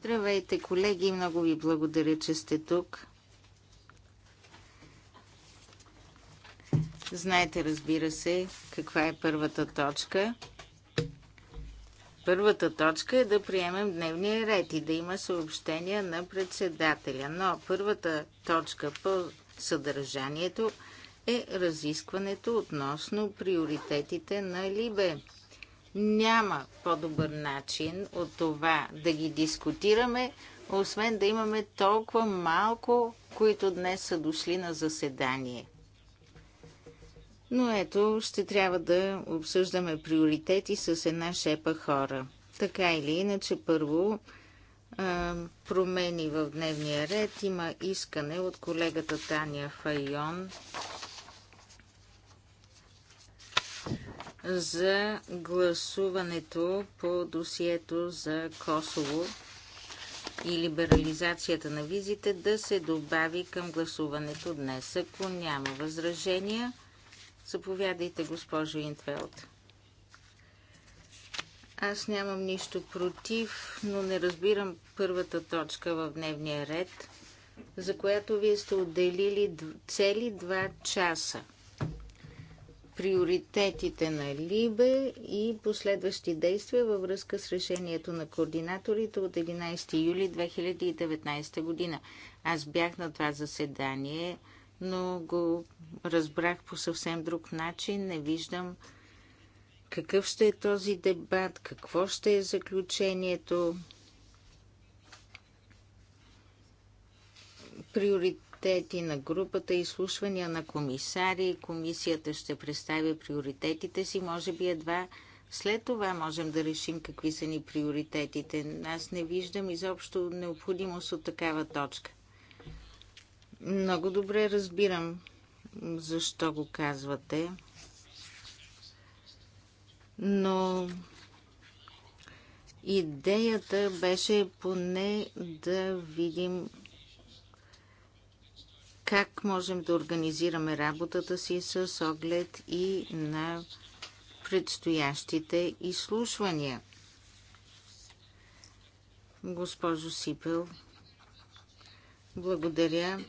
Здравейте, колеги! Много ви благодаря, че сте тук. Знаете, разбира се, каква е първата точка. Първата точка е да приемем дневния ред и да има съобщения на председателя. Но първата точка по съдържанието е разискването относно приоритетите на Либе. Няма по-добър начин от това да ги дискутираме, освен да имаме толкова малко, които днес са дошли на заседание. Но ето, ще трябва да обсъждаме приоритети с една шепа хора. Така или иначе, първо промени в дневния ред. Има искане от колегата Таня Файон за гласуването по досието за Косово и либерализацията на визите да се добави към гласуването днес. Ако няма възражения, заповядайте, госпожо Интвелт. Аз нямам нищо против, но не разбирам първата точка в дневния ред, за която вие сте отделили цели два часа – приоритетите на Либе и последващи действия във връзка с решението на координаторите от 11 юли 2019 година. Аз бях на това заседание, но го разбрах по съвсем друг начин. Не виждам какъв ще е този дебат, какво ще е заключението. Приоритет приоритети на групата, изслушвания на комисари. Комисията ще представи приоритетите си. Може би едва след това можем да решим какви са ни приоритетите. Аз не виждам изобщо необходимост от такава точка. Много добре разбирам защо го казвате, но идеята беше поне да видим как можем да организираме работата си с оглед и на предстоящите изслушвания. Госпожо Сипел, благодаря.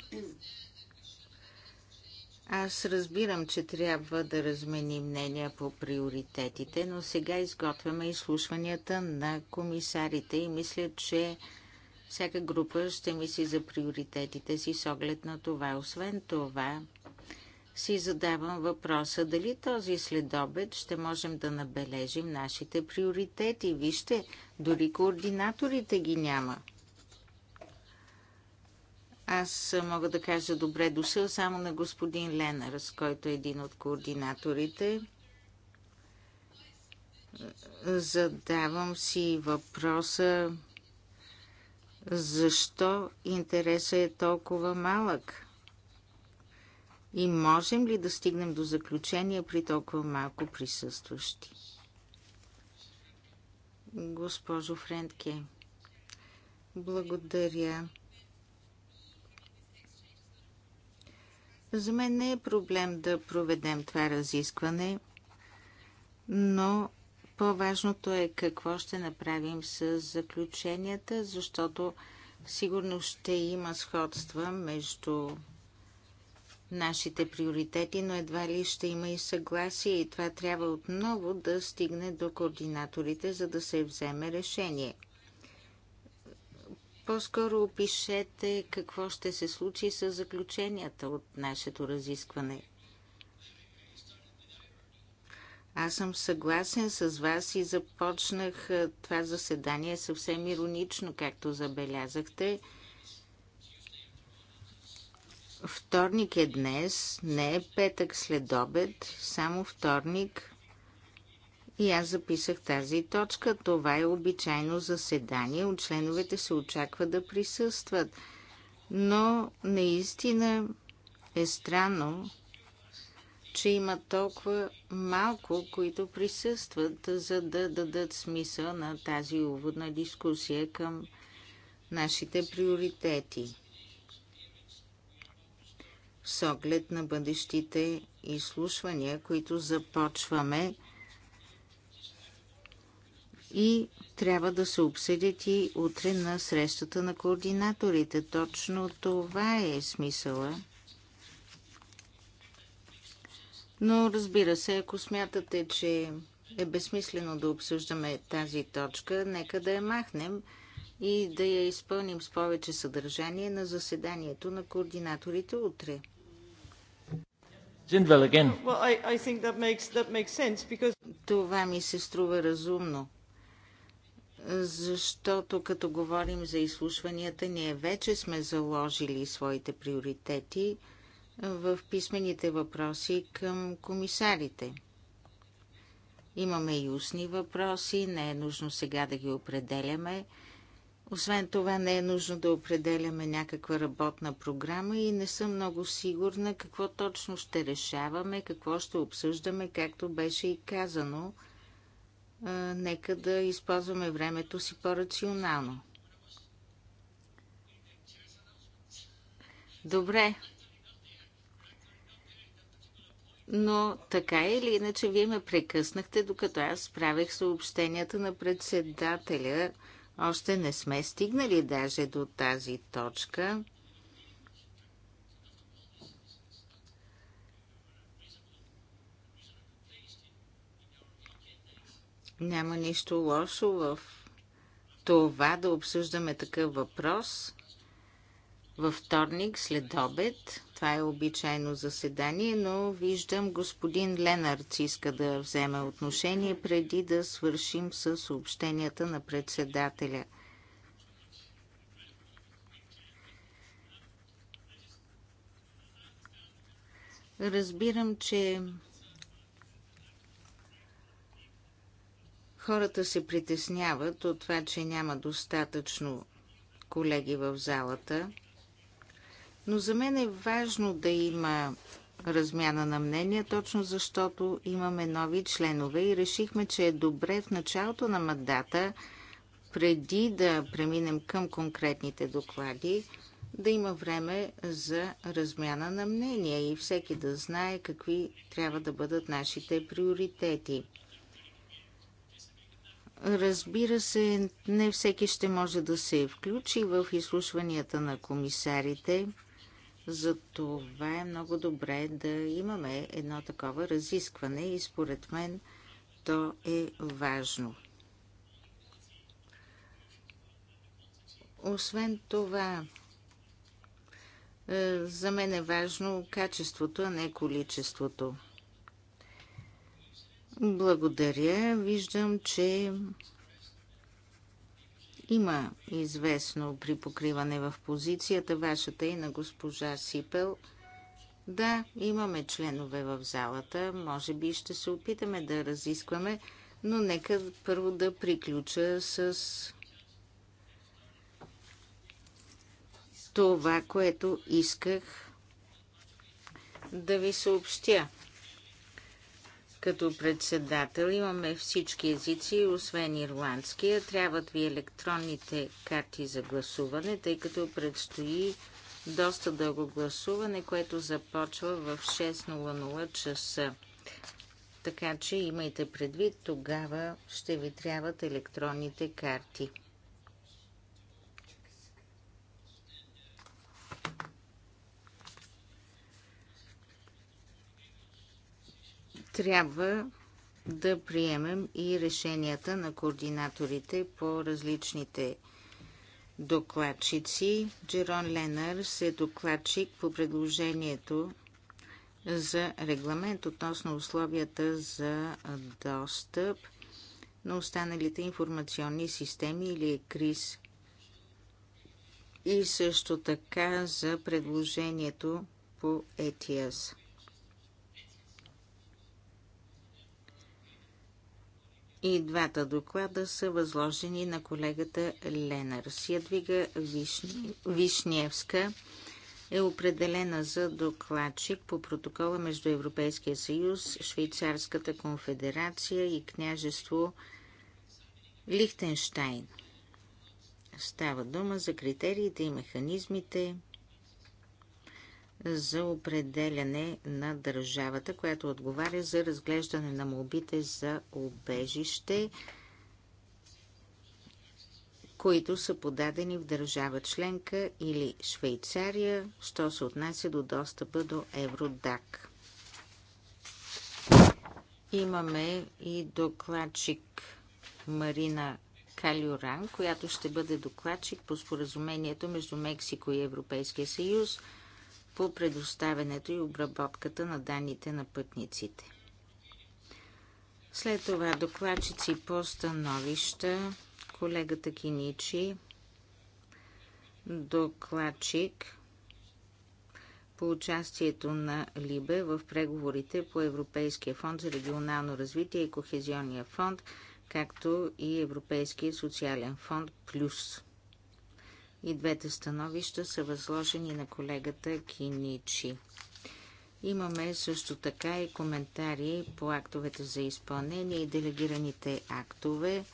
Аз разбирам, че трябва да разменим мнения по приоритетите, но сега изготвяме изслушванията на комисарите и мисля, че всяка група ще мисли за приоритетите си с оглед на това. Освен това, си задавам въпроса дали този следобед ще можем да набележим нашите приоритети. Вижте, дори координаторите ги няма. Аз мога да кажа добре дошъл само на господин Ленарс, който е един от координаторите. Задавам си въпроса защо интересът е толкова малък? И можем ли да стигнем до заключение при толкова малко присъстващи? Госпожо Френтке, благодаря. За мен не е проблем да проведем това разискване, но по-важното е какво ще направим с заключенията, защото сигурно ще има сходства между нашите приоритети, но едва ли ще има и съгласие и това трябва отново да стигне до координаторите, за да се вземе решение. По-скоро опишете какво ще се случи с заключенията от нашето разискване. Аз съм съгласен с вас и започнах това заседание съвсем иронично, както забелязахте. Вторник е днес, не е петък след обед, само вторник. И аз записах тази точка. Това е обичайно заседание. От членовете се очаква да присъстват. Но наистина е странно, че има толкова малко, които присъстват, за да дадат смисъл на тази уводна дискусия към нашите приоритети с оглед на бъдещите изслушвания, които започваме и трябва да се обсъдят и утре на срещата на координаторите. Точно това е смисъла Но разбира се, ако смятате, че е безсмислено да обсъждаме тази точка, нека да я махнем и да я изпълним с повече съдържание на заседанието на координаторите утре. Това ми се струва разумно, защото като говорим за изслушванията, ние вече сме заложили своите приоритети – в писмените въпроси към комисарите. Имаме и устни въпроси, не е нужно сега да ги определяме. Освен това, не е нужно да определяме някаква работна програма и не съм много сигурна какво точно ще решаваме, какво ще обсъждаме, както беше и казано. нека да използваме времето си по-рационално. Добре, но така или иначе вие ме прекъснахте, докато аз правех съобщенията на председателя. Още не сме стигнали даже до тази точка. Няма нищо лошо в това да обсъждаме такъв въпрос във вторник след обед. Това е обичайно заседание, но виждам господин Ленарц иска да вземе отношение преди да свършим с съобщенията на председателя. Разбирам, че хората се притесняват от това, че няма достатъчно колеги в залата. Но за мен е важно да има размяна на мнения, точно защото имаме нови членове и решихме, че е добре в началото на мандата, преди да преминем към конкретните доклади, да има време за размяна на мнения и всеки да знае какви трябва да бъдат нашите приоритети. Разбира се, не всеки ще може да се включи в изслушванията на комисарите. За това е много добре да имаме едно такова разискване и според мен то е важно. Освен това, е, за мен е важно качеството, а не количеството. Благодаря. Виждам, че има известно припокриване в позицията, вашата и на госпожа Сипел. Да, имаме членове в залата, може би ще се опитаме да разискваме, но нека първо да приключа с това, което исках да ви съобщя. Като председател имаме всички езици, освен ирландския. Трябват ви електронните карти за гласуване, тъй като предстои доста дълго гласуване, което започва в 6.00 часа. Така че имайте предвид, тогава ще ви трябват електронните карти. трябва да приемем и решенията на координаторите по различните докладчици. Джерон Ленър се е докладчик по предложението за регламент относно условията за достъп на останалите информационни системи или Крис, и също така за предложението по ETIAS. Е И двата доклада са възложени на колегата Ленарс. Ядвига Вишни... Вишневска е определена за докладчик по протокола между Европейския съюз, Швейцарската конфедерация и княжество Лихтенштайн. Става дума за критериите и механизмите за определяне на държавата, която отговаря за разглеждане на молбите за обежище, които са подадени в държава членка или Швейцария, що се отнася до достъпа до Евродак. Имаме и докладчик Марина Калюран, която ще бъде докладчик по споразумението между Мексико и Европейския съюз – по предоставянето и обработката на данните на пътниците. След това докладчици по становища, колегата Киничи, докладчик по участието на Либе в преговорите по Европейския фонд за регионално развитие и Кохезионния фонд, както и Европейския социален фонд Плюс. И двете становища са възложени на колегата Киничи. Имаме също така и коментари по актовете за изпълнение и делегираните актове.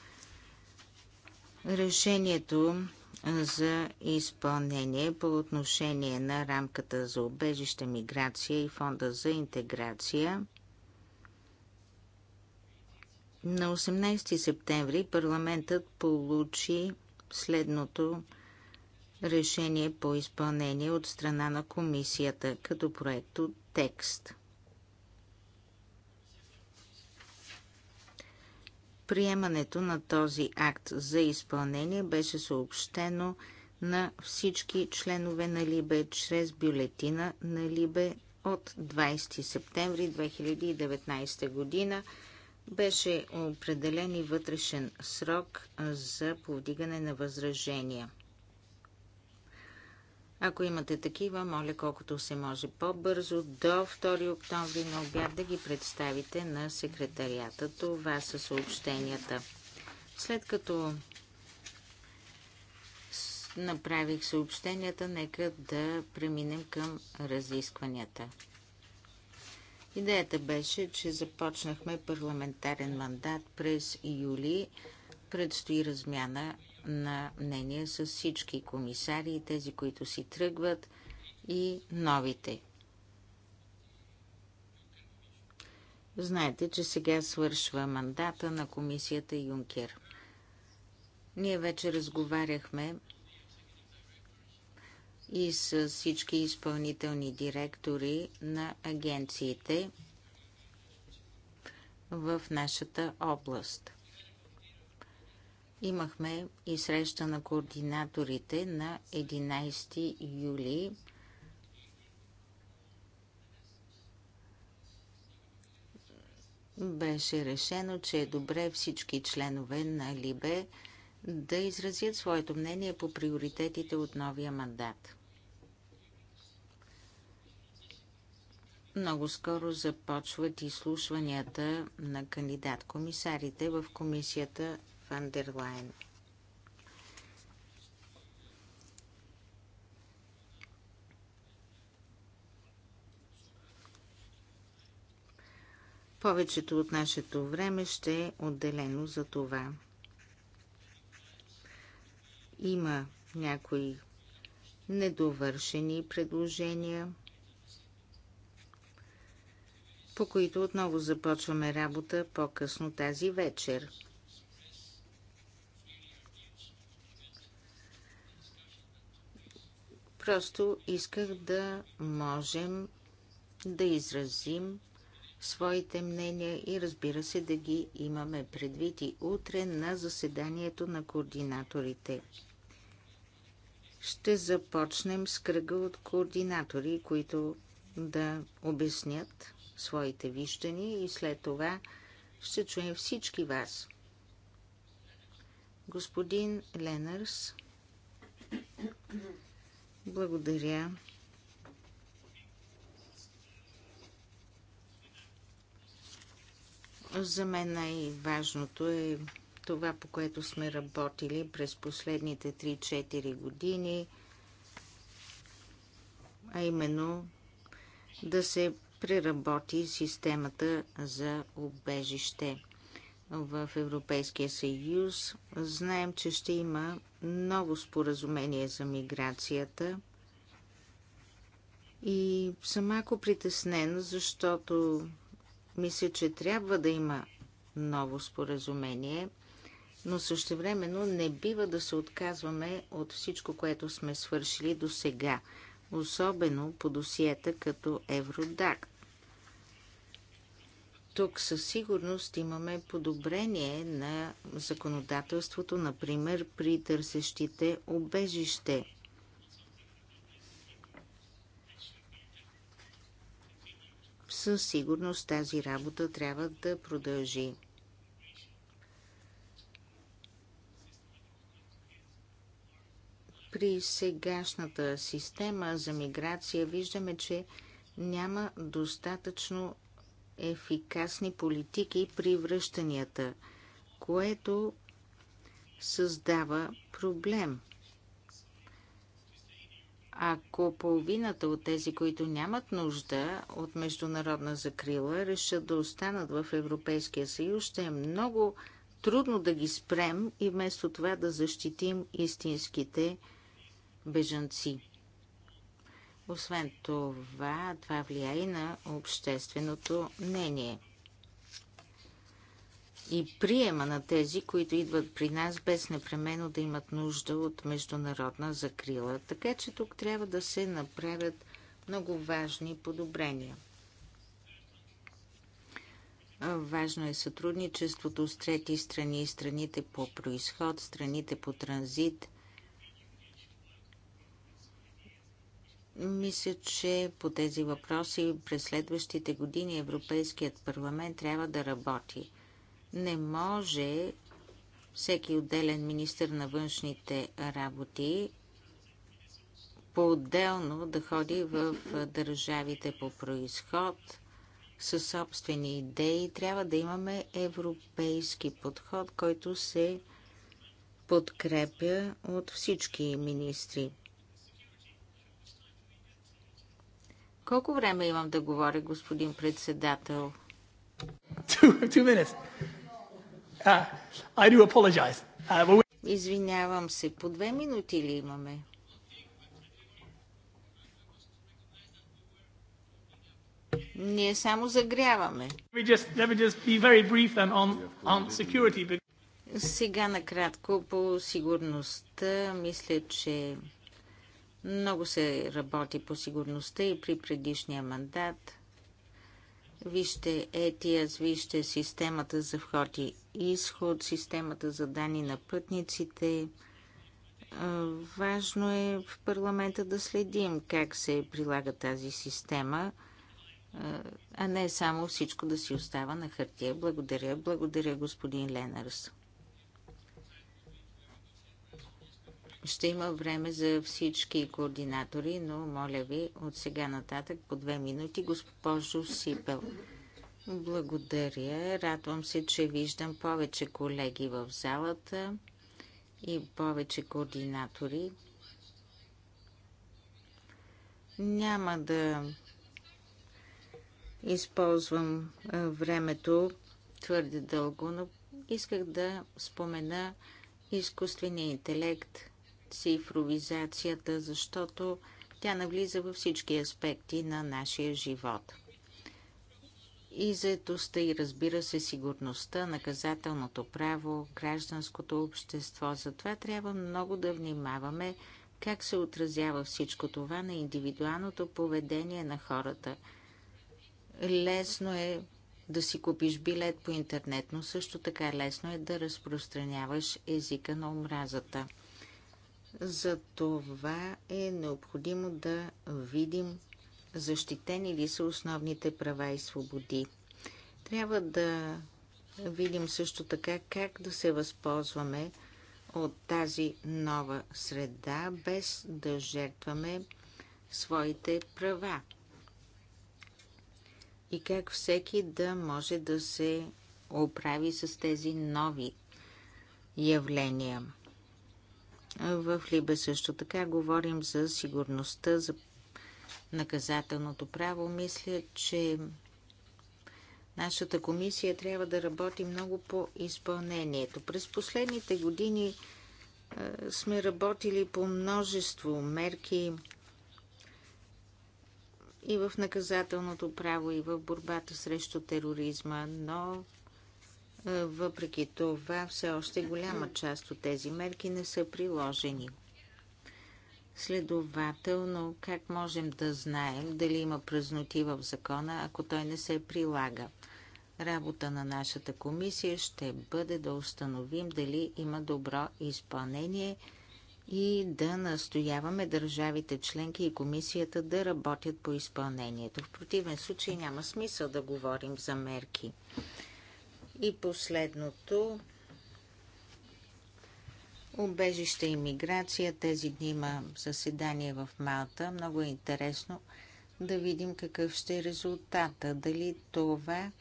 Решението за изпълнение по отношение на рамката за обежище, миграция и фонда за интеграция. На 18 септември парламентът получи следното решение по изпълнение от страна на комисията като проекто текст. Приемането на този акт за изпълнение беше съобщено на всички членове на Либе чрез бюлетина на Либе от 20 септември 2019 година беше определен и вътрешен срок за повдигане на възражения. Ако имате такива, моля колкото се може по-бързо до 2 октомври на обяд да ги представите на секретарията. Това са съобщенията. След като направих съобщенията, нека да преминем към разискванията. Идеята беше, че започнахме парламентарен мандат през юли. Предстои размяна на мнение с всички комисари, тези, които си тръгват и новите. Знаете, че сега свършва мандата на комисията Юнкер. Ние вече разговаряхме и с всички изпълнителни директори на агенциите в нашата област. Имахме и среща на координаторите на 11 юли. Беше решено, че е добре всички членове на Либе да изразят своето мнение по приоритетите от новия мандат. Много скоро започват изслушванията на кандидат-комисарите в Комисията Ван дер Лайен. Повечето от нашето време ще е отделено за това. Има някои недовършени предложения, по които отново започваме работа по-късно тази вечер. Просто исках да можем да изразим своите мнения и разбира се да ги имаме предвид и утре на заседанието на координаторите. Ще започнем с кръга от координатори, които да обяснят своите виждания и след това ще чуем всички вас. Господин Ленърс. Благодаря. За мен най-важното е това, по което сме работили през последните 3-4 години, а именно да се преработи системата за убежище в Европейския съюз. Знаем, че ще има ново споразумение за миграцията. И съм малко притеснена, защото мисля, че трябва да има ново споразумение, но същевременно не бива да се отказваме от всичко, което сме свършили до сега, особено по досиета като Евродакт. Тук със сигурност имаме подобрение на законодателството, например при търсещите обежище. Със сигурност тази работа трябва да продължи. При сегашната система за миграция виждаме, че няма достатъчно ефикасни политики при връщанията, което създава проблем. Ако половината от тези, които нямат нужда от международна закрила, решат да останат в Европейския съюз, ще е много трудно да ги спрем и вместо това да защитим истинските бежанци. Освен това, това влияе и на общественото мнение и приема на тези, които идват при нас, без непременно да имат нужда от международна закрила. Така че тук трябва да се направят много важни подобрения. Важно е сътрудничеството с трети страни, страните по происход, страните по транзит – Мисля, че по тези въпроси през следващите години Европейският парламент трябва да работи. Не може всеки отделен министр на външните работи по-отделно да ходи в държавите по происход със собствени идеи. Трябва да имаме европейски подход, който се подкрепя от всички министри. Колко време имам да говоря, господин председател? Uh, uh, Извинявам се, по две минути ли имаме? Ние само загряваме. Сега накратко по сигурността, мисля, че много се работи по сигурността и при предишния мандат. Вижте ETIAS, вижте системата за вход и изход, системата за данни на пътниците. Важно е в парламента да следим как се прилага тази система, а не само всичко да си остава на хартия. Благодаря. Благодаря, господин Ленърс. ще има време за всички координатори, но моля ви от сега нататък по две минути, госпожо Сипел. Благодаря. Радвам се, че виждам повече колеги в залата и повече координатори. Няма да използвам времето твърде дълго, но исках да спомена изкуствения интелект – цифровизацията, защото тя навлиза във всички аспекти на нашия живот. И заедостта и разбира се сигурността, наказателното право, гражданското общество. Затова трябва много да внимаваме как се отразява всичко това на индивидуалното поведение на хората. Лесно е да си купиш билет по интернет, но също така лесно е да разпространяваш езика на омразата – за това е необходимо да видим защитени ли са основните права и свободи. Трябва да видим също така как да се възползваме от тази нова среда, без да жертваме своите права. И как всеки да може да се оправи с тези нови явления. В Либе също така говорим за сигурността, за наказателното право. Мисля, че нашата комисия трябва да работи много по изпълнението. През последните години е, сме работили по множество мерки и в наказателното право, и в борбата срещу тероризма, но въпреки това, все още голяма част от тези мерки не са приложени. Следователно, как можем да знаем дали има празноти в закона, ако той не се прилага? Работа на нашата комисия ще бъде да установим дали има добро изпълнение и да настояваме държавите членки и комисията да работят по изпълнението. В противен случай няма смисъл да говорим за мерки. И последното Обежище и миграция. Тези дни има заседание в Малта. Много е интересно да видим какъв ще е резултата. Дали това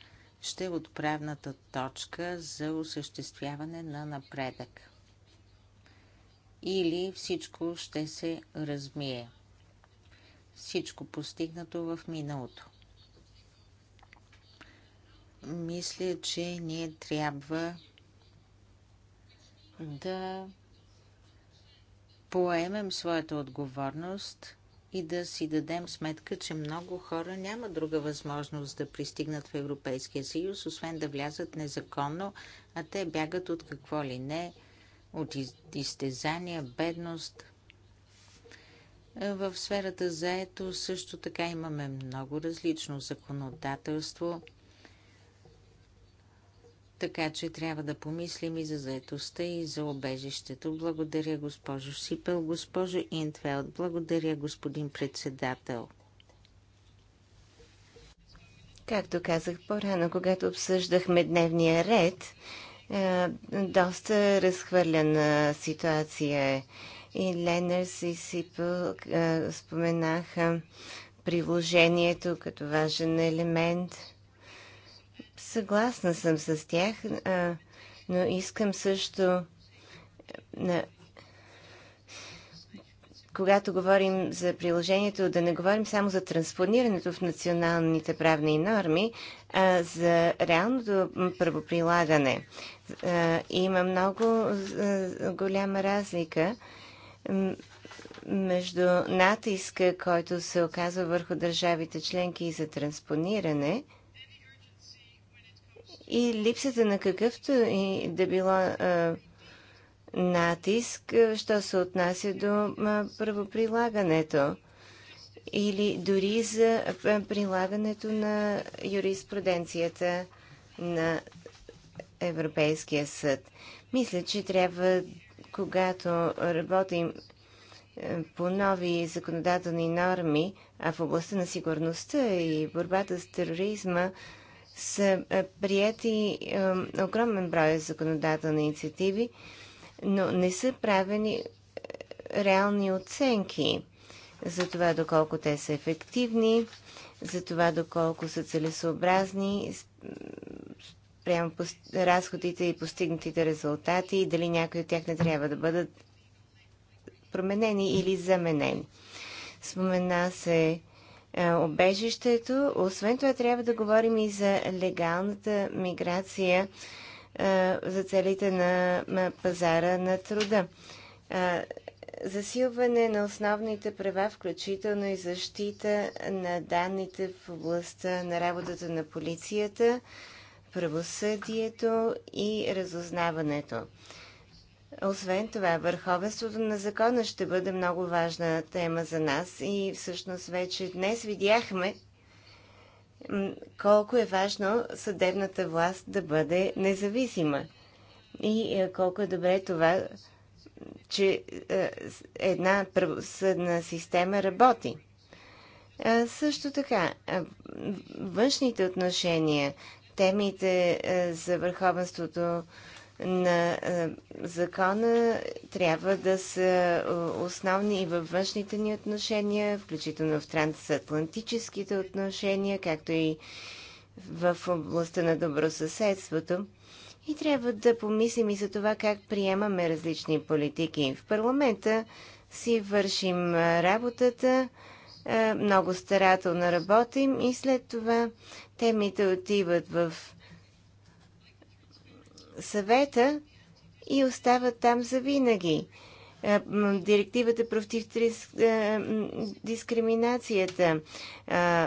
ще е отправната точка за осъществяване на напредък. Или всичко ще се размие. Всичко постигнато в миналото мисля, че ние трябва да поемем своята отговорност и да си дадем сметка, че много хора няма друга възможност да пристигнат в Европейския съюз, освен да влязат незаконно, а те бягат от какво ли не, от изтезания, бедност. В сферата заето също така имаме много различно законодателство – така че трябва да помислим и за заетостта и за обежището. Благодаря, госпожо Сипел. Госпожо Интвелд, благодаря, господин председател. Както казах по-рано, когато обсъждахме дневния ред, е, доста разхвърляна ситуация е. И Ленърс и Сипъл е, споменаха приложението като важен елемент – Съгласна съм с тях, но искам също на когато говорим за приложението, да не говорим само за транспонирането в националните правни норми, а за реалното правоприлагане. Има много голяма разлика между натиска, който се оказва върху държавите членки и за транспониране – и липсата на какъвто и да било а, натиск, що се отнася до правоприлагането или дори за прилагането на юриспруденцията на Европейския съд. Мисля, че трябва, когато работим по нови законодателни норми, а в областта на сигурността и борбата с тероризма, са прияти огромен брой законодателни инициативи, но не са правени реални оценки за това доколко те са ефективни, за това доколко са целесообразни прямо разходите и постигнатите резултати и дали някои от тях не трябва да бъдат променени или заменени. Спомена се е, обежището. Освен това трябва да говорим и за легалната миграция е, за целите на пазара на труда. Е, засилване на основните права, включително и защита на данните в областта на работата на полицията, правосъдието и разузнаването. Освен това, върховенството на закона ще бъде много важна тема за нас и всъщност вече днес видяхме колко е важно съдебната власт да бъде независима и е, колко е добре това, че е, една правосъдна система работи. Също така, външните отношения, темите е, за върховенството на е, закона трябва да са е, основни и във външните ни отношения, включително в трансатлантическите отношения, както и в областта на добросъседството. И трябва да помислим и за това как приемаме различни политики. В парламента си вършим е, работата, много старателно работим и след това темите отиват в съвета и остават там завинаги. Е, директивата против е, дискриминацията е,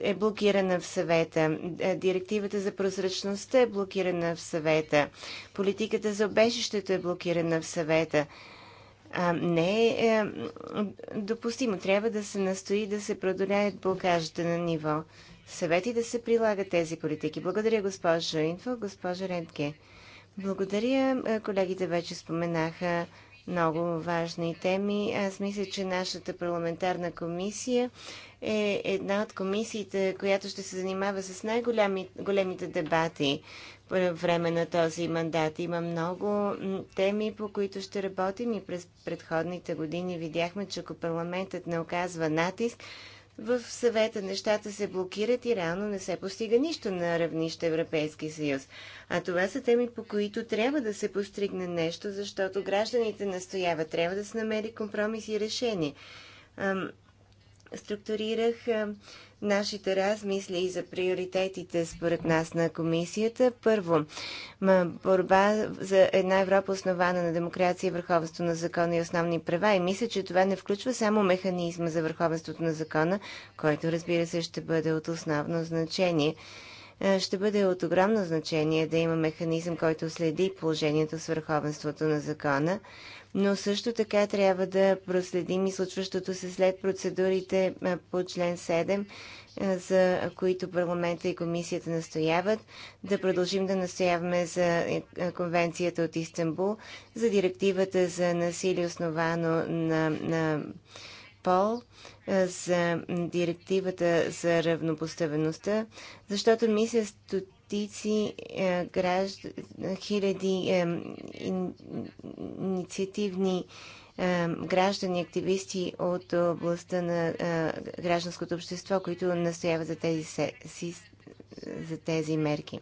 е блокирана в съвета. Директивата за прозрачността е блокирана в съвета. Политиката за обежището е блокирана в съвета. А, не е, е допустимо. Трябва да се настои да се продоляят блокажите на ниво съвети да се прилагат тези политики. Благодаря, госпожа Инфо, госпожа Рентке. Благодаря, колегите вече споменаха много важни теми. Аз мисля, че нашата парламентарна комисия е една от комисиите, която ще се занимава с най-големите дебати по време на този мандат. Има много теми, по които ще работим и през предходните години видяхме, че ако парламентът не оказва натиск, в съвета нещата се блокират и реално не се постига нищо на равнище Европейски съюз. А това са теми, по които трябва да се постригне нещо, защото гражданите настояват. Трябва да се намери компромис и решение. Ам, структурирах нашите размисли за приоритетите според нас на комисията. Първо, борба за една Европа основана на демокрация, върховенство на закона и основни права. И мисля, че това не включва само механизма за върховенството на закона, който разбира се ще бъде от основно значение. Ще бъде от огромно значение да има механизъм, който следи положението с върховенството на закона но също така трябва да проследим и случващото се след процедурите по член 7, за които парламента и комисията настояват, да продължим да настояваме за е, е, конвенцията от Истанбул, за директивата за насилие основано на, на пол, е, за директивата за равнопоставеността, защото мисля стотици е, гражд... хиляди е, инициативни е, граждани, активисти от областта на е, гражданското общество, които настояват за тези, си... за тези мерки.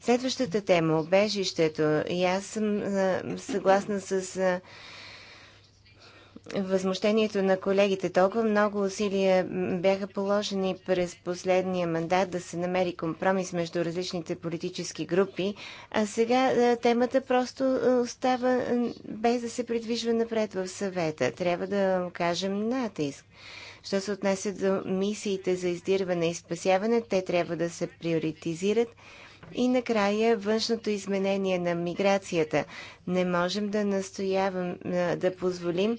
Следващата тема – обежището. И аз съм е, съгласна с възмущението на колегите. Толкова много усилия бяха положени през последния мандат да се намери компромис между различните политически групи, а сега темата просто остава без да се придвижва напред в съвета. Трябва да кажем натиск. Що се отнесе до мисиите за издирване и спасяване, те трябва да се приоритизират и накрая външното изменение на миграцията. Не можем да настоявам да позволим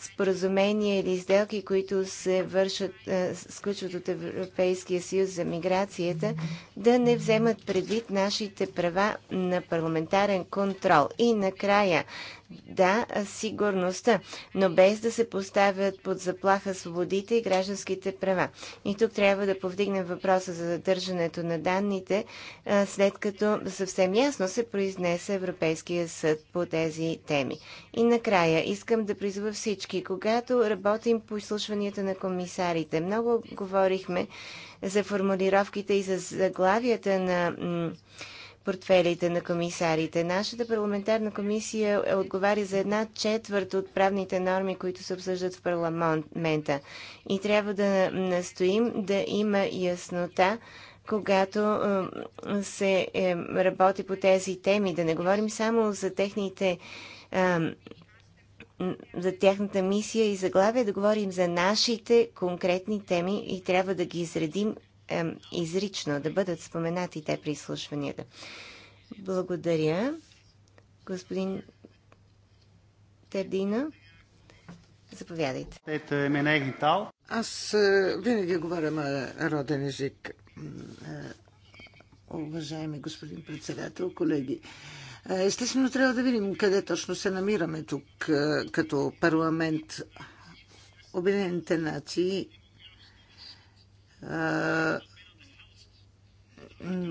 споразумения или сделки, които се вършат, сключват от Европейския съюз за миграцията, да не вземат предвид нашите права на парламентарен контрол. И накрая, да, сигурността, но без да се поставят под заплаха свободите и гражданските права. И тук трябва да повдигнем въпроса за задържането на данните, след като съвсем ясно се произнесе Европейския съд по тези теми. И накрая искам да призова всички, когато работим по изслушванията на комисарите, много говорихме за формулировките и за заглавията на портфелите на комисарите. Нашата парламентарна комисия е отговаря за една четвърт от правните норми, които се обсъждат в парламента. И трябва да настоим да има яснота когато се работи по тези теми. Да не говорим само за техните за тяхната мисия и заглавие, да говорим за нашите конкретни теми и трябва да ги изредим изрично да бъдат споменати те при изслушванията. Благодаря, господин Тердина. Заповядайте. Ето е Менегнитал. Аз винаги говоря на роден език. Е, уважаеми господин председател, колеги. Е, естествено, трябва да видим къде точно се намираме тук е, като парламент. Обединените нации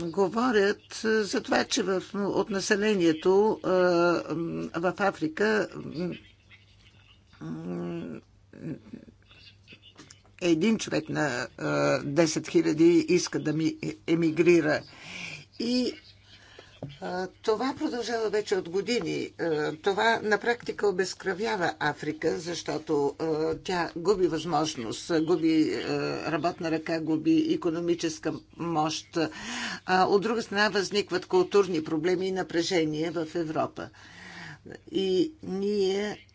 говорят за това, че в, от населението в Африка един човек на 10 000 иска да ми е, емигрира. И това продължава вече от години. Това на практика обезкръвява Африка, защото тя губи възможност, губи работна ръка, губи економическа мощ. От друга страна възникват културни проблеми и напрежение в Европа. И ние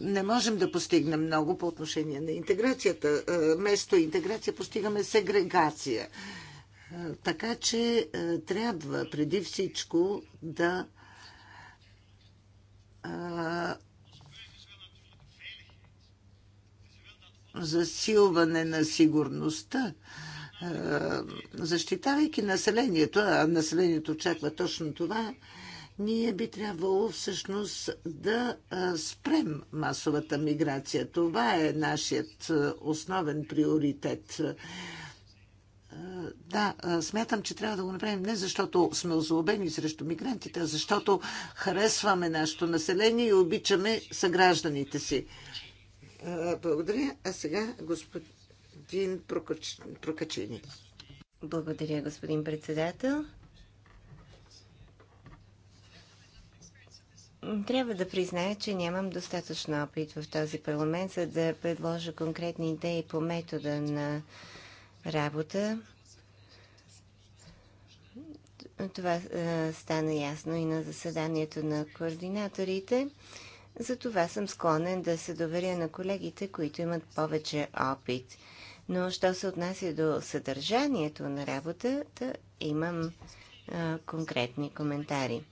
не можем да постигнем много по отношение на интеграцията. Место интеграция постигаме сегрегация. Така че трябва преди всичко да засилване на сигурността, защитавайки населението, а населението очаква точно това, ние би трябвало всъщност да спрем масовата миграция. Това е нашият основен приоритет да, смятам, че трябва да го направим не защото сме озлобени срещу мигрантите, а защото харесваме нашето население и обичаме съгражданите си. Благодаря. А сега господин Прокач... Прокачини. Благодаря, господин председател. Трябва да призная, че нямам достатъчно опит в този парламент, за да предложа конкретни идеи по метода на работа това е, стана ясно и на заседанието на координаторите. Затова съм склонен да се доверя на колегите, които имат повече опит. Но що се отнася до съдържанието на работата, имам е, конкретни коментари.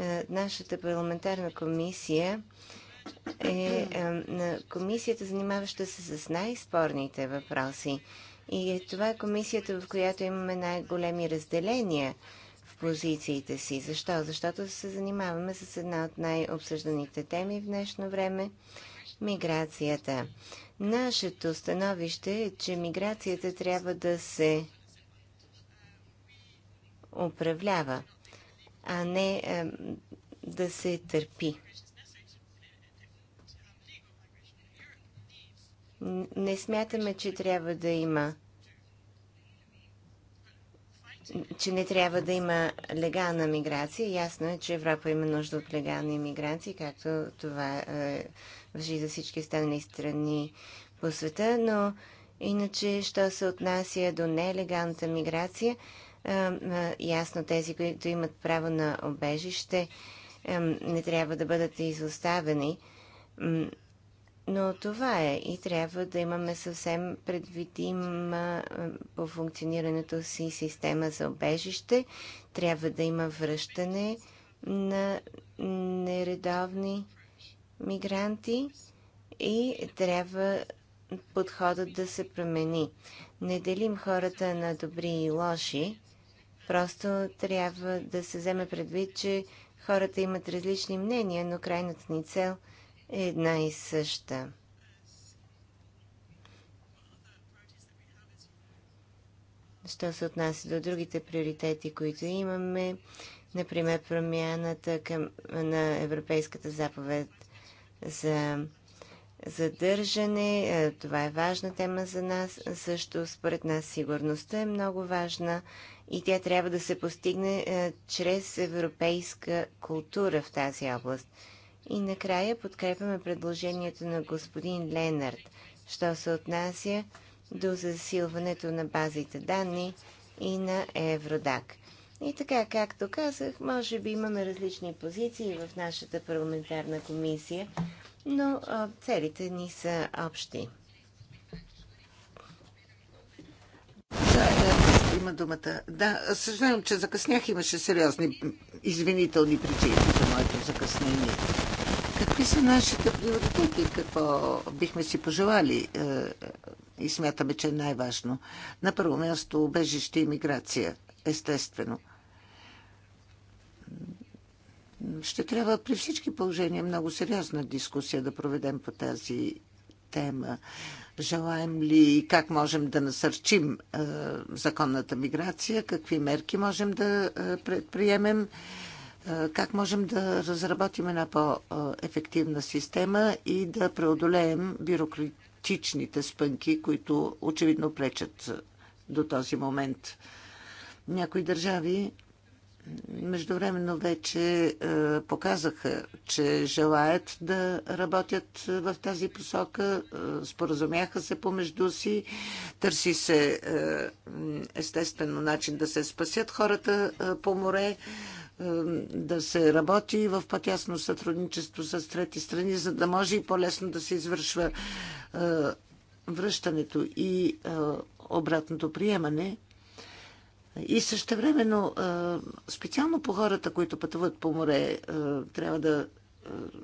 Е, нашата парламентарна комисия е, е на комисията, занимаваща се с най-спорните въпроси. И е това е комисията, в която имаме най-големи разделения позициите си. Защо? Защото се занимаваме с една от най-обсъжданите теми в днешно време – миграцията. Нашето становище е, че миграцията трябва да се управлява, а не е, да се търпи. Не смятаме, че трябва да има че не трябва да има легална миграция. Ясно е, че Европа има нужда от легални миграция, както това е, въжи за всички останали страни по света, но иначе, що се отнася до нелегалната миграция, е, е, ясно тези, които имат право на обежище, е, не трябва да бъдат изоставени. Но това е и трябва да имаме съвсем предвидима по функционирането си система за обежище. Трябва да има връщане на нередовни мигранти и трябва подходът да се промени. Не делим хората на добри и лоши, просто трябва да се вземе предвид, че хората имат различни мнения, но крайната ни цел е една и съща. Що се отнася до другите приоритети, които имаме, например промяната към, на Европейската заповед за задържане. Е, това е важна тема за нас. Също според нас сигурността е много важна и тя трябва да се постигне е, чрез европейска култура в тази област. И накрая подкрепяме предложението на господин Ленард, що се отнася до засилването на базите данни и на Евродак. И така, както казах, може би имаме различни позиции в нашата парламентарна комисия, но целите ни са общи. има думата. Да, съжалявам, че закъснях. Имаше сериозни извинителни причини за моето закъснение какви са нашите приоритети, какво бихме си пожелали е, и смятаме, че е най-важно. На първо място убежище и миграция, естествено. Ще трябва при всички положения много сериозна дискусия да проведем по тази тема. Желаем ли и как можем да насърчим е, законната миграция, какви мерки можем да е, предприемем как можем да разработим една по-ефективна система и да преодолеем бюрократичните спънки, които очевидно пречат до този момент. Някои държави междувременно вече показаха, че желаят да работят в тази посока, споразумяха се помежду си, търси се естествено начин да се спасят хората по море да се работи в по-тясно сътрудничество с трети страни, за да може и по-лесно да се извършва връщането и обратното приемане. И също времено, специално по хората, които пътуват по море, трябва да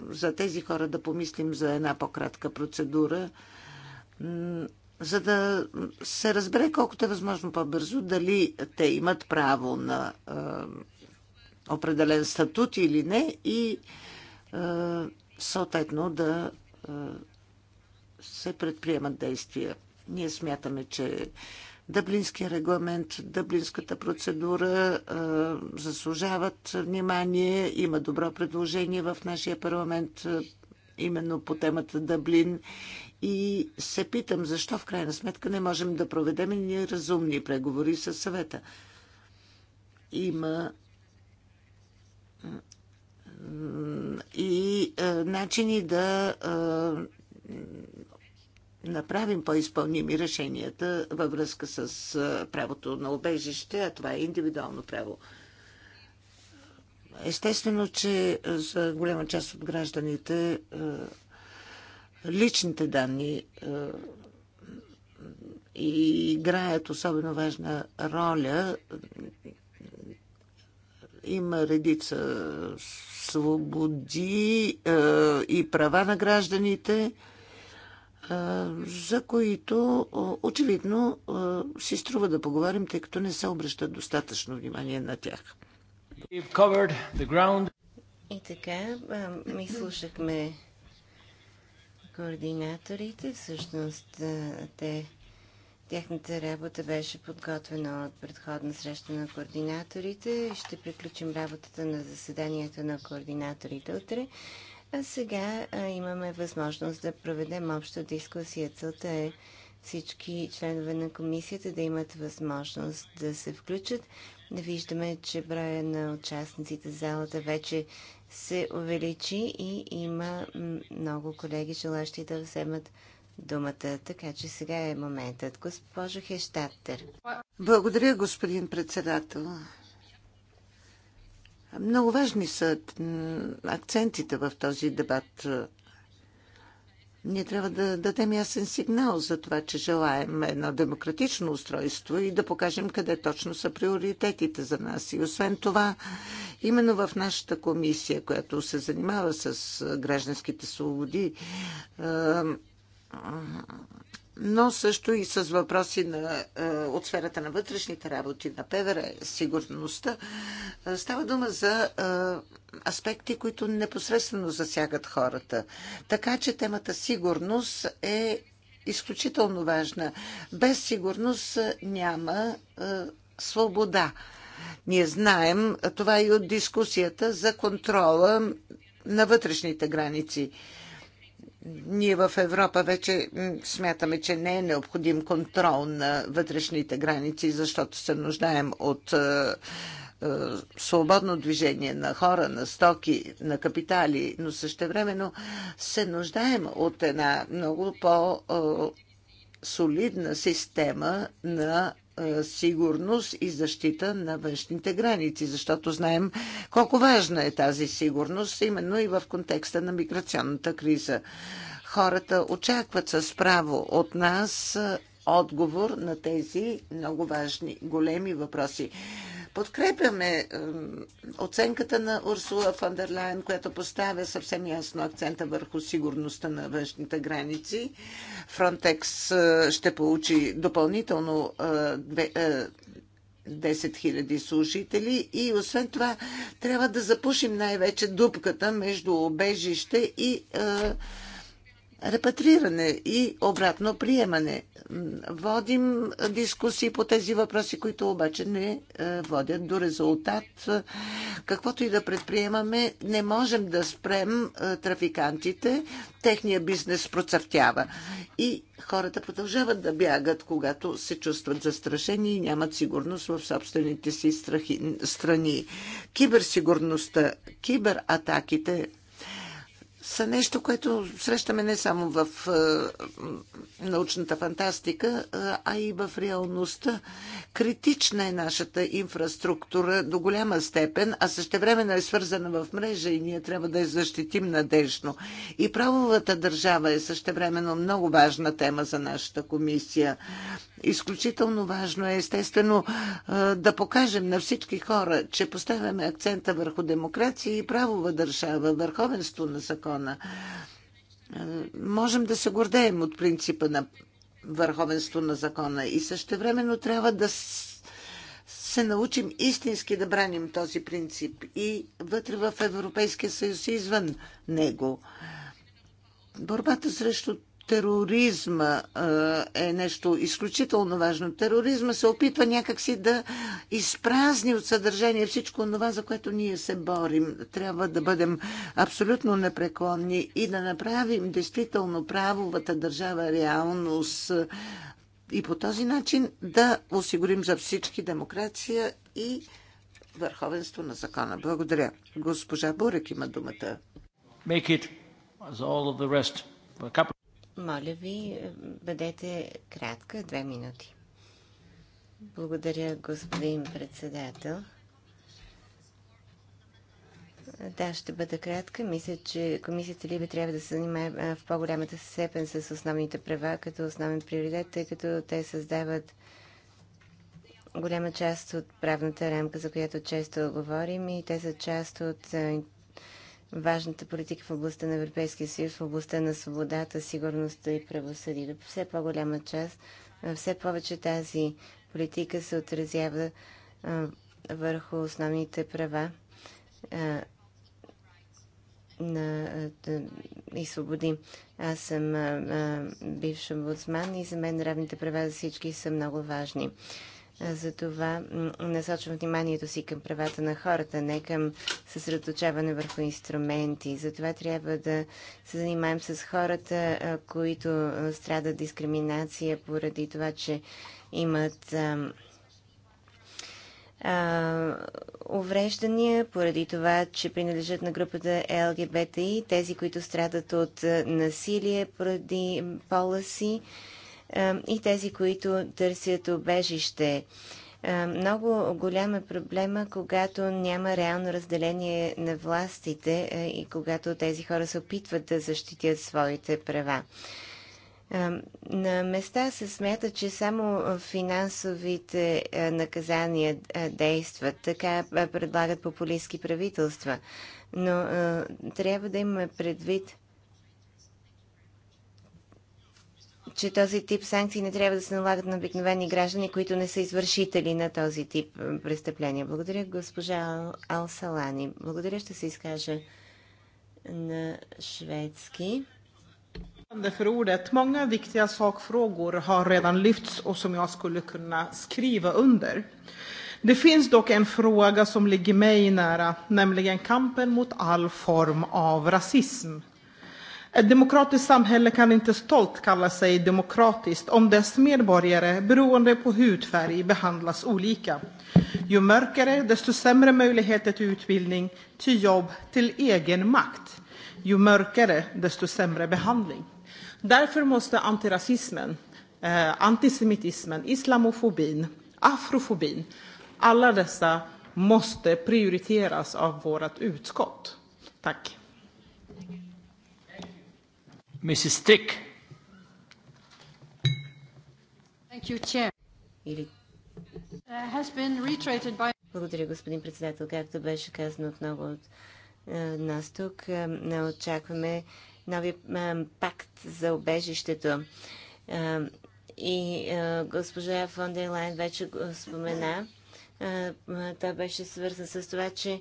за тези хора да помислим за една по-кратка процедура, за да се разбере колкото е възможно по-бързо дали те имат право на определен статут или не и съответно да се предприемат действия. Ние смятаме, че Дъблинския регламент, Дъблинската процедура е, заслужават внимание. Има добро предложение в нашия парламент е, именно по темата Дъблин. И се питам, защо в крайна сметка не можем да проведем ние разумни преговори с съвета. Има и е, начини да е, направим по-изпълними решенията във връзка с е, правото на обежище, а това е индивидуално право. Естествено, че за голяма част от гражданите личните данни играят особено важна роля има редица свободи е, и права на гражданите, е, за които е, очевидно си струва да поговорим, тъй като не се обръща достатъчно внимание на тях. И така, ми слушахме координаторите, всъщност те Тяхната работа беше подготвена от предходна среща на координаторите. Ще приключим работата на заседанието на координаторите утре. А сега а, имаме възможност да проведем обща дискусия. Целта е всички членове на комисията да имат възможност да се включат. Да виждаме, че броя на участниците в залата вече се увеличи и има много колеги, желащи да вземат думата, така че сега е моментът. Госпожо Хещаттер. Благодаря, господин председател. Много важни са акцентите в този дебат. Ние трябва да дадем ясен сигнал за това, че желаем едно демократично устройство и да покажем къде точно са приоритетите за нас. И освен това, именно в нашата комисия, която се занимава с гражданските свободи, но също и с въпроси на, е, от сферата на вътрешните работи, на ПВР, сигурността. Е, става дума за е, аспекти, които непосредствено засягат хората. Така че темата сигурност е изключително важна. Без сигурност няма свобода. Ние знаем това и от дискусията за контрола на вътрешните граници. Ние в Европа вече смятаме, че не е необходим контрол на вътрешните граници, защото се нуждаем от е, е, свободно движение на хора, на стоки, на капитали, но същевременно се нуждаем от една много по- е, солидна система на е, сигурност и защита на външните граници, защото знаем колко важна е тази сигурност, именно и в контекста на миграционната криза. Хората очакват с право от нас е, отговор на тези много важни, големи въпроси. Подкрепяме оценката на Урсула Фандерлайн, която поставя съвсем ясно акцента върху сигурността на външните граници. Фронтекс е, ще получи допълнително 10 е, 000 е, служители и освен това трябва да запушим най-вече дупката между обежище и е, репатриране и обратно приемане. Водим дискусии по тези въпроси, които обаче не е, водят до резултат. Каквото и да предприемаме, не можем да спрем е, трафикантите. Техния бизнес процъфтява. И хората продължават да бягат, когато се чувстват застрашени и нямат сигурност в собствените си страхи, страни. Киберсигурността, кибератаките са нещо, което срещаме не само в е, научната фантастика, е, а и в реалността. Критична е нашата инфраструктура до голяма степен, а същевременно е свързана в мрежа и ние трябва да я защитим надежно. И правовата държава е същевременно много важна тема за нашата комисия. Изключително важно е, естествено, да покажем на всички хора, че поставяме акцента върху демокрация и правова държава, върховенство на закона. Можем да се гордеем от принципа на върховенство на закона и същевременно трябва да се научим истински да браним този принцип и вътре в Европейския съюз и извън него. Борбата срещу тероризма е нещо изключително важно. Тероризма се опитва някакси да изпразни от съдържание всичко това, за което ние се борим. Трябва да бъдем абсолютно непреклонни и да направим действително правовата държава реалност и по този начин да осигурим за всички демокрация и върховенство на закона. Благодаря. Госпожа Бурек има думата. Make it as all of the rest. A моля ви, бъдете кратка, две минути. Благодаря, господин председател. Да, ще бъда кратка. Мисля, че комисията Либе трябва да се занимае в по-голямата степен с основните права като основен приоритет, тъй като те създават голяма част от правната рамка, за която често говорим и те са част от важната политика в областта на Европейския съюз, в областта на свободата, сигурността и правосъдието. Все по-голяма част, все повече тази политика се отразява върху основните права на, и свободи. Аз съм бивш омбудсман и за мен равните права за всички са много важни. Затова насочвам вниманието си към правата на хората, не към съсредоточаване върху инструменти. Затова трябва да се занимаем с хората, които страдат дискриминация поради това, че имат увреждания, поради това, че принадлежат на групата ЛГБТИ, тези, които страдат от насилие поради пола си и тези, които търсят обежище. Много голям е проблема, когато няма реално разделение на властите и когато тези хора се опитват да защитят своите права. На места се смята, че само финансовите наказания действат. Така предлагат популистски правителства. Но трябва да имаме предвид, че този тип санкции не трябва да се налагат на обикновени граждани, които не са извършители на този тип престъпления. Благодаря, госпожа Алсалани. Благодаря, ще се изкажа на шведски. för ordet. Många har redan lyfts och som jag skulle kunna skriva under. Det finns dock en fråga som ligger mig nära, nämligen kampen mot all form av rasism Ett demokratiskt samhälle kan inte stolt kalla sig demokratiskt om dess medborgare, beroende på hudfärg, behandlas olika. Ju mörkare, desto sämre möjligheter till utbildning, till jobb, till egen makt, Ju mörkare, desto sämre behandling. Därför måste antirasismen, antisemitismen, islamofobin, afrofobin alla dessa måste prioriteras av vårt utskott. Tack. Mrs. Tick. Thank you, Chair. Или... Uh, has been reiterated by... Благодаря, господин председател. Както беше казано отново от uh, нас тук, uh, очакваме нови uh, пакт за обежището. Uh, и uh, госпожа фон Лайн вече го спомена. Uh, той беше свързан с това, че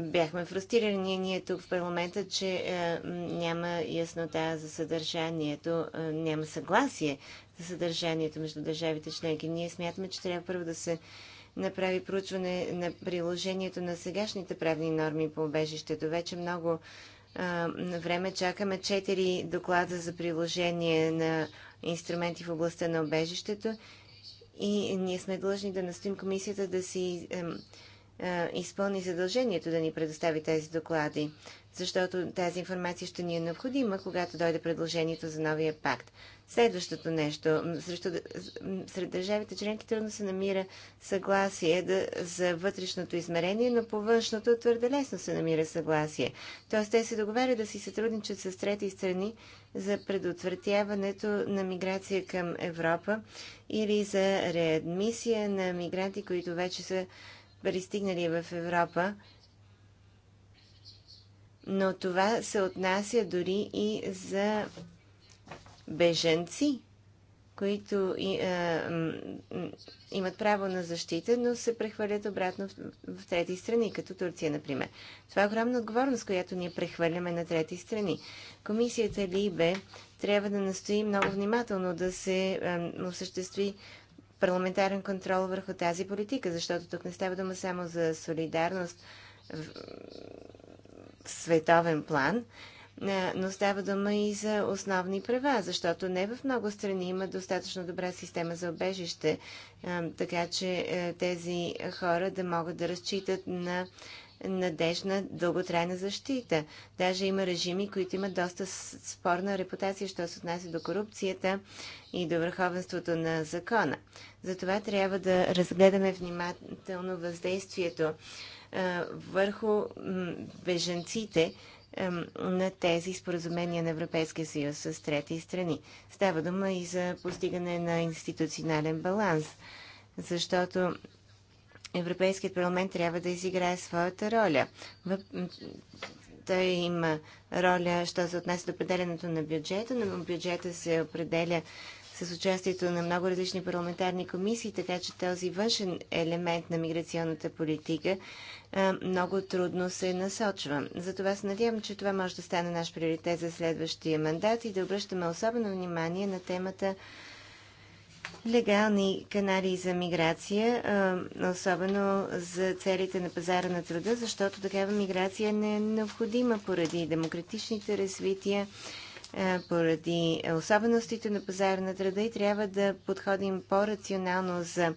бяхме фрустрирани ние тук в парламента, че е, няма яснота за съдържанието, е, няма съгласие за съдържанието между държавите членки. Ние смятаме, че трябва първо да се направи проучване на приложението на сегашните правни норми по убежището. Вече много е, време чакаме четири доклада за приложение на инструменти в областта на убежището и ние сме длъжни да настоим комисията да си е, е, изпълни задължението да ни предостави тези доклади, защото тази информация ще ни е необходима, когато дойде предложението за новия пакт. Следващото нещо. Срещу, сред държавите членки трудно се намира съгласие да, за вътрешното измерение, но по външното твърде лесно се намира съгласие. Тоест те се договарят да си сътрудничат с трети страни за предотвратяването на миграция към Европа или за реадмисия на мигранти, които вече са пристигнали в Европа, но това се отнася дори и за беженци, които и, а, имат право на защита, но се прехвърлят обратно в, в трети страни, като Турция, например. Това е огромна отговорност, която ние прехвърляме на трети страни. Комисията Либе трябва да настои много внимателно да се а, осъществи парламентарен контрол върху тази политика, защото тук не става дума само за солидарност в, световен план, но става дума и за основни права, защото не в много страни има достатъчно добра система за обежище, така че тези хора да могат да разчитат на надежна дълготрайна защита. Даже има режими, които имат доста спорна репутация, що се отнася до корупцията и до върховенството на закона. Затова трябва да разгледаме внимателно въздействието а, върху беженците на тези споразумения на Европейския съюз с трети страни. Става дума и за постигане на институционален баланс, защото Европейският парламент трябва да изиграе своята роля. Той има роля, що се отнася до определенето на бюджета, но бюджета се определя с участието на много различни парламентарни комисии, така че този външен елемент на миграционната политика много трудно се насочва. Затова се надявам, че това може да стане наш приоритет за следващия мандат и да обръщаме особено внимание на темата легални канали за миграция, особено за целите на пазара на труда, защото такава миграция не е необходима поради демократичните развития, поради особеностите на пазара на труда и трябва да подходим по-рационално за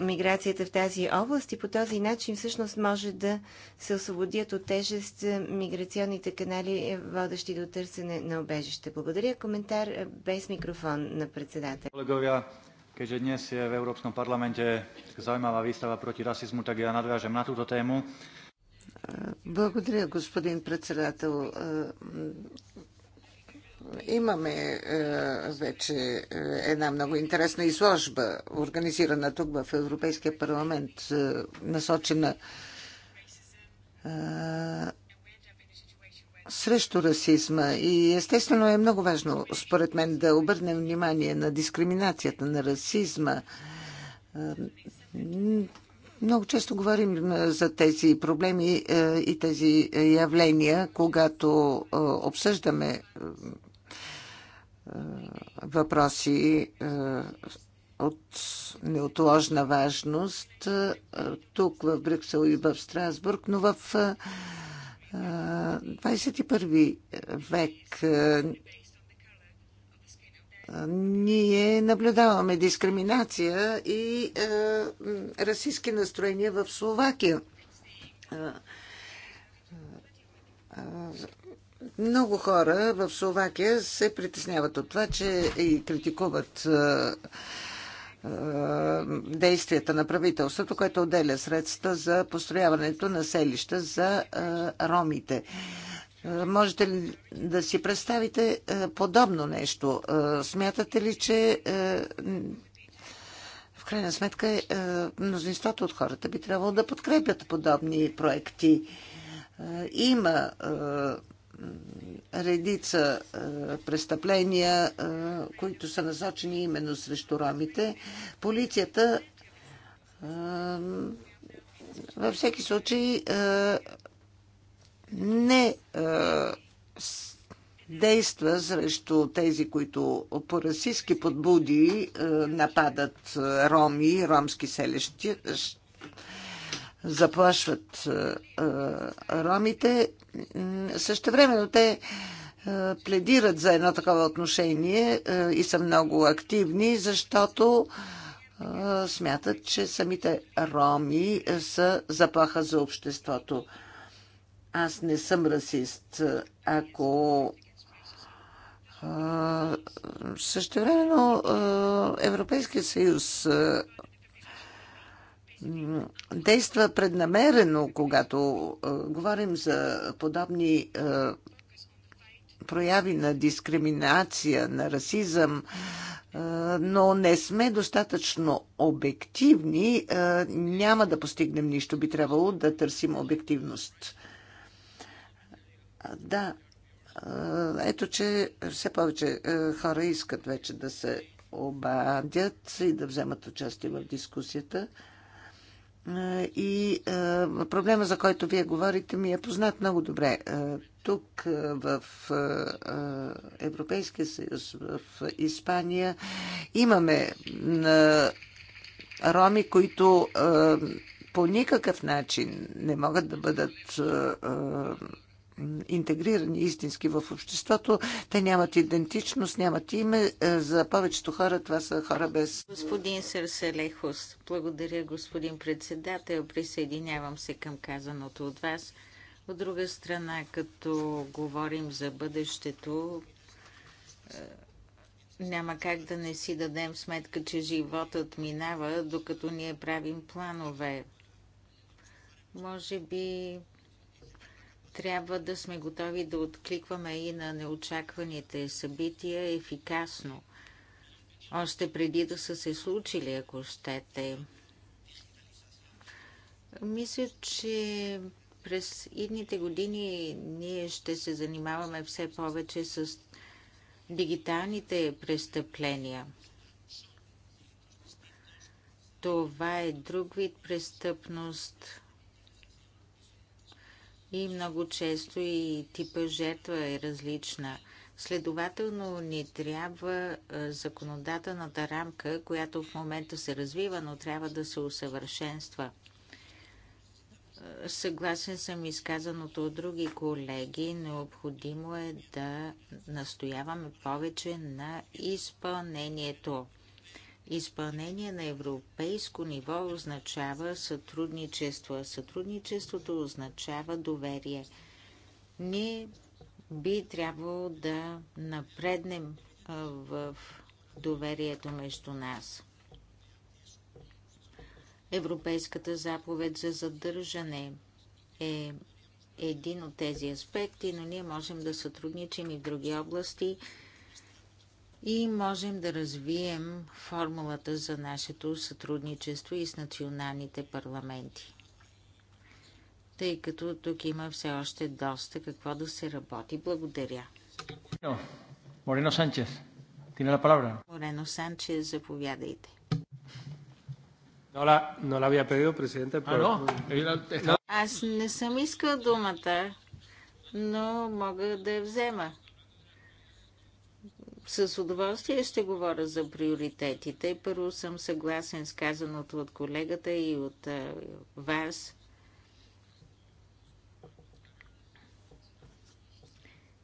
миграцията в тази област и по този начин всъщност може да се освободят от тежест миграционните канали, е, водещи до търсене на обежище. Благодаря. Коментар без микрофон на председател. Колеговия, keďže dnes je v Európskom parlamente zaujímavá výstava proti rasizmu, tak ja nadviažem na túto tému. Благодаря, господин председател. Имаме е, вече е, една много интересна изложба, организирана тук в Европейския парламент, е, насочена срещу расизма. И естествено е много важно, според мен, да обърнем внимание на дискриминацията, на расизма. Много често говорим за тези проблеми и тези явления, когато обсъждаме е, въпроси е, от неотложна важност е, тук в Брюксел и в Страсбург, но в 21 век ние наблюдаваме дискриминация и расистски настроения в Словакия. Много хора в Словакия се притесняват от това, че и критикуват действията на правителството, което отделя средства за построяването на селища за ромите. Можете ли да си представите подобно нещо? Смятате ли, че в крайна сметка мнозинството от хората би трябвало да подкрепят подобни проекти? Има редица е, престъпления, е, които са насочени именно срещу ромите. Полицията е, във всеки случай не действа срещу тези, които по расистски подбуди нападат роми, ромски селища, заплашват е, е, ромите. Също но те е, пледират за едно такова отношение и са много активни, защото смятат, че самите роми са заплаха за обществото. Аз не съм расист. Ако също времено Европейския съюз действа преднамерено, когато е, говорим за подобни е, прояви на дискриминация, на расизъм, е, но не сме достатъчно обективни, няма да постигнем нищо. Би трябвало да търсим обективност. Да, ето, че все повече хора искат вече да се обадят и да вземат участие в дискусията. И е, проблема, за който вие говорите, ми е познат много добре. Е, тук е, в Европейския съюз, в Испания, имаме роми, които по никакъв начин не могат да бъдат интегрирани истински в обществото. Те нямат идентичност, нямат име. Е, за повечето хора това са хора без... Господин Сърселехос, благодаря господин председател. Присъединявам се към казаното от вас. От друга страна, като говорим за бъдещето, е, няма как да не си дадем сметка, че животът минава, докато ние правим планове. Може би трябва да сме готови да откликваме и на неочакваните събития ефикасно, още преди да са се случили, ако щете. Мисля, че през идните години ние ще се занимаваме все повече с дигиталните престъпления. Това е друг вид престъпност и много често и типа жертва е различна. Следователно ни трябва законодателната рамка, която в момента се развива, но трябва да се усъвършенства. Съгласен съм изказаното от други колеги. Необходимо е да настояваме повече на изпълнението. Изпълнение на европейско ниво означава сътрудничество, а сътрудничеството означава доверие. Ние би трябвало да напреднем в доверието между нас. Европейската заповед за задържане е един от тези аспекти, но ние можем да сътрудничим и в други области – и можем да развием формулата за нашето сътрудничество и с националните парламенти. Тъй като тук има все още доста какво да се работи. Благодаря. Морено Санчес, ти на палавра. Морено Санчес, заповядайте. No la, no la había pedido, presidente, pero... Ah, no. Аз не съм искал думата, но мога да я взема. С удоволствие ще говоря за приоритетите. Първо съм съгласен с казаното от колегата е, и от вас.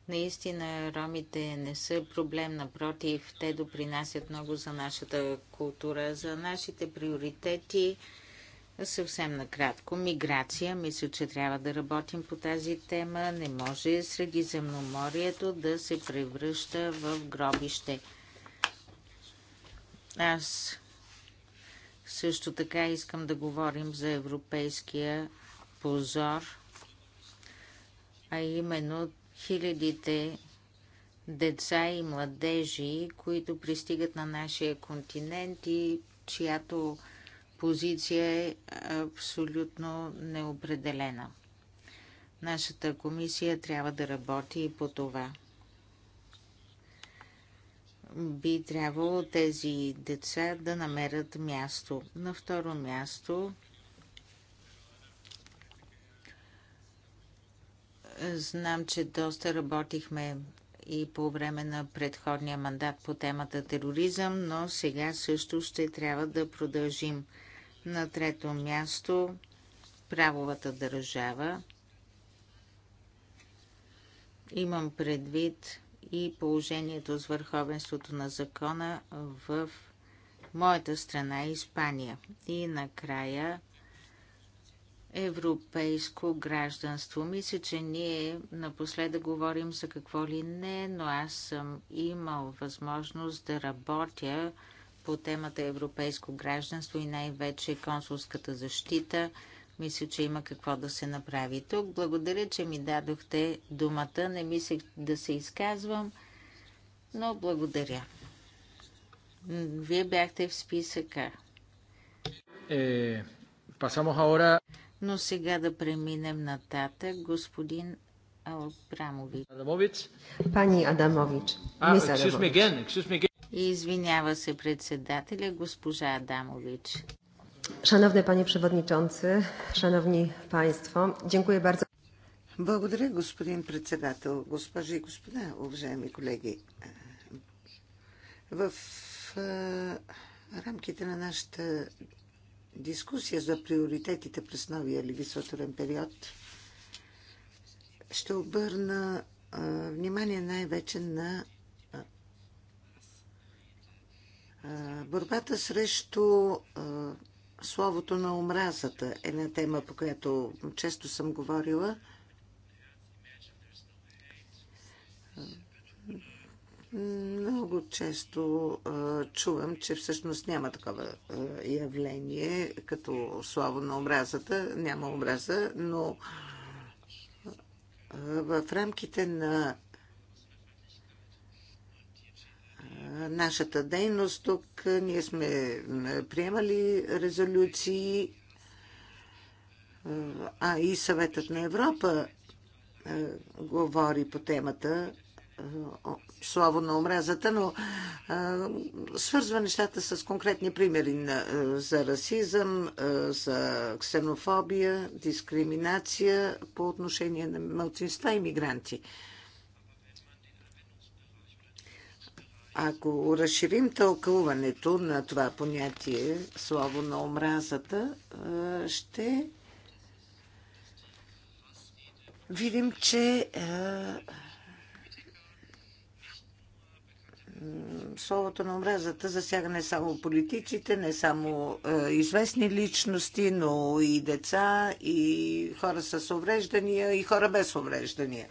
Наистина ромите не са проблем, напротив, те допринасят много за нашата култура, за нашите приоритети. Съвсем накратко, миграция. Мисля, че трябва да работим по тази тема. Не може Средиземноморието да се превръща в гробище. Аз също така искам да говорим за европейския позор, а именно хилядите деца и младежи, които пристигат на нашия континент и чиято позиция е абсолютно неопределена. Нашата комисия трябва да работи и по това. Би трябвало тези деца да намерят място. На второ място знам, че доста работихме и по време на предходния мандат по темата тероризъм, но сега също ще трябва да продължим. На трето място правовата държава. Имам предвид и положението с върховенството на закона в моята страна Испания. И накрая европейско гражданство. Мисля, че ние напоследък говорим за какво ли не, но аз съм имал възможност да работя по темата Европейско гражданство и най-вече консулската защита. Мисля, че има какво да се направи тук. Благодаря, че ми дадохте думата. Не мислех да се изказвам, но благодаря. Вие бяхте в списъка. Е, пасамо хаора. Но сега да преминем нататък. Господин Алпрамович. Адамович? Пани Адамович. А, excuse me ген, excuse me ген. Извинява се председателя госпожа Адамович. Шановне пани Przewodniczący, шановни паинство, dziękuję bardzo. Благодаря, господин председател, госпожи и господа, уважаеми колеги. В рамките на нашата дискусия за приоритетите през новия легислатурен период ще обърна внимание най-вече на Борбата срещу словото на омразата е една тема, по която често съм говорила. Много често а, чувам, че всъщност няма такова а, явление като слово на омразата. Няма омраза, но а, в рамките на нашата дейност тук. Ние сме приемали резолюции, а и съветът на Европа е, говори по темата е, слово на омразата, но е, свързва нещата с конкретни примери за расизъм, за ксенофобия, дискриминация по отношение на мълцинства и мигранти. Ако разширим тълкуването на това понятие, слово на омразата, ще видим, че словото на омразата засяга не само политиците, не само известни личности, но и деца, и хора с увреждания, и хора без увреждания.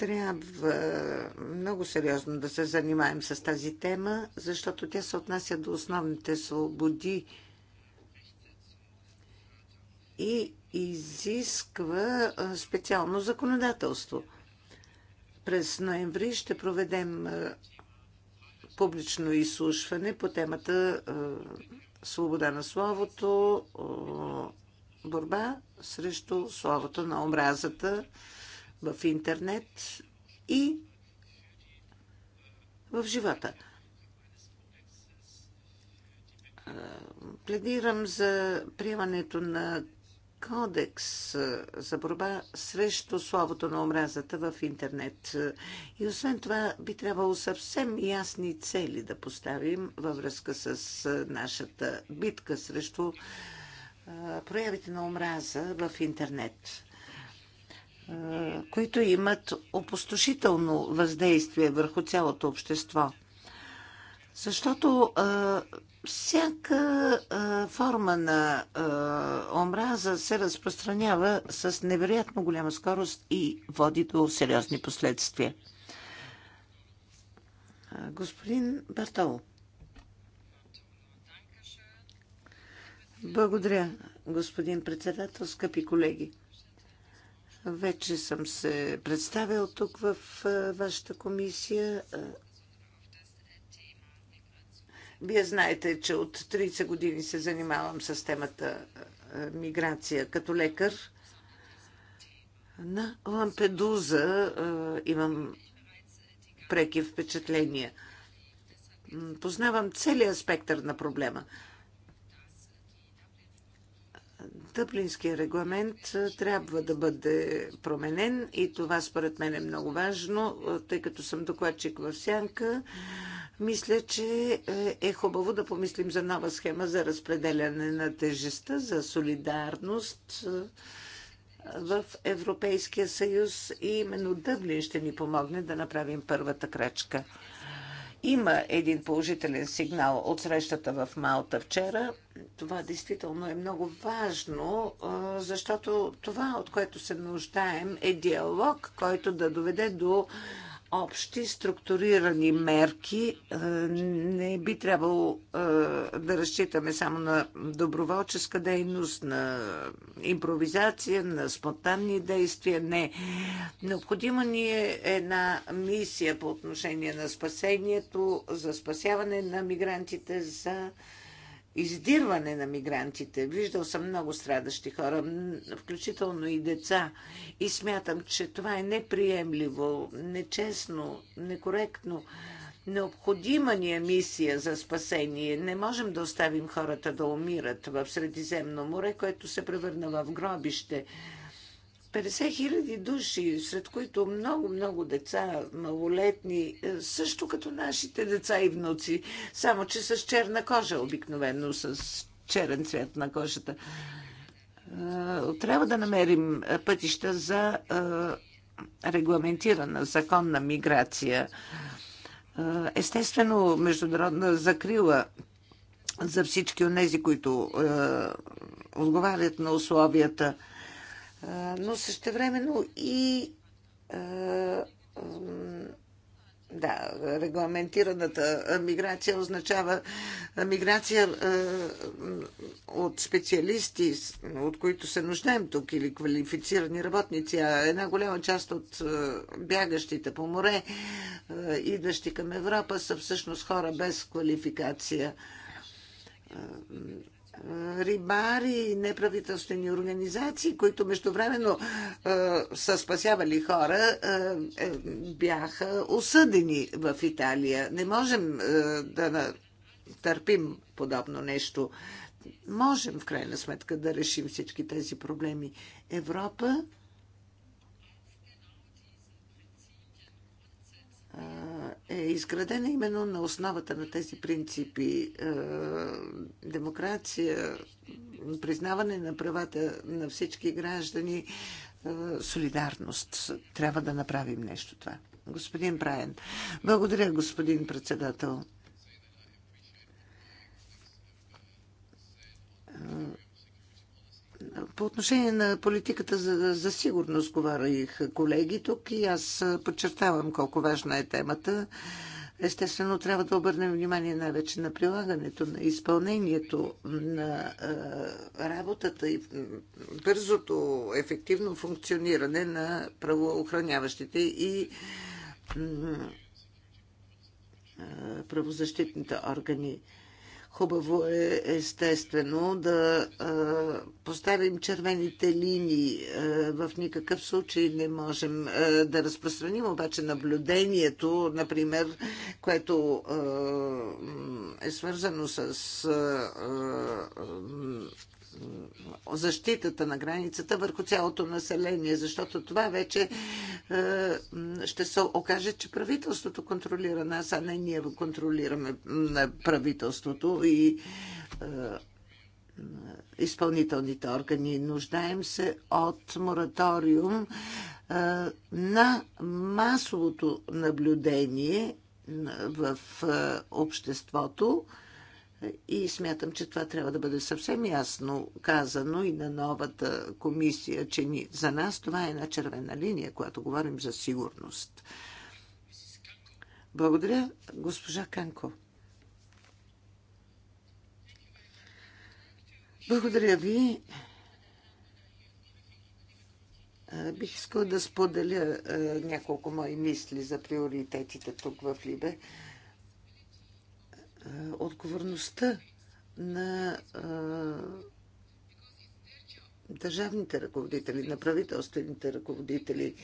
трябва много сериозно да се занимаем с тази тема, защото тя се отнася до основните свободи и изисква специално законодателство. През ноември ще проведем публично изслушване по темата Свобода на словото, борба срещу словото на омразата в интернет и в живота. Пледирам за приемането на кодекс за борба срещу словото на омразата в интернет. И освен това би трябвало съвсем ясни цели да поставим във връзка с нашата битка срещу проявите на омраза в интернет които имат опустошително въздействие върху цялото общество. Защото всяка форма на омраза се разпространява с невероятно голяма скорост и води до сериозни последствия. господин Бартол. Благодаря, господин председател, скъпи колеги. Вече съм се представил тук в вашата комисия. Вие знаете, че от 30 години се занимавам с темата миграция като лекар. На Лампедуза имам преки впечатления. Познавам целият спектър на проблема – Дъблинския регламент трябва да бъде променен и това според мен е много важно, тъй като съм докладчик в Сянка. Мисля, че е, е хубаво да помислим за нова схема за разпределяне на тежеста, за солидарност в Европейския съюз и именно Дъблин ще ни помогне да направим първата крачка. Има един положителен сигнал от срещата в Малта вчера. Това действително е много важно, защото това, от което се нуждаем, е диалог, който да доведе до общи структурирани мерки. Е, не би трябвало е, да разчитаме само на доброволческа дейност, на импровизация, на спонтанни действия. Не. Необходима ни е една мисия по отношение на спасението, за спасяване на мигрантите, за издирване на мигрантите. Виждал съм много страдащи хора, включително и деца. И смятам, че това е неприемливо, нечестно, некоректно. Необходима ни е мисия за спасение. Не можем да оставим хората да умират в Средиземно море, което се превърна в гробище. 50 хиляди души, сред които много-много деца, малолетни, е, също като нашите деца и внуци, само че с черна кожа, обикновено с черен цвет на кожата. Е, трябва да намерим пътища за е, регламентирана законна миграция. Естествено, международна закрила за всички от тези, които отговарят на условията – но същевременно и да, регламентираната миграция означава миграция от специалисти, от които се нуждаем тук, или квалифицирани работници, а една голяма част от бягащите по море, идващи към Европа, са всъщност хора без квалификация рибари, неправителствени организации, които междувременно е, са спасявали хора, е, е, бяха осъдени в Италия. Не можем е, да търпим подобно нещо. Можем, в крайна сметка, да решим всички тези проблеми. Европа е изградена именно на основата на тези принципи. Е, демокрация, признаване на правата на всички граждани, е, солидарност. Трябва да направим нещо това. Господин Брайен. Благодаря, господин председател. Е, по отношение на политиката за, за сигурност говорих колеги тук и аз подчертавам колко важна е темата. Естествено, трябва да обърнем внимание най-вече на прилагането, на изпълнението, на работата и бързото, ефективно функциониране на правоохраняващите и правозащитните органи. Хубаво е естествено да поставим червените линии. В никакъв случай не можем да разпространим обаче наблюдението, например, което е свързано с защитата на границата върху цялото население, защото това вече е, ще се окаже, че правителството контролира нас, а не ние контролираме правителството и е, изпълнителните органи. Нуждаем се от мораториум е, на масовото наблюдение в обществото и смятам, че това трябва да бъде съвсем ясно казано и на новата комисия, че ни, за нас това е една червена линия, когато говорим за сигурност. Благодаря, госпожа Канко. Благодаря ви. Бих искал да споделя няколко мои мисли за приоритетите тук в Либе отговорността на държавните ръководители, на правителствените ръководители.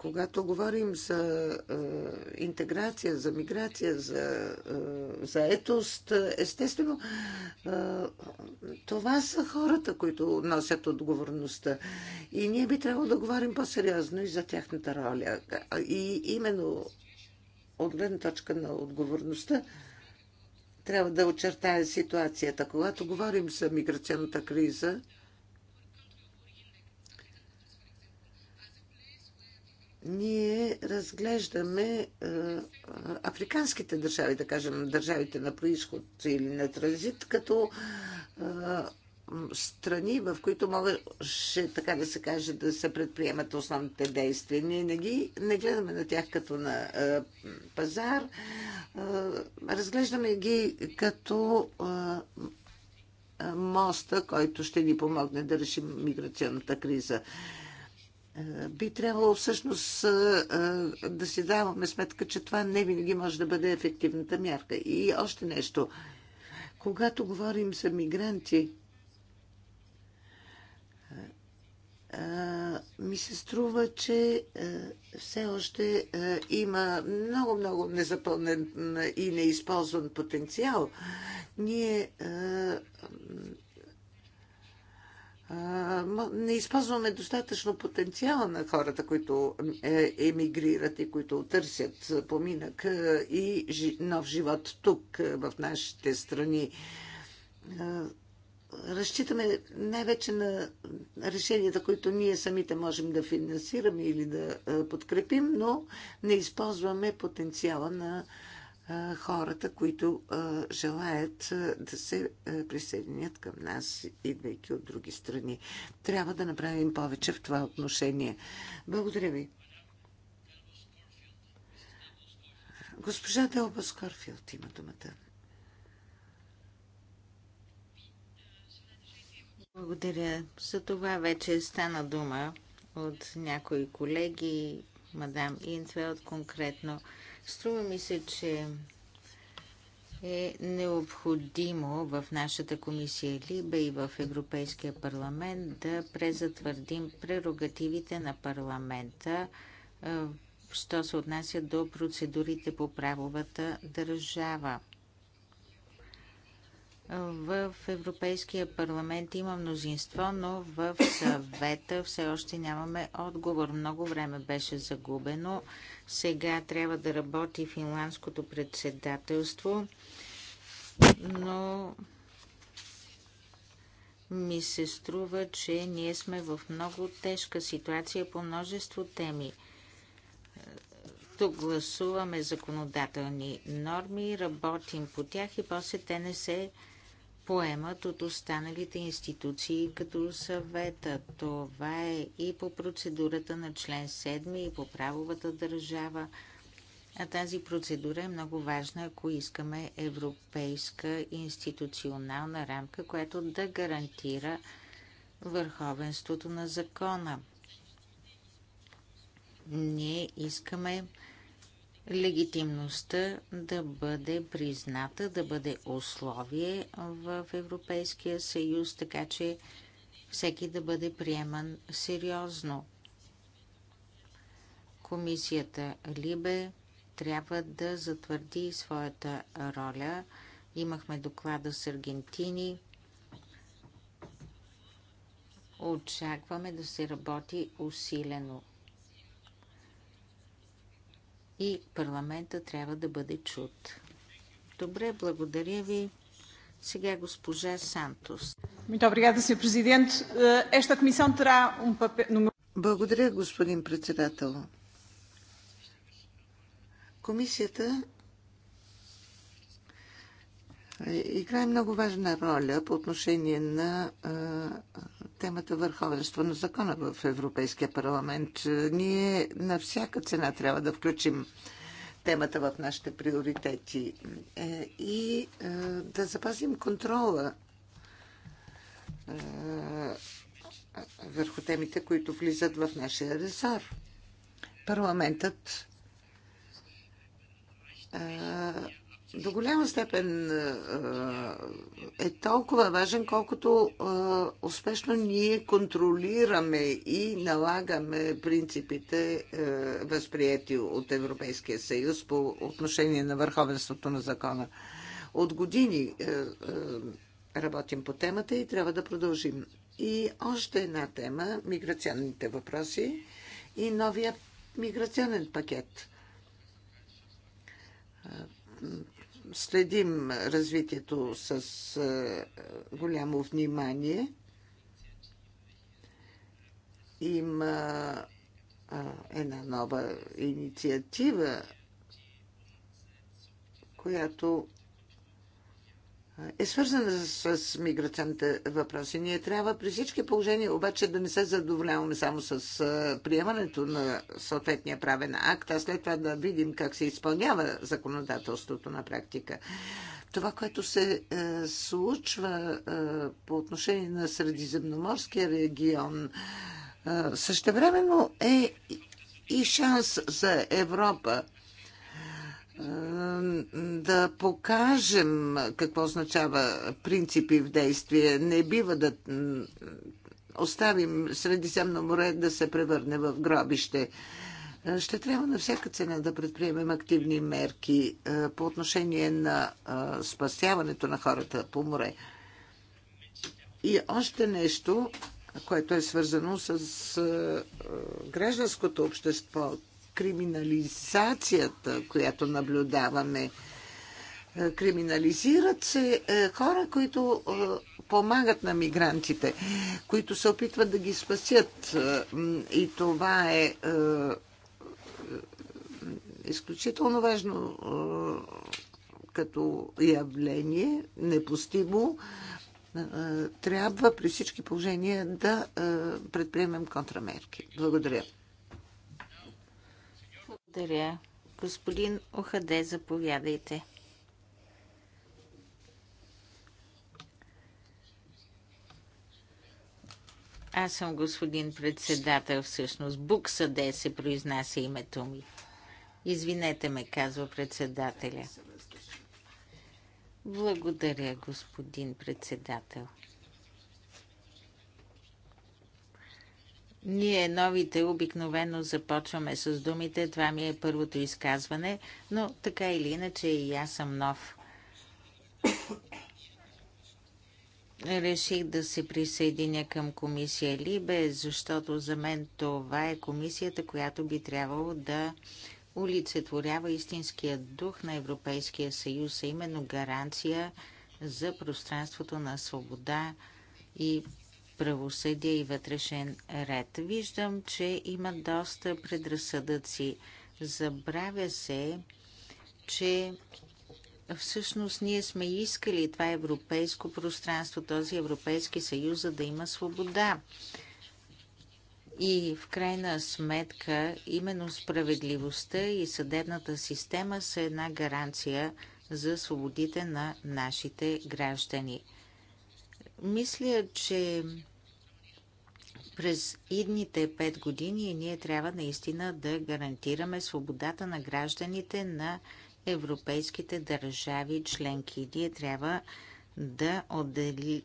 Когато говорим за интеграция, за миграция, за заетост, естествено, това са хората, които носят отговорността. И ние би трябвало да говорим по-сериозно и за тяхната роля. И именно от гледна точка на отговорността трябва да очертая ситуацията. Когато говорим за миграционната криза, ние разглеждаме е, африканските държави, да кажем, държавите на происход или на транзит, като е, страни, в които може, така да се каже, да се предприемат основните действия. Ние не, ги, не гледаме на тях като на е, пазар, е, разглеждаме ги като е, е моста, който ще ни помогне да решим миграционната криза. Е, би трябвало всъщност е, е, да си даваме сметка, че това не винаги може да бъде ефективната мярка. И още нещо. Когато говорим за мигранти, ми се струва, че все още има много-много незапълнен и неизползван потенциал. Ние не използваме достатъчно потенциала на хората, които е, емигрират и които търсят поминък и нов живот тук, в нашите страни разчитаме най-вече на решенията, които ние самите можем да финансираме или да подкрепим, но не използваме потенциала на хората, които желаят да се присъединят към нас, идвайки от други страни. Трябва да направим повече в това отношение. Благодаря ви. Госпожа Делба Скорфилд има думата. Благодаря. За това вече стана дума от някои колеги, мадам Инцвелт, конкретно. Струва ми се, че е необходимо в нашата комисия Либе и в Европейския парламент да презатвърдим прерогативите на парламента, що се отнася до процедурите по правовата държава. В Европейския парламент има мнозинство, но в съвета все още нямаме отговор. Много време беше загубено. Сега трябва да работи финландското председателство, но ми се струва, че ние сме в много тежка ситуация по множество теми. Тук гласуваме законодателни норми, работим по тях и после те не се поемат от останалите институции като съвета. Това е и по процедурата на член 7 и по правовата държава. А тази процедура е много важна, ако искаме европейска институционална рамка, която да гарантира върховенството на закона. Ние искаме легитимността да бъде призната, да бъде условие в Европейския съюз, така че всеки да бъде приеман сериозно. Комисията Либе трябва да затвърди своята роля. Имахме доклада с Аргентини. Очакваме да се работи усилено и парламента трябва да бъде чут. Добре, благодаря ви. Сега госпожа Сантос. Э, um благодаря, господин председател. Комисията играе много важна роля по отношение на темата върховенство на закона в Европейския парламент. Ние на всяка цена трябва да включим темата в нашите приоритети е, и да запазим контрола върху темите, които влизат в нашия ресор. Парламентът до голяма степен е, е толкова важен, колкото е, успешно ние контролираме и налагаме принципите, е, възприяти от Европейския съюз по отношение на върховенството на закона. От години работим по темата и трябва да продължим. И още една тема миграционните въпроси и новия миграционен пакет следим развитието с е, голямо внимание. Има е, една нова инициатива, която е свързана с, с миграционните въпроси. Ние трябва при всички положения обаче да не се задоволяваме само с приемането на съответния правен акт, а след това да видим как се изпълнява законодателството на практика. Това, което се е, случва е, по отношение на Средиземноморския регион, е, същевременно е и шанс за Европа да покажем какво означава принципи в действие. Не бива да оставим Средиземно море да се превърне в гробище. Е, ще трябва на всяка цена да предприемем активни мерки е, по отношение на е, спасяването на хората по море. И още нещо, което е свързано с гражданското общество криминализацията, която наблюдаваме. Е, криминализират се е, хора, които е, помагат на мигрантите, които се опитват да ги спасят. И това е изключително важно като явление, непостимо. Трябва при всички положения да предприемем контрамерки. Благодаря. Благодаря. Господин Охаде, заповядайте. Аз съм господин председател всъщност. Буксаде се произнася името ми. Извинете ме, казва председателя. Благодаря, господин председател. Ние, новите, обикновено започваме с думите. Това ми е първото изказване, но така или иначе и аз съм нов. Реших да се присъединя към комисия Либе, защото за мен това е комисията, която би трябвало да олицетворява истинския дух на Европейския съюз, а именно гаранция за пространството на свобода и правосъдие и вътрешен ред. Виждам, че има доста предразсъдъци. Забравя се, че всъщност ние сме искали това европейско пространство, този Европейски съюз, за да има свобода. И в крайна сметка, именно справедливостта и съдебната система са една гаранция за свободите на нашите граждани. Мисля, че през идните пет години ние трябва наистина да гарантираме свободата на гражданите на европейските държави членки. Ние трябва да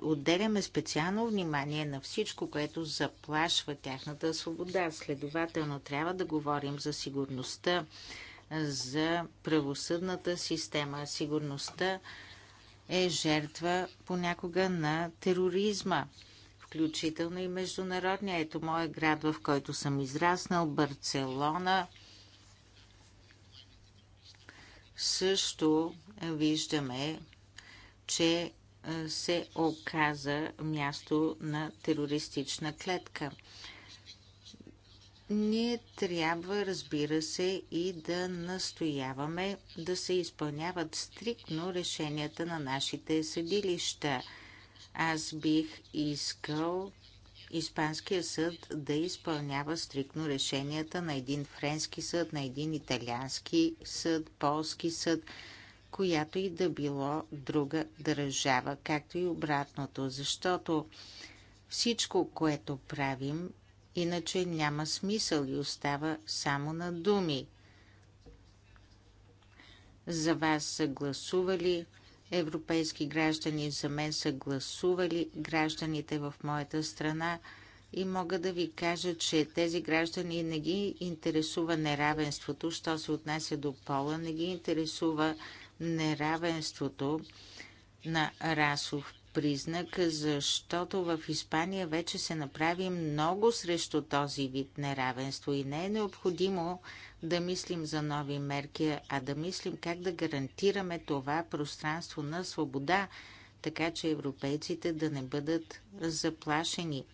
отделяме специално внимание на всичко, което заплашва тяхната свобода. Следователно трябва да говорим за сигурността, за правосъдната система, сигурността е жертва понякога на тероризма, включително и международния. Ето моят град, в който съм израснал, Барселона. Също виждаме, че се оказа място на терористична клетка. Ние трябва, разбира се, и да настояваме да се изпълняват стриктно решенията на нашите съдилища. Аз бих искал Испанския съд да изпълнява стриктно решенията на един френски съд, на един италиански съд, полски съд, която и да било друга държава, както и обратното, защото всичко, което правим, Иначе няма смисъл и остава само на думи. За вас са гласували европейски граждани, за мен са гласували гражданите в моята страна и мога да ви кажа, че тези граждани не ги интересува неравенството, що се отнася до пола, не ги интересува неравенството на расов признак, защото в Испания вече се направи много срещу този вид неравенство и не е необходимо да мислим за нови мерки, а да мислим как да гарантираме това пространство на свобода, така че европейците да не бъдат заплашени.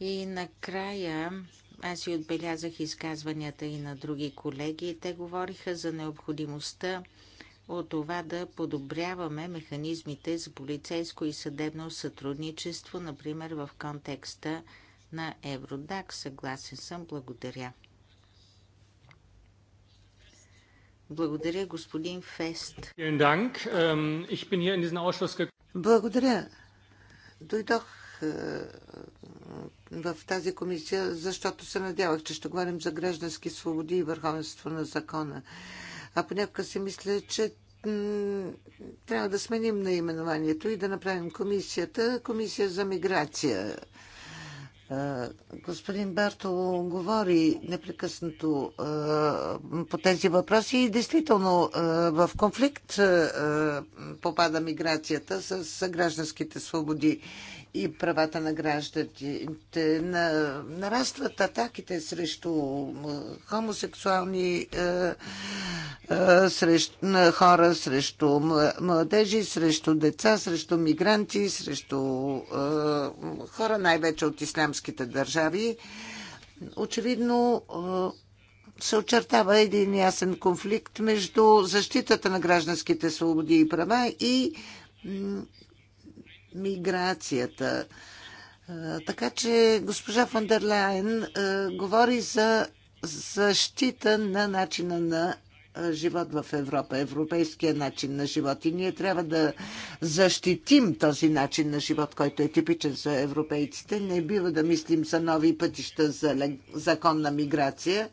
И накрая аз и отбелязах изказванията и на други колеги. Те говориха за необходимостта от това да подобряваме механизмите за полицейско и съдебно сътрудничество, например в контекста на Евродак. Съгласен съм. Благодаря. Благодаря, господин Фест. Ähm, Благодаря. Дойдох е, в тази комисия, защото се надявах, че ще говорим за граждански свободи и върховенство на закона. А понякога си мисля, че трябва да сменим наименованието и да направим комисията, комисия за миграция. Господин Бартол говори непрекъснато по тези въпроси и действително в конфликт попада миграцията с гражданските свободи и правата на гражданите. На, нарастват атаките срещу хомосексуални е, е, срещу, на хора, срещу младежи, срещу деца, срещу мигранти, срещу е, хора най-вече от ислямските държави. Очевидно се очертава един ясен конфликт между защитата на гражданските свободи и права и миграцията. Така че госпожа Фандерлайн говори за защита на начина на живот в Европа, европейския начин на живот. И ние трябва да защитим този начин на живот, който е типичен за европейците. Не бива да мислим за нови пътища за законна миграция,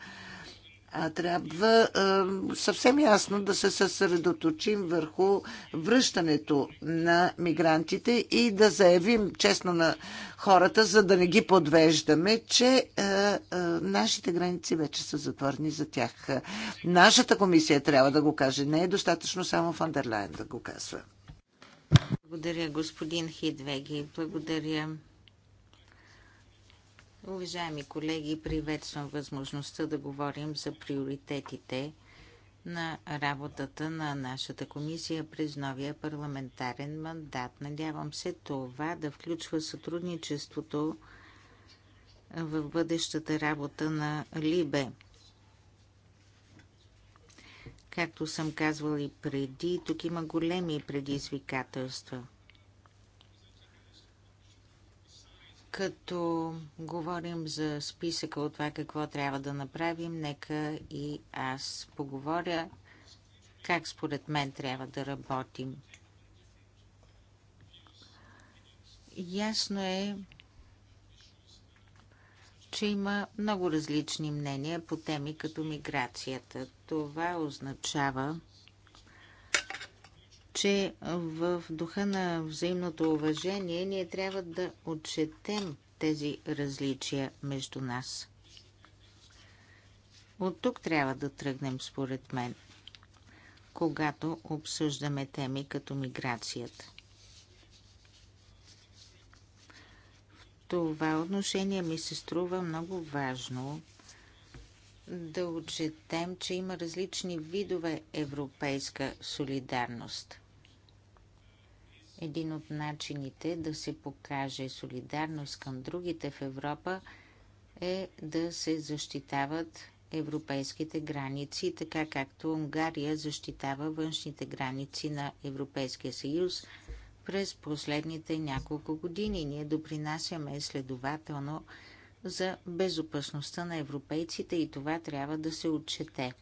а трябва е, съвсем ясно да се съсредоточим върху връщането на мигрантите и да заявим честно на хората, за да не ги подвеждаме, че е, е, нашите граници вече са затворени за тях. Нашата комисия трябва да го каже. Не е достатъчно само Фандерлайн да го казва. Благодаря, господин Хидвеги. Благодаря Уважаеми колеги, приветствам възможността да говорим за приоритетите на работата на нашата комисия през новия парламентарен мандат. Надявам се това да включва сътрудничеството в бъдещата работа на Либе. Както съм казвал и преди, тук има големи предизвикателства. Като говорим за списъка от това какво трябва да направим, нека и аз поговоря как според мен трябва да работим. Ясно е, че има много различни мнения по теми като миграцията. Това означава, че в духа на взаимното уважение ние трябва да отчетем тези различия между нас. От тук трябва да тръгнем, според мен, когато обсъждаме теми като миграцията. В това отношение ми се струва много важно да отчетем, че има различни видове европейска солидарност. Един от начините да се покаже солидарност към другите в Европа е да се защитават европейските граници, така както Унгария защитава външните граници на Европейския съюз през последните няколко години. Ние допринасяме следователно за безопасността на европейците и това трябва да се отчете.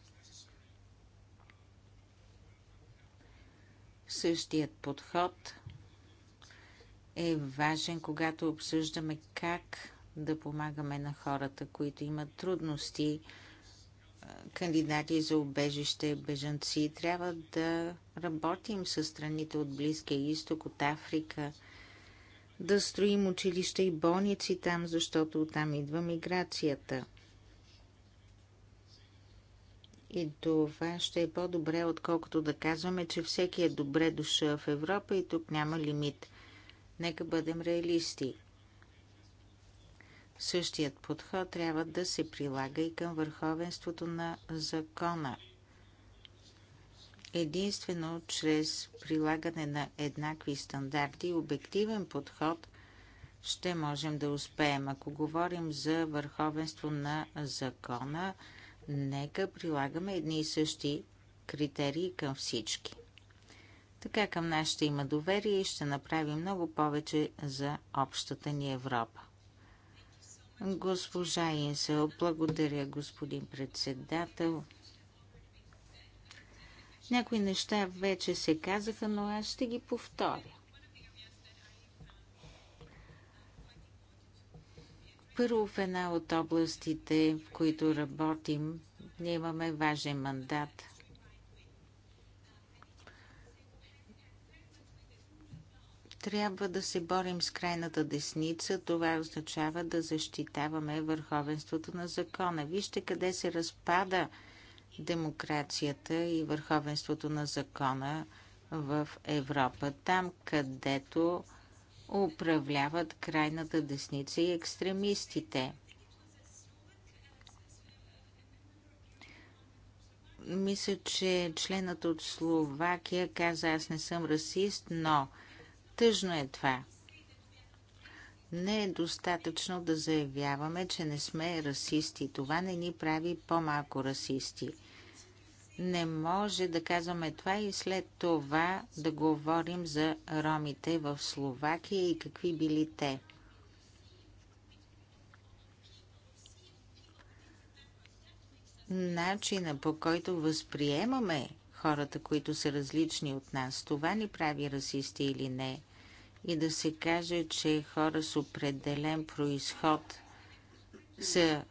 Същият подход е важен, когато обсъждаме как да помагаме на хората, които имат трудности, кандидати за убежище, бежанци. Трябва да работим с страните от Близкия изток, от Африка, да строим училища и болници там, защото там идва миграцията. И това ще е по-добре, отколкото да казваме, че всеки е добре душа в Европа и тук няма лимит. Нека бъдем реалисти. Същият подход трябва да се прилага и към върховенството на закона. Единствено чрез прилагане на еднакви стандарти и обективен подход ще можем да успеем. Ако говорим за върховенство на закона, нека прилагаме едни и същи критерии към всички. Така към нас ще има доверие и ще направи много повече за общата ни Европа. Госпожа Инсел, благодаря, господин председател. Някои неща вече се казаха, но аз ще ги повторя. Първо в една от областите, в които работим, ние имаме важен мандат – Трябва да се борим с крайната десница. Това означава да защитаваме върховенството на закона. Вижте къде се разпада демокрацията и върховенството на закона в Европа. Там, където управляват крайната десница и екстремистите. Мисля, че членът от Словакия каза, аз не съм расист, но Тъжно е това. Не е достатъчно да заявяваме, че не сме расисти. Това не ни прави по-малко расисти. Не може да казваме това и след това да говорим за ромите в Словакия и какви били те. Начина по който възприемаме хората, които са различни от нас, това ни прави расисти или не – и да се каже, че хора с определен происход са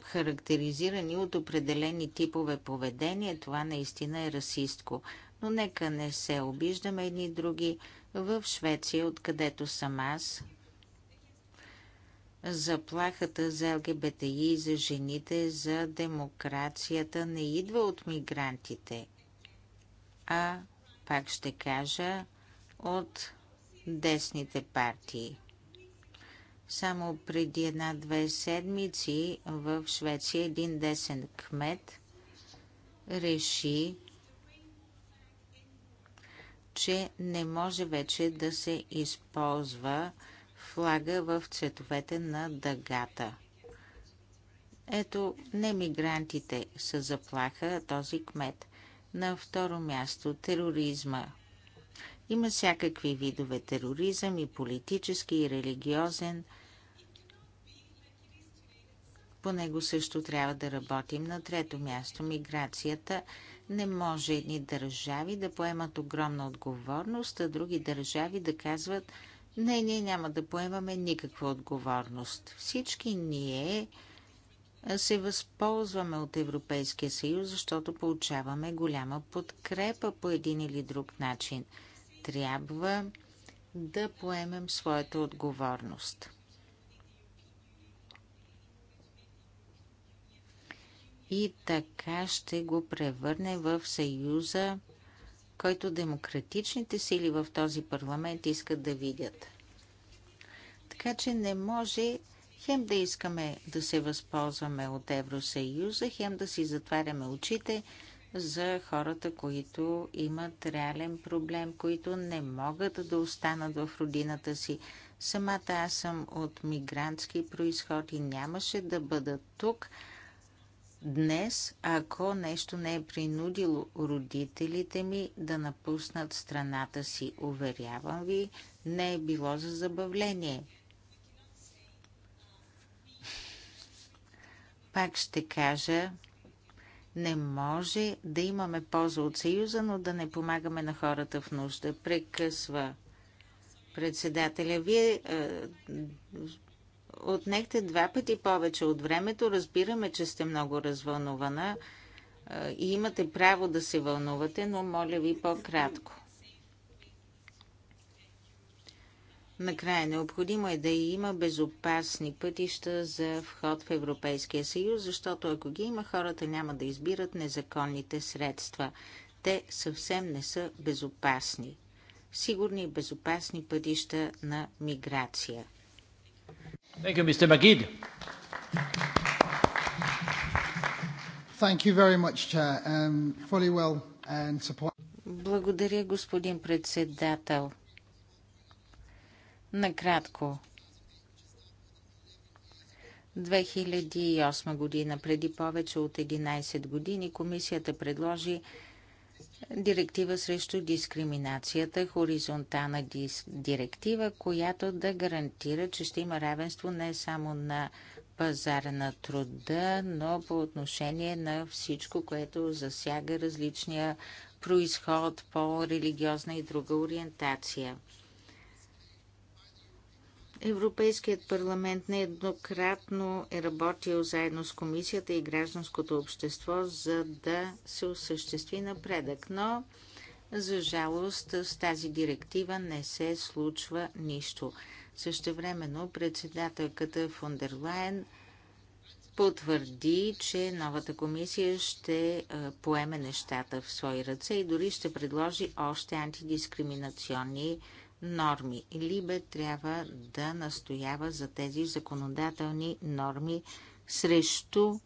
характеризирани от определени типове поведение, това наистина е расистко. Но нека не се обиждаме едни други. В Швеция, откъдето съм аз, заплахата за ЛГБТИ, за жените, за демокрацията не идва от мигрантите. А, пак ще кажа, от десните партии. Само преди една-две седмици в Швеция един десен кмет реши, че не може вече да се използва флага в цветовете на дъгата. Ето, не мигрантите са заплаха, този кмет. На второ място тероризма. Има всякакви видове тероризъм и политически, и религиозен. По него също трябва да работим. На трето място миграцията. Не може едни държави да поемат огромна отговорност, а други държави да казват не, ние няма да поемаме никаква отговорност. Всички ние се възползваме от Европейския съюз, защото получаваме голяма подкрепа по един или друг начин – трябва да поемем своята отговорност. И така ще го превърне в съюза, който демократичните сили в този парламент искат да видят. Така че не може хем да искаме да се възползваме от Евросъюза, хем да си затваряме очите – за хората, които имат реален проблем, които не могат да останат в родината си. Самата аз съм от мигрантски происход и нямаше да бъда тук днес, ако нещо не е принудило родителите ми да напуснат страната си. Уверявам ви, не е било за забавление. Пак ще кажа, не може да имаме полза от Съюза, но да не помагаме на хората в нужда. Прекъсва председателя. Вие е, отнехте два пъти повече от времето. Разбираме, че сте много развълнувана е, и имате право да се вълнувате, но моля ви по-кратко. Накрая необходимо е да има безопасни пътища за вход в Европейския съюз, защото ако ги има, хората няма да избират незаконните средства. Те съвсем не са безопасни. Сигурни и безопасни пътища на миграция. Thank you, Mr. Magid. Thank you very much, Chair. Um, fully well and um, support... Благодаря, господин председател. Накратко. 2008 година, преди повече от 11 години, комисията предложи директива срещу дискриминацията, хоризонтална директива, която да гарантира, че ще има равенство не само на пазара на труда, но по отношение на всичко, което засяга различния происход, по религиозна и друга ориентация. Европейският парламент нееднократно е работил заедно с комисията и гражданското общество, за да се осъществи напредък. Но, за жалост, с тази директива не се случва нищо. Същевременно председателката Фондерлайн Лайен потвърди, че новата комисия ще поеме нещата в свои ръце и дори ще предложи още антидискриминационни норми. Либе трябва да настоява за тези законодателни норми срещу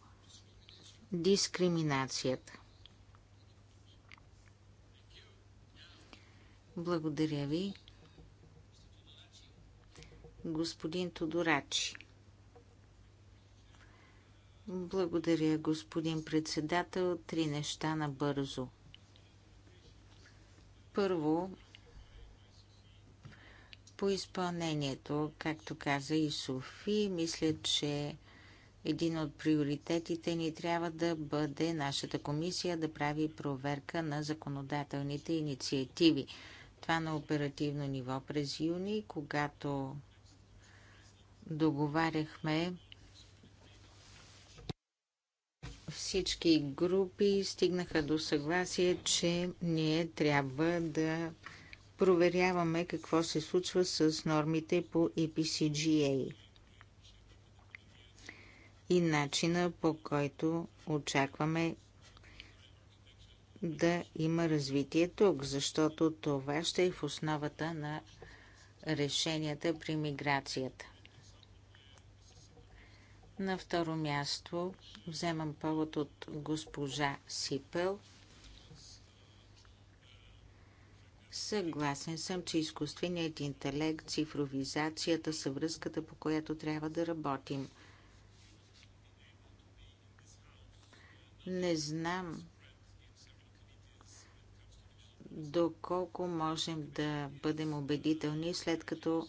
дискриминацията. Благодаря ви, господин Тодорачи. Благодаря, господин председател. Три неща набързо. Първо, по изпълнението, както каза и Софи, мисля, че един от приоритетите ни трябва да бъде нашата комисия да прави проверка на законодателните инициативи. Това на оперативно ниво през юни, когато договаряхме всички групи стигнаха до съгласие, че ние трябва да проверяваме какво се случва с нормите по EPCGA и начина по който очакваме да има развитие тук, защото това ще е в основата на решенията при миграцията. На второ място вземам повод от госпожа Сипел – Съгласен съм, че изкуственият интелект, цифровизацията са връзката, по която трябва да работим. Не знам доколко можем да бъдем убедителни, след като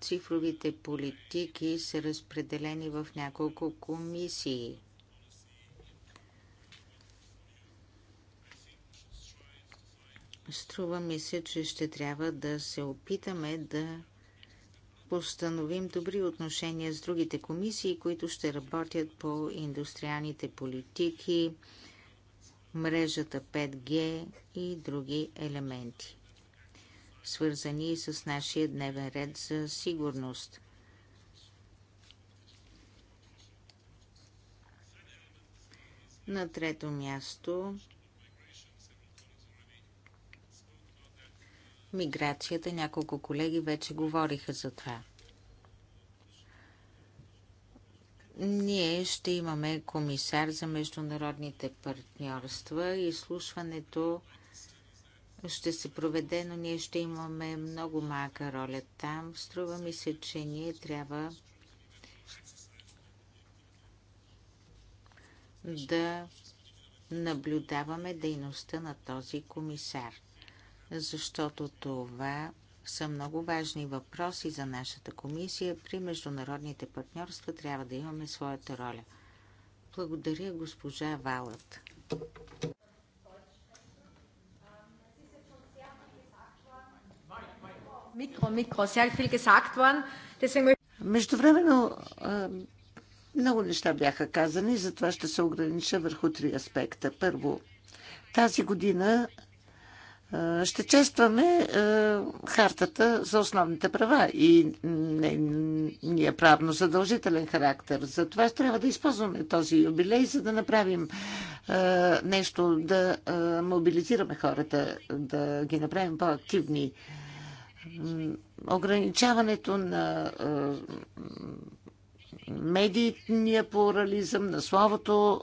цифровите политики са разпределени в няколко комисии. Струва ми се, че ще трябва да се опитаме да постановим добри отношения с другите комисии, които ще работят по индустриалните политики, мрежата 5G и други елементи, свързани с нашия дневен ред за сигурност. На трето място миграцията. Няколко колеги вече говориха за това. Ние ще имаме комисар за международните партньорства. и слушването ще се проведе, но ние ще имаме много малка роля там. Струва ми се, че ние трябва да наблюдаваме дейността на този комисар защото това са много важни въпроси за нашата комисия. При международните партньорства трябва да имаме своята роля. Благодаря, госпожа Валът. Микро, микро, е Междувременно много неща бяха казани, затова ще се огранича върху три аспекта. Първо, тази година ще честваме хартата за основните права и ние е правно задължителен характер. Затова трябва да използваме този юбилей, за да направим нещо, да мобилизираме хората, да ги направим по-активни. Ограничаването на медийния плурализъм, на словото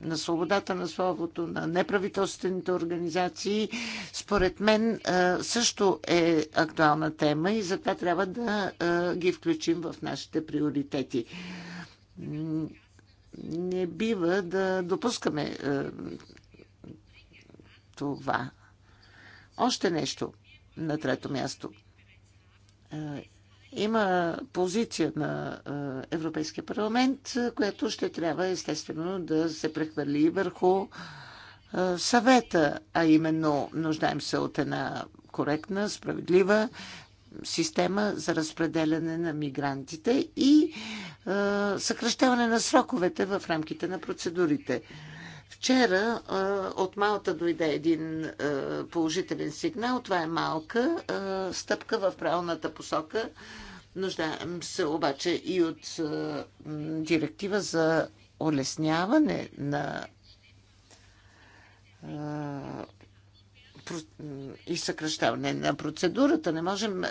на свободата на словото, на неправителствените организации, според мен е, също е актуална тема и затова трябва да е, ги включим в нашите приоритети. Не бива да допускаме е, това. Още нещо на трето място има позиция на Европейския парламент, която ще трябва естествено да се прехвърли върху съвета, а именно нуждаем се от една коректна, справедлива система за разпределяне на мигрантите и е, съкръщаване на сроковете в рамките на процедурите. Вчера е, от Малта дойде един е, положителен сигнал. Това е малка е, стъпка в правилната посока. Е, Нуждаем се обаче и от директива за олесняване на и съкръщаване на процедурата. Не можем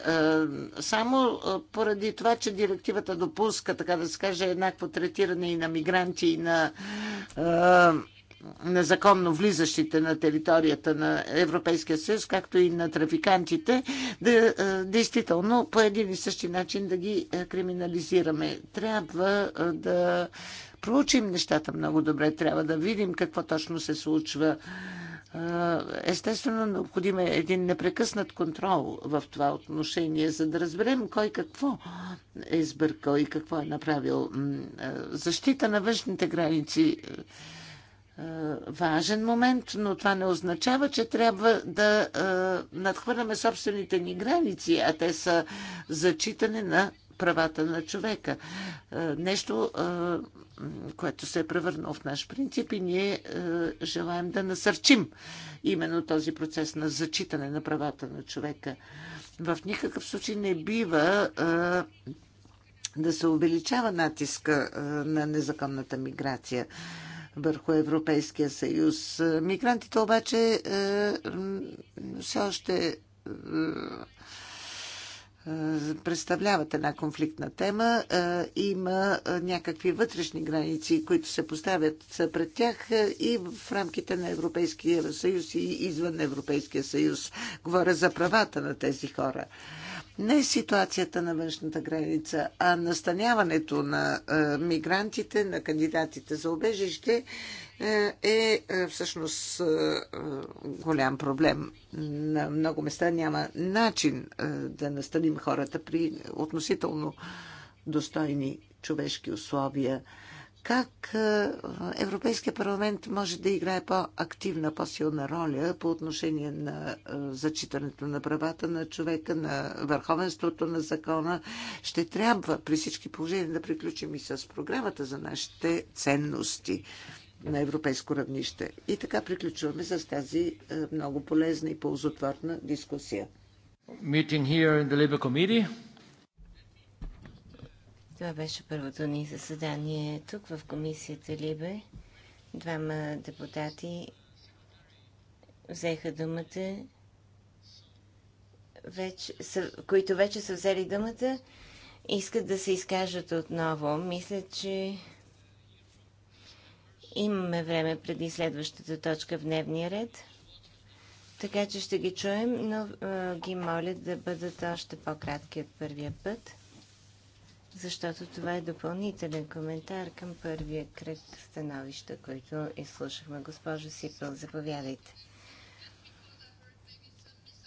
само поради това, че директивата допуска, така да се каже, еднакво третиране и на мигранти, и на незаконно влизащите на територията на Европейския съюз, както и на трафикантите, да, е, действително по един и същи начин да ги е, криминализираме. Трябва е, да проучим нещата много добре, трябва да видим какво точно се случва. Естествено, необходим е един непрекъснат контрол в това отношение, за да разберем кой какво е сбъркал и какво е направил. Защита на външните граници е, важен момент, но това не означава, че трябва да е, надхвърляме собствените ни граници, а те са зачитане на правата на човека. Е, нещо, което се е превърнало в наш принцип и ние желаем да насърчим именно този процес на зачитане на правата на човека. В никакъв случай не бива да се увеличава натиска на незаконната миграция върху Европейския съюз. Мигрантите обаче е, все още е, е, представляват една конфликтна тема. Има някакви вътрешни граници, които се поставят пред тях и в рамките на Европейския съюз и извън Европейския съюз. Говоря за правата на тези хора не ситуацията на външната граница, а настаняването на е, мигрантите, на кандидатите за убежище е, е, е всъщност голям проблем. На много места няма начин да настаним хората при относително достойни човешки условия как е, Европейския парламент може да играе по-активна, по-силна роля по отношение на е, зачитането на правата на човека, на върховенството на закона. Ще трябва при всички положения да приключим и с програмата за нашите ценности на европейско равнище. И така приключваме с тази е, много полезна и ползотворна дискусия. Meeting here in the Labour Committee. Това беше първото ни заседание тук в комисията Либе. Двама депутати взеха думата, вече, са, които вече са взели думата, искат да се изкажат отново. Мисля, че имаме време преди следващата точка в дневния ред, така че ще ги чуем, но а, ги моля да бъдат още по-кратки от първия път защото това е допълнителен коментар към първия кръг становища, които изслушахме. Госпожо Сипел, заповядайте.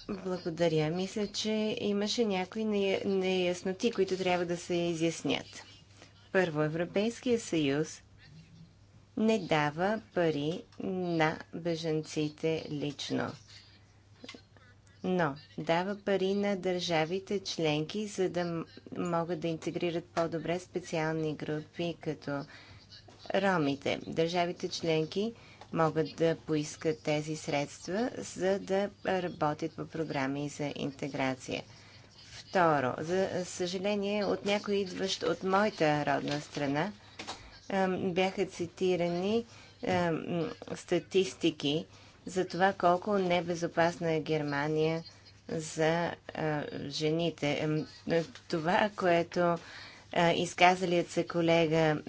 Благодаря. Мисля, че имаше някои неясноти, които трябва да се изяснят. Първо, Европейския съюз не дава пари на беженците лично но дава пари на държавите членки, за да могат да интегрират по-добре специални групи, като ромите. Държавите членки могат да поискат тези средства, за да работят по програми за интеграция. Второ, за съжаление, от някой идващ от моята родна страна бяха цитирани статистики за това колко небезопасна е Германия за а, жените. Е, това, което а, изказалият се колега а,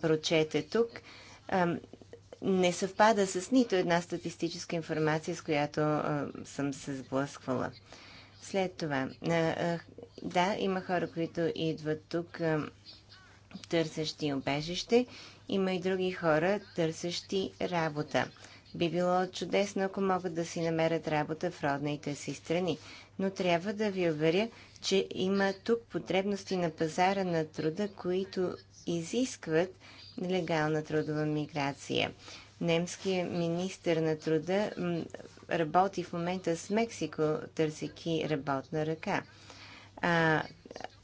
прочете тук, а, не съвпада с нито една статистическа информация, с която а, съм се сблъсквала. След това, а, а, да, има хора, които идват тук а, търсещи обежище, има и други хора, търсещи работа. Би било чудесно, ако могат да си намерят работа в родните си страни. Но трябва да ви уверя, че има тук потребности на пазара на труда, които изискват легална трудова миграция. Немският министр на труда работи в момента с Мексико, търсики работна ръка. А,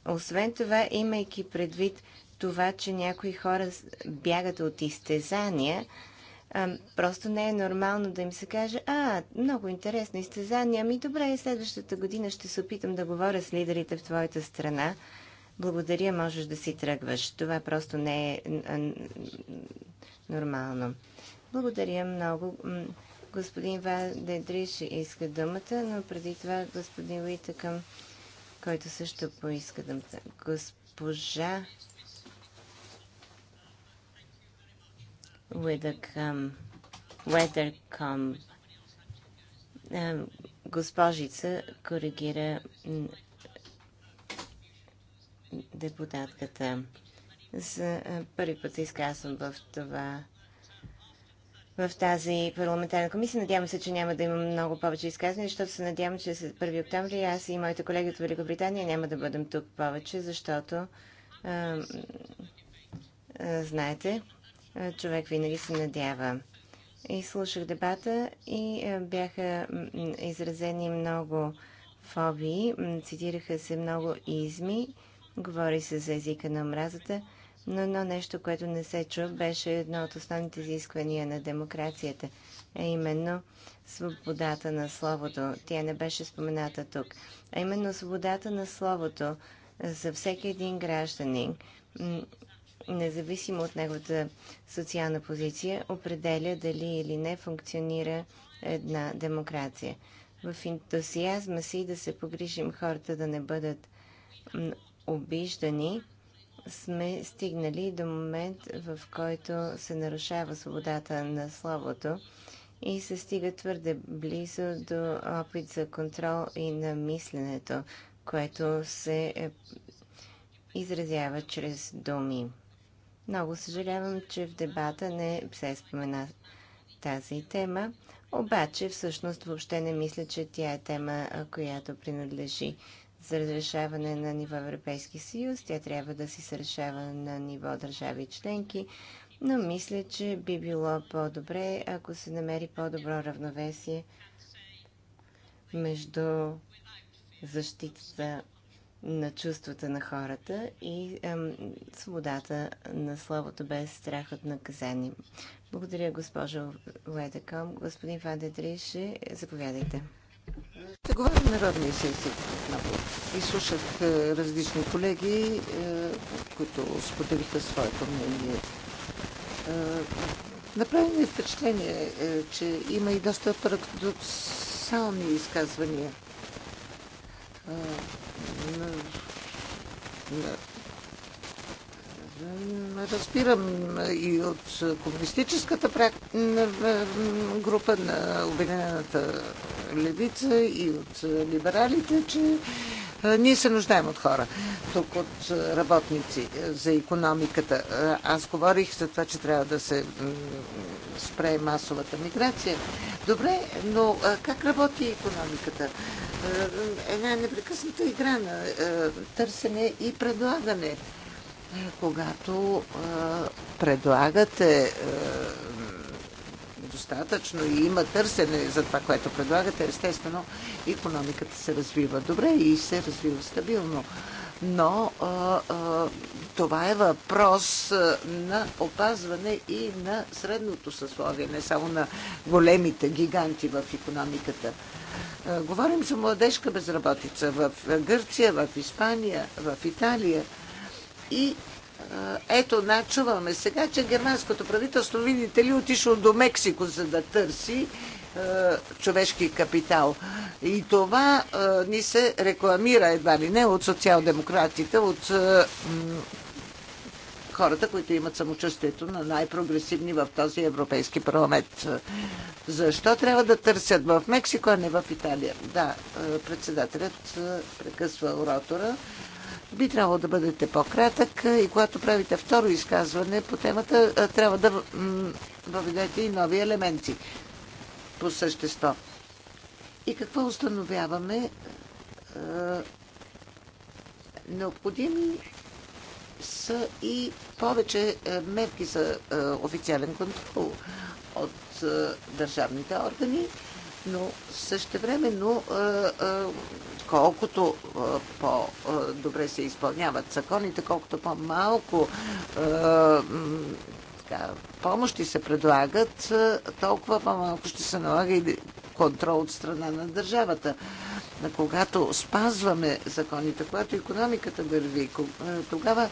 освен това, имайки предвид това, че някои хора бягат от изтезания, а, просто не е нормално да им се каже, а, много интересно изтезание, ами добре, следващата година ще се опитам да говоря с лидерите в твоята страна. Благодаря, можеш да си тръгваш. Това просто не е нормално. Благодаря много. Господин Вадедриш иска думата, но преди това господин Уитъкъм, който също поиска думата. Госпожа Уедъкъм, Um, госпожица коригира депутатката. За е, първи път се изказвам в това в тази парламентарна комисия. Надявам се, че няма да имам много повече изказвания, защото се надявам, че след 1 октомври аз и моите колеги от Великобритания няма да бъдем тук повече, защото а, а, е, знаете, е, човек винаги се надява. И слушах дебата и е, бяха изразени много фобии, цитираха се много изми, говори се за езика на омразата, но едно нещо, което не се чу, беше едно от основните изисквания на демокрацията, а именно свободата на словото. Тя не беше спомената тук. А именно свободата на словото за всеки един гражданин независимо от неговата социална позиция, определя дали или не функционира една демокрация. В ентусиазма си да се погрижим хората да не бъдат обиждани, сме стигнали до момент, в който се нарушава свободата на словото и се стига твърде близо до опит за контрол и на мисленето, което се е, изразява чрез думи. Много съжалявам, че в дебата не се спомена тази тема, обаче всъщност въобще не мисля, че тя е тема, която принадлежи за разрешаване на ниво Европейски съюз. Тя трябва да си се решава на ниво държави членки, но мисля, че би било по-добре, ако се намери по-добро равновесие между защитата на чувствата на хората и ем, свободата на словото без страх от наказание. Благодаря, госпожа Ледаком. Господин Дриши, заповядайте. Ще говоря народния си език И Изслушах е, различни колеги, е, които споделиха своето мнение. Е, направи ми впечатление, че има и доста парадоксални изказвания – разбирам и от комунистическата група на Обединената левица и от либералите, че е, ние се нуждаем от хора, тук от е, работници е, за економиката. Аз говорих за това, че трябва да се спре масовата миграция. Добре, но как работи економиката? Една непрекъсната игра на търсене и предлагане. Когато предлагате достатъчно и има търсене за това, което предлагате, естествено економиката се развива добре и се развива стабилно. Но а, а, това е въпрос на опазване и на средното съсловие, не само на големите гиганти в економиката. А, говорим за младежка безработица в Гърция, в Испания, в Италия. И ето, начуваме сега, че германското правителство, видите ли, отишло до Мексико, за да търси е, човешки капитал. И това е, ни се рекламира едва ли не от социал-демократите, от е, хората, които имат самочувствието на най-прогресивни в този Европейски парламент. Защо трябва да търсят в Мексико, а не в Италия? Да, председателят прекъсва оратора би трябвало да бъдете по-кратък и когато правите второ изказване по темата, трябва да въведете и нови елементи по същество. И какво установяваме? Необходими са и повече мерки за официален контрол от държавните органи, но същевременно колкото е, по-добре се изпълняват законите, колкото по-малко е, помощи се предлагат, е, толкова по-малко ще се налага и контрол от страна на държавата. когато спазваме законите, когато економиката върви, тогава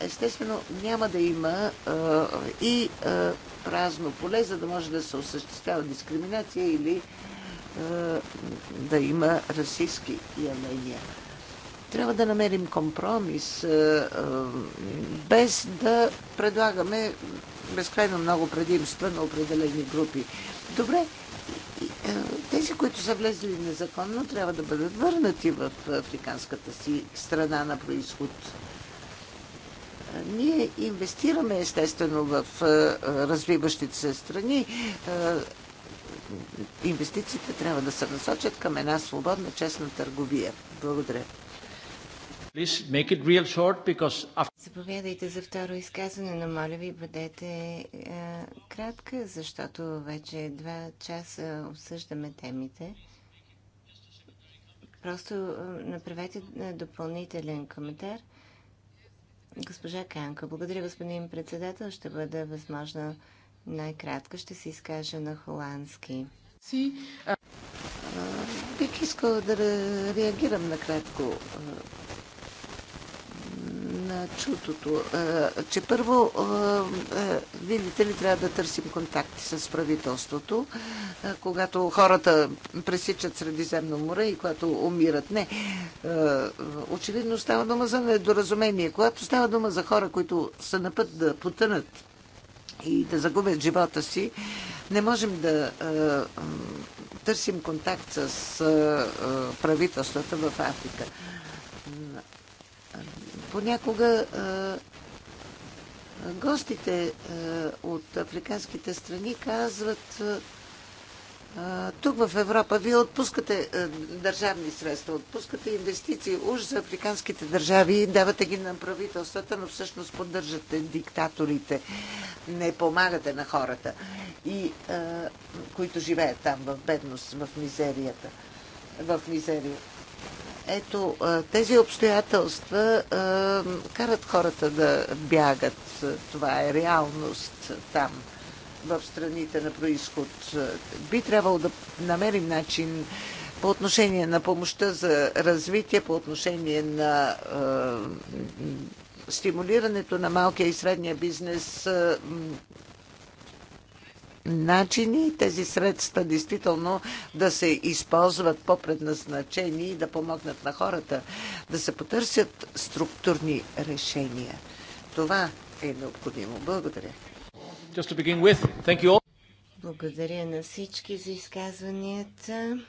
естествено няма да има и празно поле, за да може да се осъществява дискриминация или е, да има расистски явления. Трябва да намерим компромис, е, е, без да предлагаме безкрайно много предимства на определени групи. Добре, тези, които са влезли незаконно, трябва да бъдат върнати в африканската си страна на происход. Ние инвестираме естествено в развиващите се страни инвестициите трябва да се насочат към една свободна, честна търговия. Благодаря. Short, because... Заповядайте за второ изказване, но моля ви бъдете е, кратка, защото вече два часа обсъждаме темите. Просто е, направете е, допълнителен коментар. Госпожа Канка, благодаря господин председател. Ще бъда възможно най-кратко ще се изкажа на холандски. Си, а... Бих искала да реагирам накратко на чутото, че първо, видите ли, трябва да търсим контакти с правителството, когато хората пресичат Средиземно море и когато умират. Не. Очевидно става дума за недоразумение. Когато става дума за хора, които са на път да потънат и да загубят живота си, не можем да е, е, търсим контакт с е, правителствата в Африка. Понякога гостите от африканските страни казват тук в Европа вие отпускате е, държавни средства, отпускате инвестиции уж за африканските държави, давате ги на правителствата, но всъщност поддържате диктаторите, не помагате на хората, и, е, които живеят там в бедност, в мизерията. В мизерия. Ето, е, тези обстоятелства карат хората да бягат. Това е реалност там в страните на происход. Би трябвало да намерим начин по отношение на помощта за развитие, по отношение на е, стимулирането на малкия и средния бизнес, е, начини тези средства действително да се използват по предназначени, и да помогнат на хората, да се потърсят структурни решения. Това е необходимо. Благодаря. Благодаря на всички за изказванията.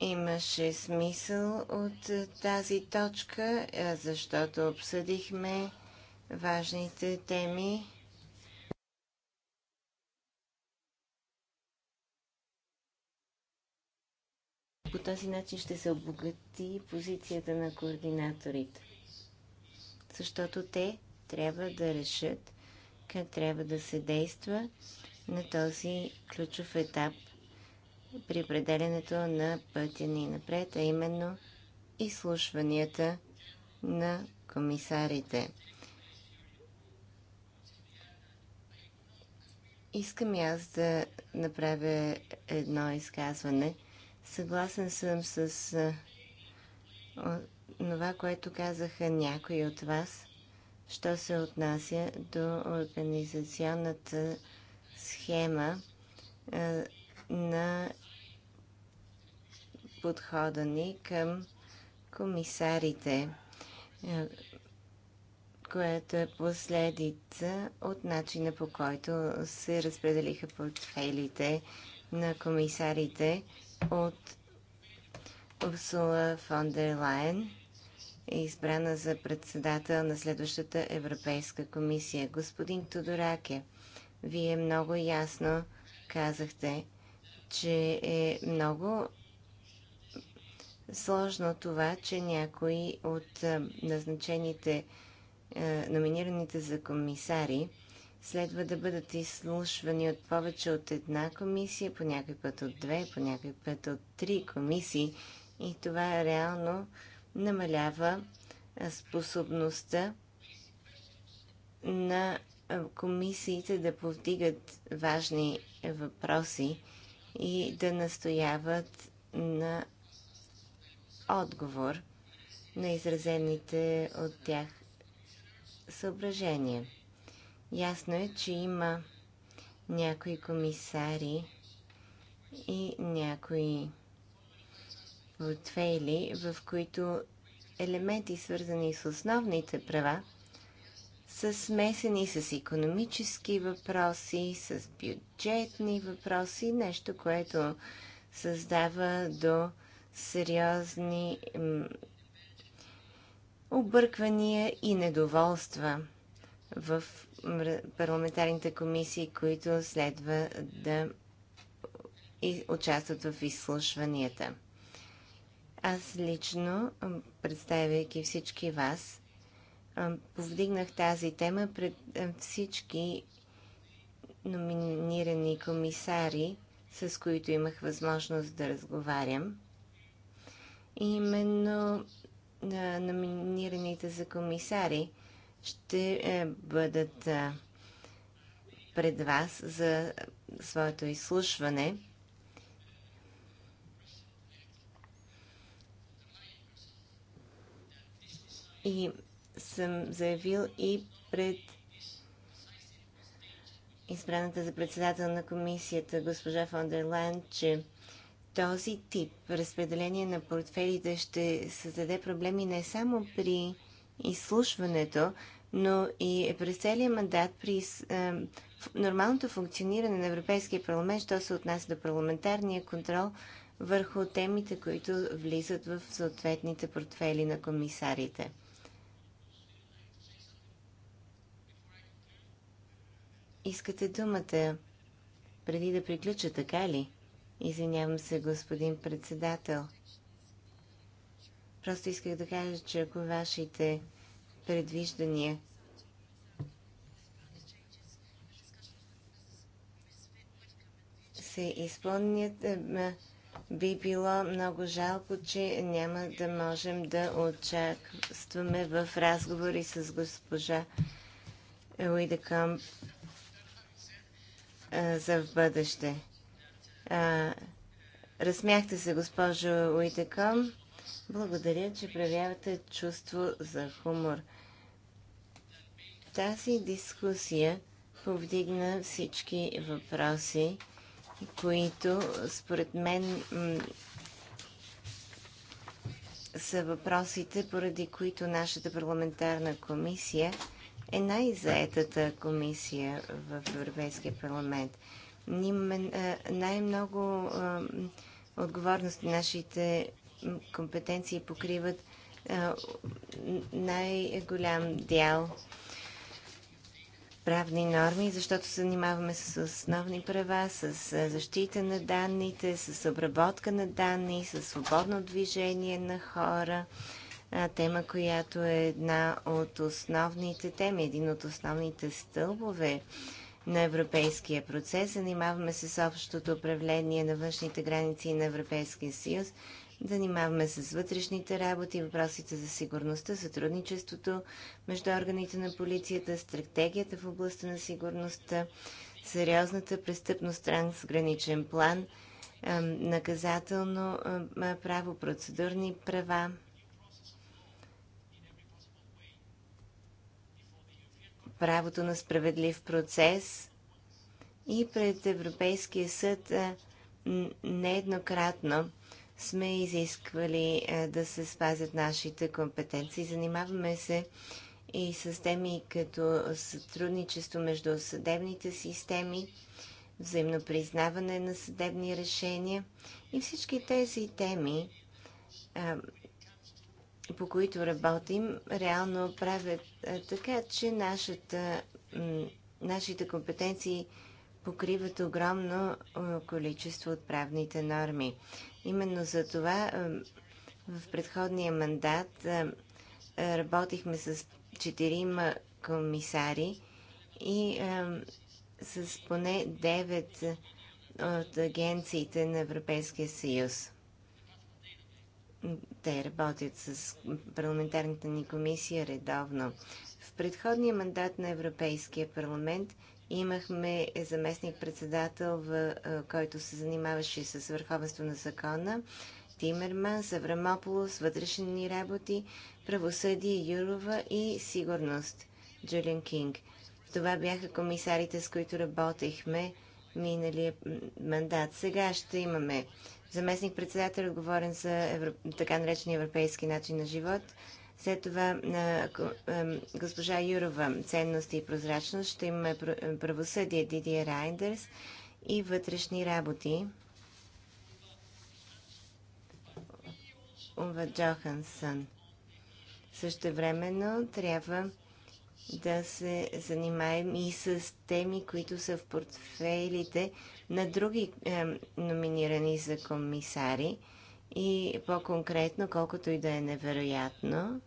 Имаше смисъл от е, тази точка, е, защото обсъдихме важните теми. По този начин ще се обогати позицията на координаторите защото те трябва да решат как трябва да се действа на този ключов етап при определенето на пътя ни напред, а именно изслушванията на комисарите. Искам и аз да направя едно изказване. Съгласен съм с това, което казаха някои от вас, що се отнася до организационната схема а, на подхода ни към комисарите, което е последица от начина по който се разпределиха портфелите на комисарите от Урсула фон дер Лайен е избрана за председател на следващата Европейска комисия. Господин Тодораке, вие много ясно казахте, че е много сложно това, че някои от назначените, номинираните за комисари, следва да бъдат изслушвани от повече от една комисия, по някой път от две, по някой път от три комисии. И това реално намалява способността на комисиите да повдигат важни въпроси и да настояват на отговор на изразените от тях съображения. Ясно е, че има някои комисари и някои портфейли, в които елементи, свързани с основните права, са смесени с економически въпроси, с бюджетни въпроси, нещо, което създава до сериозни обърквания и недоволства в парламентарните комисии, които следва да участват в изслушванията. Аз лично, представяйки всички вас, повдигнах тази тема пред всички номинирани комисари, с които имах възможност да разговарям. Именно на номинираните за комисари ще е, бъдат пред вас за своето изслушване – и съм заявил и пред избраната за председател на комисията госпожа Фондерлайн, че този тип разпределение на портфелите ще създаде проблеми не само при изслушването, но и през целия мандат при е, нормалното функциониране на Европейския парламент, що се отнася до парламентарния контрол върху темите, които влизат в съответните портфели на комисарите. Искате думата преди да приключа, така ли? Извинявам се, господин председател. Просто исках да кажа, че ако вашите предвиждания се изпълнят, е, би било много жалко, че няма да можем да участваме в разговори с госпожа Луида за в бъдеще. А, разсмяхте се, госпожо Уитеком. Благодаря, че проявявате чувство за хумор. Тази дискусия повдигна всички въпроси, които според мен са въпросите, поради които нашата парламентарна комисия е най-заетата комисия в Европейския парламент. Ние най-много отговорност. Нашите компетенции покриват най-голям дял правни норми, защото се занимаваме с основни права, с защита на данните, с обработка на данни, с свободно движение на хора, тема, която е една от основните теми, един от основните стълбове на европейския процес. Занимаваме се с общото управление на външните граници на Европейския съюз. Занимаваме се с вътрешните работи, въпросите за сигурността, сътрудничеството между органите на полицията, стратегията в областта на сигурността, сериозната престъпност, трансграничен план, наказателно право, процедурни права. правото на справедлив процес и пред Европейския съд нееднократно сме изисквали да се спазят нашите компетенции. Занимаваме се и с теми като сътрудничество между съдебните системи, взаимно признаване на съдебни решения и всички тези теми и по които работим, реално правят така, че нашата, нашите компетенции покриват огромно количество от правните норми. Именно за това в предходния мандат работихме с четирима комисари и с поне девет от агенциите на Европейския съюз. Те работят с парламентарната ни комисия редовно. В предходния мандат на Европейския парламент имахме заместник-председател, който се занимаваше с върховенство на закона, Тимерман, Саврамополос, вътрешни работи, правосъдие, Юрова и сигурност, Джулиан Кинг. Това бяха комисарите, с които работехме миналия мандат. Сега ще имаме заместник-председател, отговорен за евро... така наречения европейски начин на живот. След това на госпожа Юрова, ценности и прозрачност, ще имаме правосъдие Дидия Райндерс и вътрешни работи. Ува Джохансън. Също времено трябва да се занимаем и с теми, които са в портфейлите на други е, номинирани за комисари и по-конкретно, колкото и да е невероятно,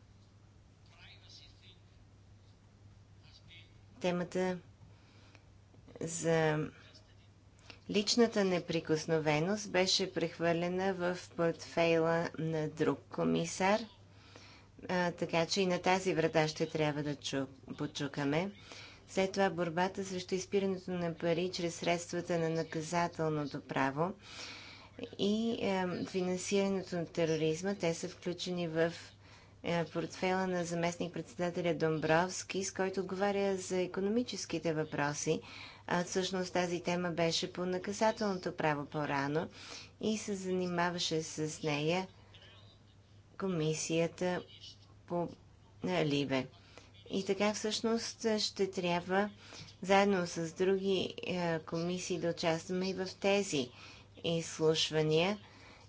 темата за личната неприкосновеност беше прехвърлена в портфейла на друг комисар, а, така че и на тази врата ще трябва да чу, почукаме. След това борбата срещу изпирането на пари чрез средствата на наказателното право и е, финансирането на тероризма. Те са включени в е, портфела на заместник-председателя Домбровски, с който отговаря за економическите въпроси. А всъщност тази тема беше по наказателното право по-рано и се занимаваше с нея комисията по е, Либе. И така всъщност ще трябва заедно с други е, комисии да участваме и в тези изслушвания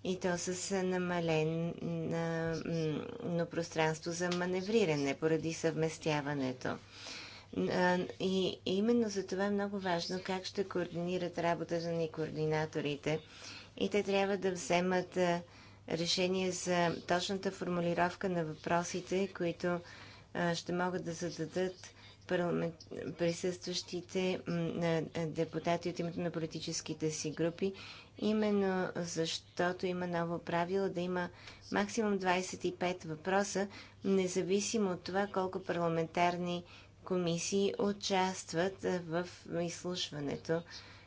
и то с е, намалено е, пространство за маневриране поради съвместяването. И именно за това е много важно как ще координират работата ни координаторите. И те трябва да вземат решение за точната формулировка на въпросите, които ще могат да зададат присъстващите депутати от името на политическите си групи, именно защото има ново правило да има максимум 25 въпроса, независимо от това колко парламентарни комисии участват в изслушването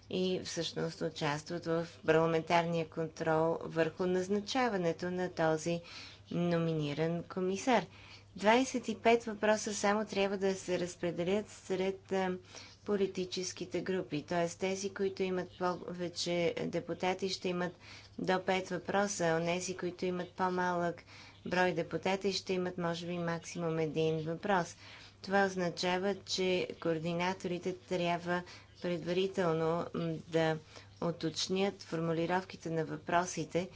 и всъщност участват в парламентарния контрол върху назначаването на този номиниран комисар. 25 въпроса само трябва да се разпределят сред политическите групи. Т.е. тези, които имат повече депутати, ще имат до 5 въпроса, а тези, които имат по-малък брой депутати, ще имат може би максимум един въпрос. Това означава, че координаторите трябва предварително да уточнят формулировките на въпросите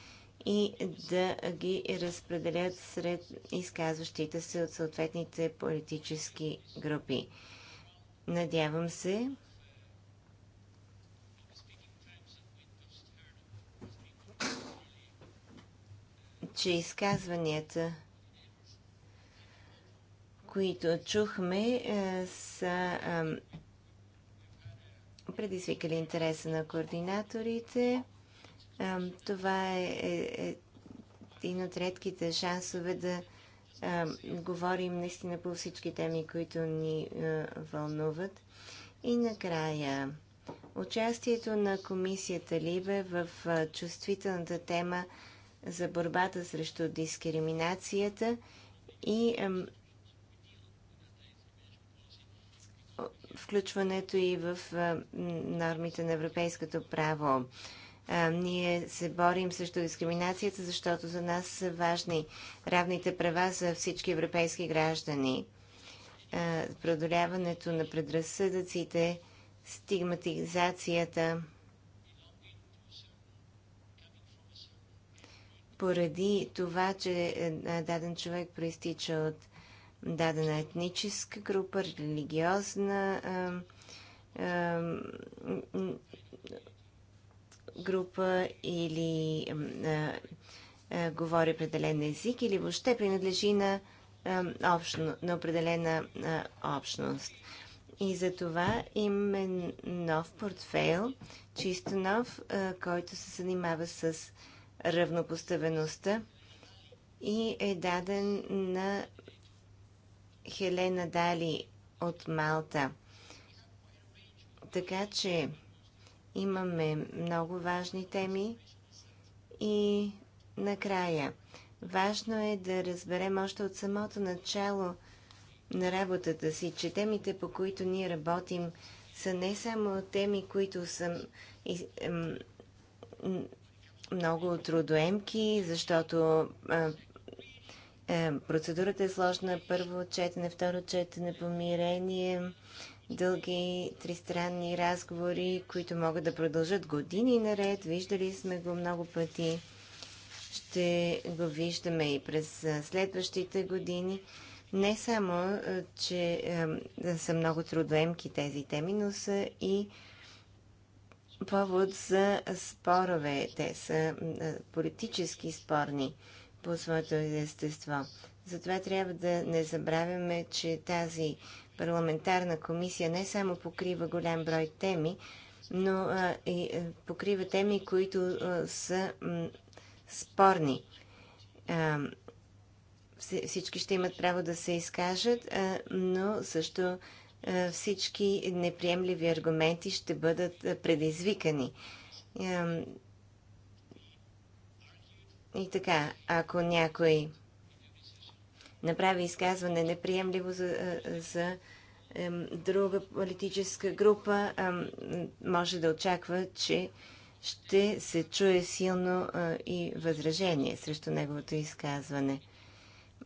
и да ги разпределят сред изказващите се от съответните политически групи. Надявам се, че изказванията, които чухме, е, са предизвикали интереса на координаторите. Това е, е, е един от редките шансове да говорим наистина по всички теми, които ни вълнуват. И накрая, участието на комисията Либе в чувствителната тема за борбата срещу дискриминацията и включването и в е, нормите на европейското право ние се борим срещу дискриминацията, защото за нас са важни равните права за всички европейски граждани. продоляването на предразсъдъците, стигматизацията поради това, че е, е, даден човек проистича от дадена етническа група, религиозна, група или а, а, говори определен език или въобще принадлежи на, а, общно, на определена а, общност. И за това имаме нов портфейл, чисто нов, а, който се занимава с равнопоставеността и е даден на Хелена Дали от Малта. Така че Имаме много важни теми и накрая. Важно е да разберем още от самото начало на работата си, че темите, по които ние работим, са не само теми, които са много трудоемки, защото е, процедурата е сложна. Първо четене, второ четене, помирение, дълги тристранни разговори, които могат да продължат години наред. Виждали сме го много пъти. Ще го виждаме и през следващите години. Не само, че е, са много трудоемки тези теми, но са и повод за спорове. Те са политически спорни по своето естество. Затова трябва да не забравяме, че тази парламентарна комисия не само покрива голям брой теми, но а, и, е, покрива теми, които а, са м, спорни. А, всички ще имат право да се изкажат, а, но също а, всички неприемливи аргументи ще бъдат предизвикани. А, и така, ако някой направи изказване неприемливо за, за друга политическа група, може да очаква, че ще се чуе силно и възражение срещу неговото изказване.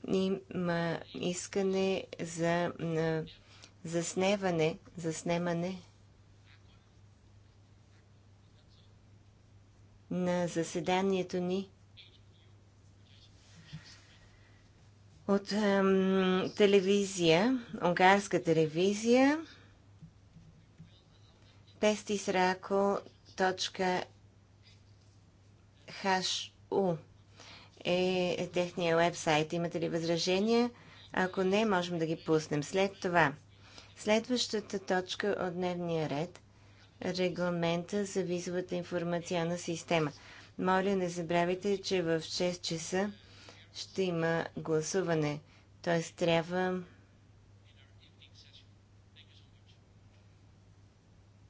Има искане за засневане, заснемане на заседанието ни от ем, телевизия, унгарска телевизия, pestisraco.hu е техния вебсайт. Имате ли възражения? Ако не, можем да ги пуснем. След това, следващата точка от дневния ред – регламента за визовата информационна система. Моля, не забравяйте, че в 6 часа ще има гласуване. Т.е. трябва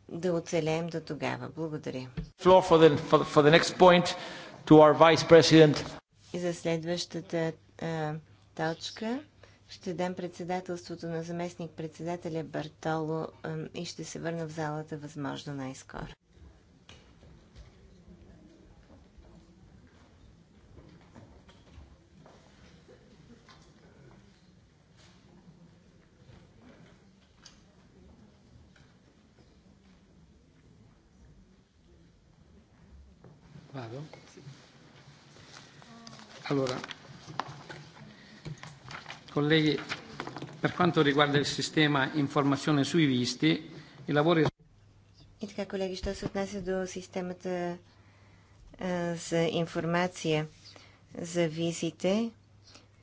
да оцелеем до тогава. Благодаря. И за следващата а, точка ще дам председателството на заместник председателя Бартоло а, и ще се върна в залата възможно най-скоро. Vado? Allora, colleghi, per quanto riguarda il sistema informazione sui visti, i lavori... И така, колеги, що се отнася до системата а, за информация за визите,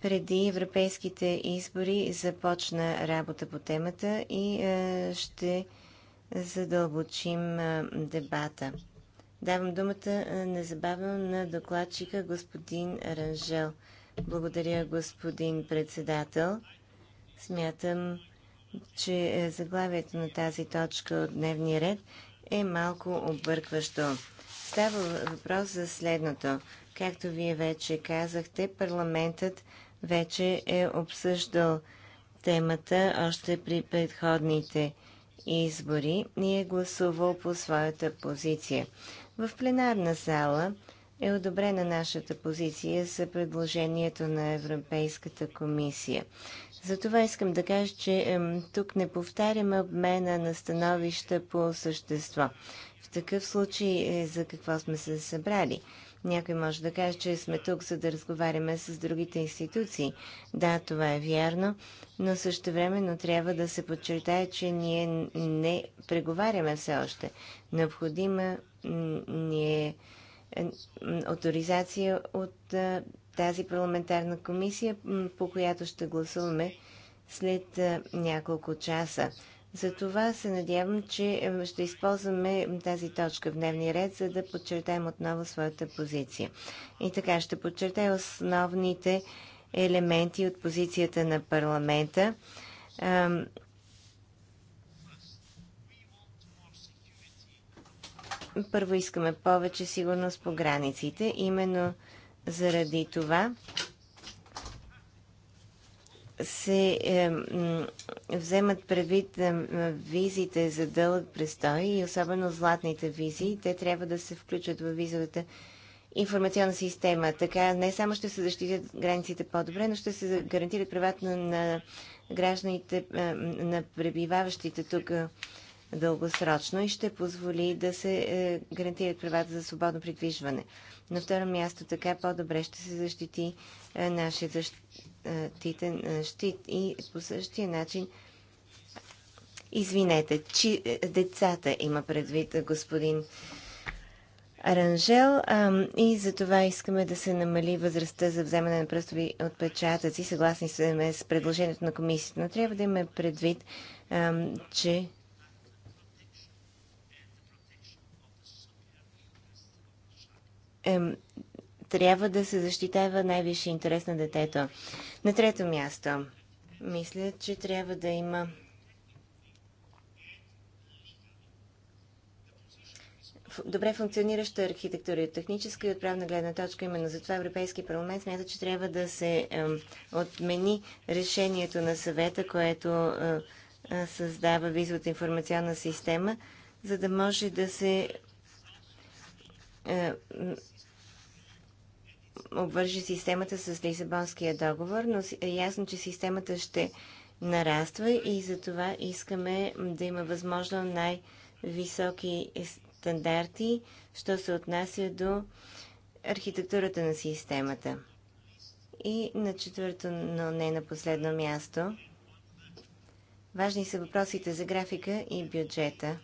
преди европейските избори започна работа по темата и а, ще задълбочим а, дебата. Давам думата незабавно на докладчика господин Ранжел. Благодаря, господин председател. Смятам, че е, заглавието на тази точка от дневния ред е малко объркващо. Става въпрос за следното. Както вие вече казахте, парламентът вече е обсъждал темата още при предходните избори и е гласувал по своята позиция. В пленарна зала е одобрена нашата позиция за предложението на Европейската комисия. Затова искам да кажа, че тук не повтаряме обмена на становища по същество. В такъв случай е, за какво сме се събрали. Някой може да каже, че сме тук, за да разговаряме с другите институции. Да, това е вярно, но също времено трябва да се подчертае, че ние не преговаряме все още. Необходима ни е авторизация от е, тази парламентарна комисия, по която ще гласуваме след е, няколко часа. Затова се надявам, че е, ще използваме тази точка в дневния ред, за да подчертаем отново своята позиция. И така ще подчертая основните елементи от позицията на парламента Първо искаме повече сигурност по границите. Именно заради това се е, вземат предвид е, визите за дълъг престой и особено златните визи. Те трябва да се включат в визовата информационна система. Така не само ще се защитят границите по-добре, но ще се гарантират правата на, на гражданите, е, на пребиваващите тук дългосрочно и ще позволи да се е, гарантират правата за свободно придвижване. На второ място така по-добре ще се защити е, нашия защитен е, щит и по същия начин Извинете, че децата има предвид господин Аранжел и за това искаме да се намали възрастта за вземане на пръстови отпечатъци. Съгласни с предложението на комисията, но трябва да имаме предвид, че трябва да се защитава най-висше интерес на детето. На трето място, мисля, че трябва да има добре функционираща архитектура и техническа и отправна гледна точка. Именно затова Европейски парламент смята, че трябва да се е, отмени решението на съвета, което е, е, създава визовата информационна система, за да може да се е, обвърже системата с Лисабонския договор, но е ясно, че системата ще нараства и за това искаме да има възможно най-високи стандарти, що се отнася до архитектурата на системата. И на четвърто, но не на последно място, важни са въпросите за графика и бюджета.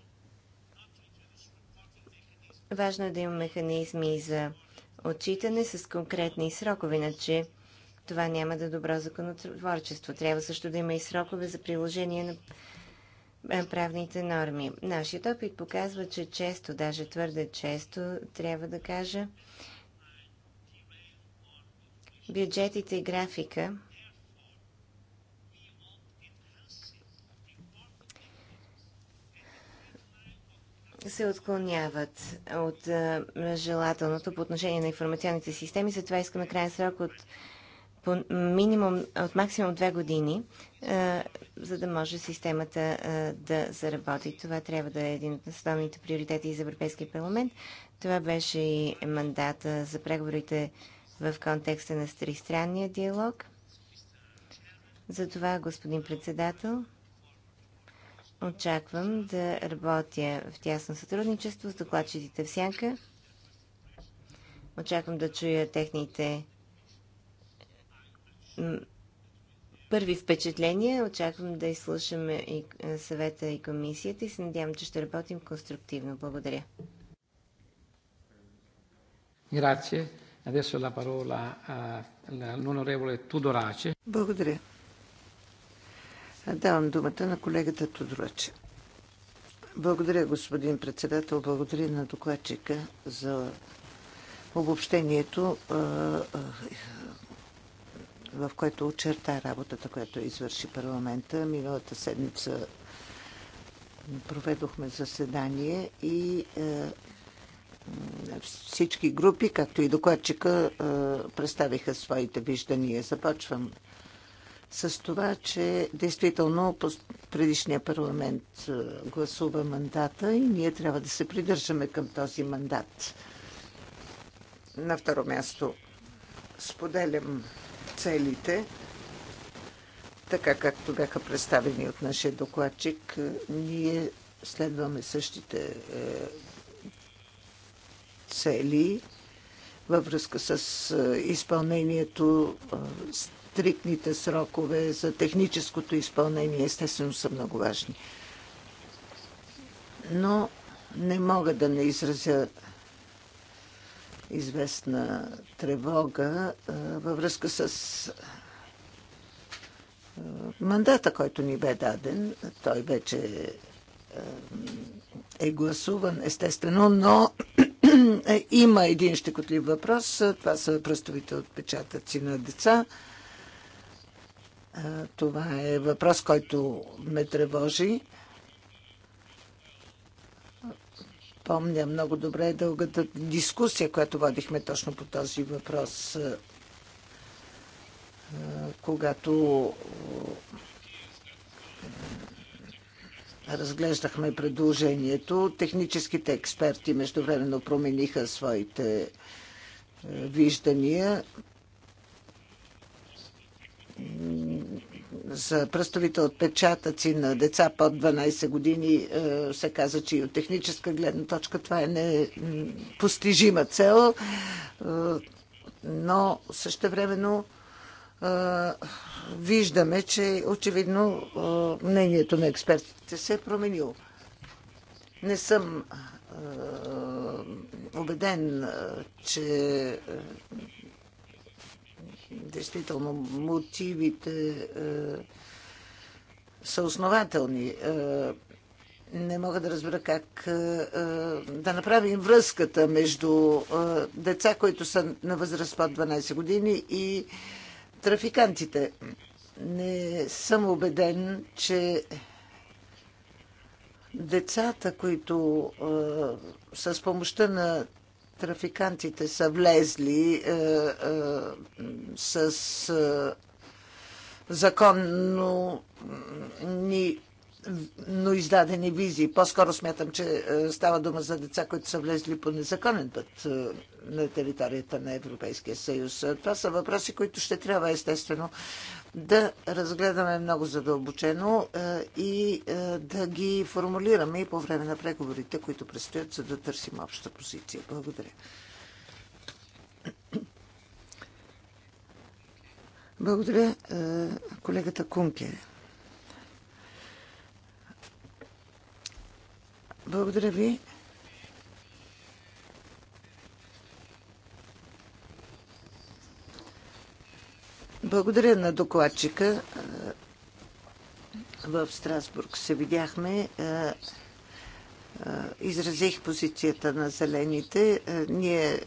Важно е да има механизми за отчитане с конкретни срокове, иначе това няма да е добро законотворчество. Трябва също да има и срокове за приложение на е, правните норми. Нашият опит показва, че често, даже твърде често, трябва да кажа, бюджетите и графика се отклоняват от а, желателното по отношение на информационните системи. Затова искаме крайен срок от, по минимум, от максимум две години, а, за да може системата а, да заработи. Това трябва да е един от основните приоритети за Европейския парламент. Това беше и мандата за преговорите в контекста на тристранния диалог. Затова, господин председател, Очаквам да работя в тясно сътрудничество с докладчиците в Сянка. Очаквам да чуя техните първи впечатления. Очаквам да изслушаме и е, съвета и комисията и се надявам, че ще работим конструктивно. Благодаря. Grazie. Adesso la parola all'onorevole Tudorace. Благодаря. Давам думата на колегата Тодорач. Благодаря, господин председател. Благодаря на докладчика за обобщението, в което очерта работата, която извърши парламента. Миналата седмица проведохме заседание и всички групи, както и докладчика, представиха своите виждания. Започвам с това, че действително предишния парламент е, гласува мандата и ние трябва да се придържаме към този мандат. На второ място споделям целите, така както бяха представени от нашия докладчик. Е, ние следваме същите е, цели във връзка с изпълнението стриктните срокове за техническото изпълнение естествено са много важни. Но не мога да не изразя известна тревога във връзка с мандата, който ни бе даден. Той вече е гласуван, естествено, но има един щекотлив въпрос. Това са пръстовите отпечатъци на деца. Това е въпрос, който ме тревожи. Помня много добре дългата дискусия, която водихме точно по този въпрос, когато разглеждахме предложението. Техническите експерти междувременно промениха своите виждания за пръстовите отпечатъци на деца под 12 години е, се каза, че и от техническа гледна точка това е непостижима цел, е, но също времено е, виждаме, че очевидно мнението на експертите се е променило. Не съм убеден, че действително мотивите е, са основателни. Е, не мога да разбера как е, да направим връзката между деца, които са на възраст под 12 години и трафикантите. Не съм убеден, че децата, които с помощта на трафикантите са влезли е, е, с е, законно ни но издадени визи. По-скоро смятам, че е, става дума за деца, които са влезли по незаконен път е, на територията на Европейския съюз. Това са въпроси, които ще трябва естествено да разгледаме много задълбочено е, и е, да ги формулираме и по време на преговорите, които предстоят, за да търсим обща позиция. Благодаря. Благодаря, е, колегата Кунке. Благодаря ви. Благодаря на докладчика. В Страсбург се видяхме. Е, е, изразих позицията на зелените. Е, ние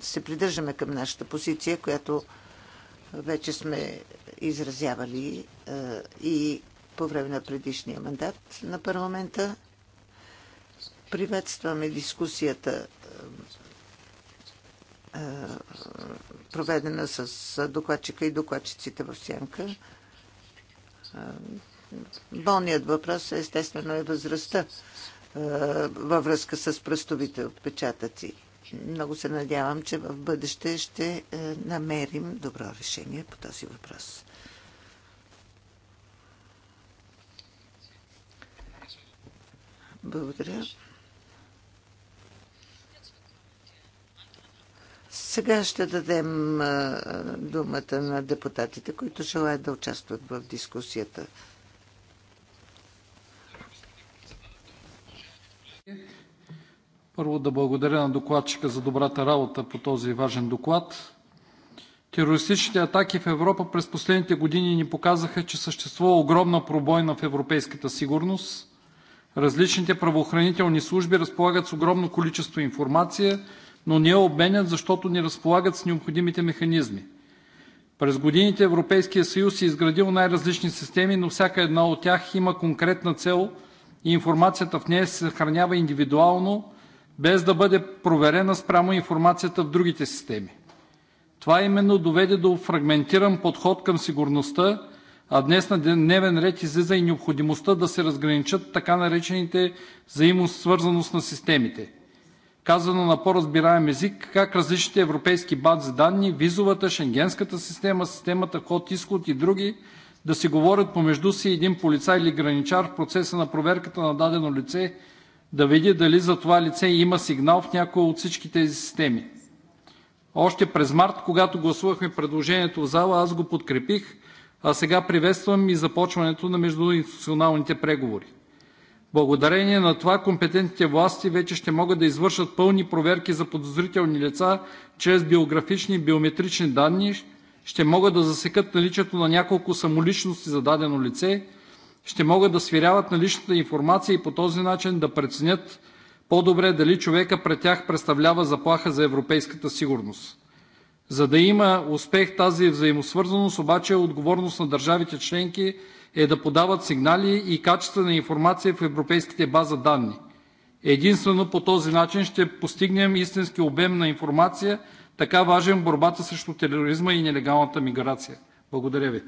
се придържаме към нашата позиция, която вече сме изразявали и по време на предишния мандат на парламента. Приветстваме дискусията е, проведена с докладчика и докладчиците в Сянка. Е, болният въпрос естествено е възрастта е, във връзка с пръстовите отпечатъци. Много се надявам, че в бъдеще ще намерим добро решение по този въпрос. Благодаря. Сега ще дадем думата на депутатите, които желаят да участват в дискусията. Първо да благодаря на докладчика за добрата работа по този важен доклад. Терористичните атаки в Европа през последните години ни показаха, че съществува огромна пробойна в европейската сигурност. Различните правоохранителни служби разполагат с огромно количество информация – но не я обменят, защото не разполагат с необходимите механизми. През годините Европейският съюз е изградил най-различни системи, но всяка една от тях има конкретна цел и информацията в нея се съхранява индивидуално, без да бъде проверена спрямо информацията в другите системи. Това именно доведе до фрагментиран подход към сигурността, а днес на дневен ред излиза и необходимостта да се разграничат така наречените взаимосвързаност на системите. Казано на по-разбираем език, как различните европейски бази данни – визовата, Шенгенската система, системата вход/изход и други, да си говорят помежду си един полицай или граничар в процеса на проверката на дадено лице да види дали за това лице има сигнал в някоя от всички тези системи. Още през март, когато гласувахме предложението в Зала, аз го подкрепих, а сега приветствам и започването на междуинституционалните преговори. Благодарение на това компетентните власти вече ще могат да извършат пълни проверки за подозрителни лица чрез биографични и биометрични данни, ще могат да засекат наличието на няколко самоличности за дадено лице, ще могат да сверяват наличната информация и по този начин да преценят по-добре дали човека пред тях представлява заплаха за европейската сигурност. За да има успех тази взаимосвързаност обаче е отговорност на държавите членки е да подават сигнали и качествена информация в европейските бази данни. Единствено по този начин ще постигнем истински обем на информация, така важен в борбата срещу тероризма и нелегалната миграция. Благодаря Ви.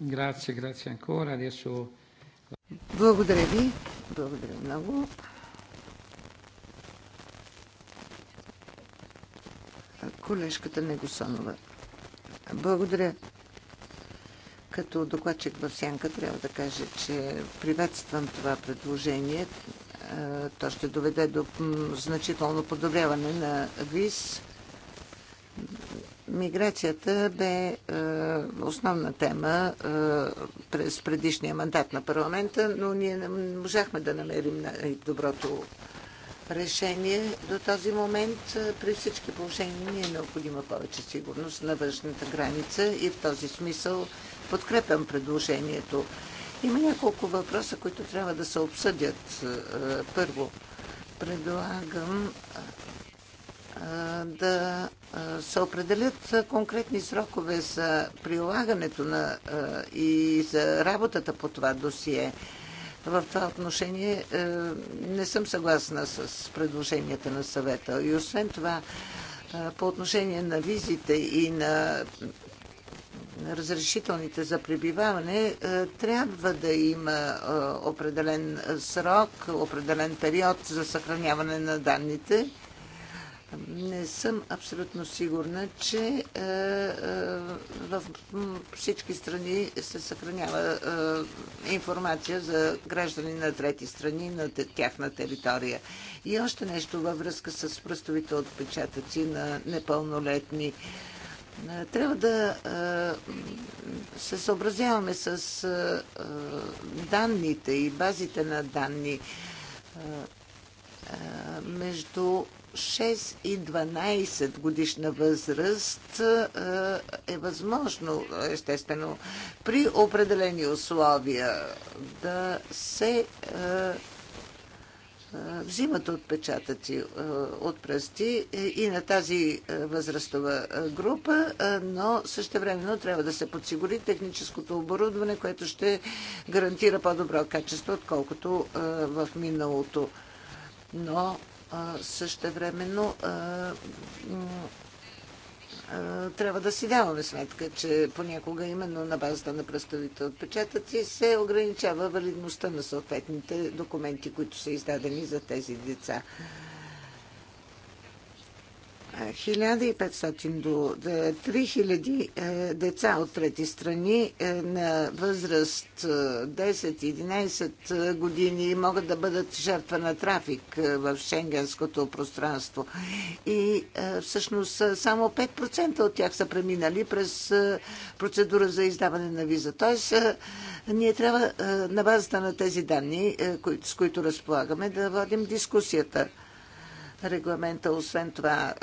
Благодаря ви. Благодаря много. колежката Негосонова. Благодаря. Като докладчик в Сянка трябва да кажа, че приветствам това предложение. То ще доведе до значително подобряване на ВИС. Миграцията бе основна тема през предишния мандат на парламента, но ние не можахме да намерим най-доброто решение до този момент. При всички положения ни е необходима повече сигурност на външната граница и в този смисъл подкрепям предложението. Има няколко въпроса, които трябва да се обсъдят. Е, първо, предлагам е, да е, се определят конкретни срокове за прилагането на и за работата по това досие. В това отношение е, не съм съгласна с предложенията на съвета. И освен това, е, по отношение на визите и на разрешителните за пребиваване, е, трябва да има определен срок, определен период за съхраняване на данните не съм абсолютно сигурна, че е, е, в всички страни се съхранява е, информация за граждани на трети страни на тяхна територия. И още нещо във връзка с пръстовите отпечатъци на непълнолетни. Трябва да се съобразяваме с данните и базите на данни между 6 и 12 годишна възраст е, е възможно, естествено, при определени условия да се е, е, взимат отпечатъци от пръсти и на тази възрастова група, но същевременно трябва да се подсигури техническото оборудване, което ще гарантира по-добро качество, отколкото в миналото. Но същевременно трябва да си даваме сметка, че понякога именно на базата на пръстовите отпечатъци се ограничава валидността на съответните документи, които са издадени за тези деца. 1500 до 3000 е, е, деца от трети страни е, на възраст 10-11 години могат да бъдат жертва на трафик в шенгенското пространство. И всъщност само 5% от тях са преминали през процедура за издаване на виза. Тоест, ние трябва на базата на тези данни, с които разполагаме, да водим дискусията. Регламента, освен това, е,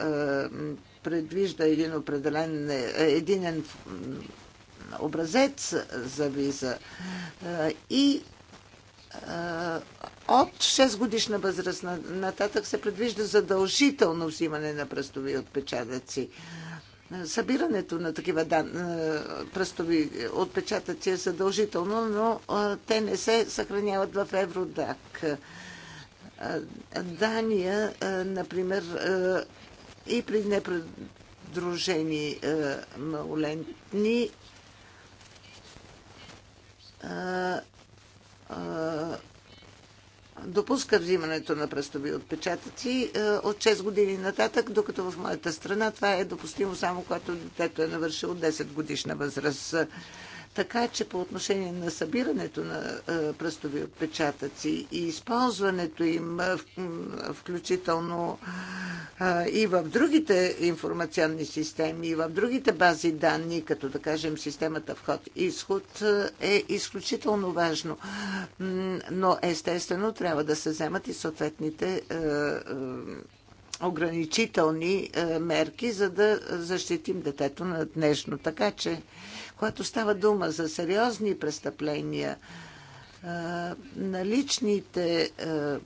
предвижда един определен е, единен образец за виза е, и от 6 годишна възраст нататък се предвижда задължително взимане на пръстови отпечатъци. Събирането на такива дан... пръстови отпечатъци е задължително, но те не се съхраняват в Евродак. Дания, например, и при непредружени малолетни допуска взимането на пръстови отпечатъци от 6 години нататък, докато в моята страна това е допустимо само когато детето е навършило 10 годишна възраст. Така че по отношение на събирането на пръстови отпечатъци и използването им, включително и в другите информационни системи, и в другите бази данни, като да кажем системата вход-изход, е изключително важно. Но естествено трябва да се вземат и съответните ограничителни мерки, за да защитим детето на днешно. Така че когато става дума за сериозни престъпления, наличните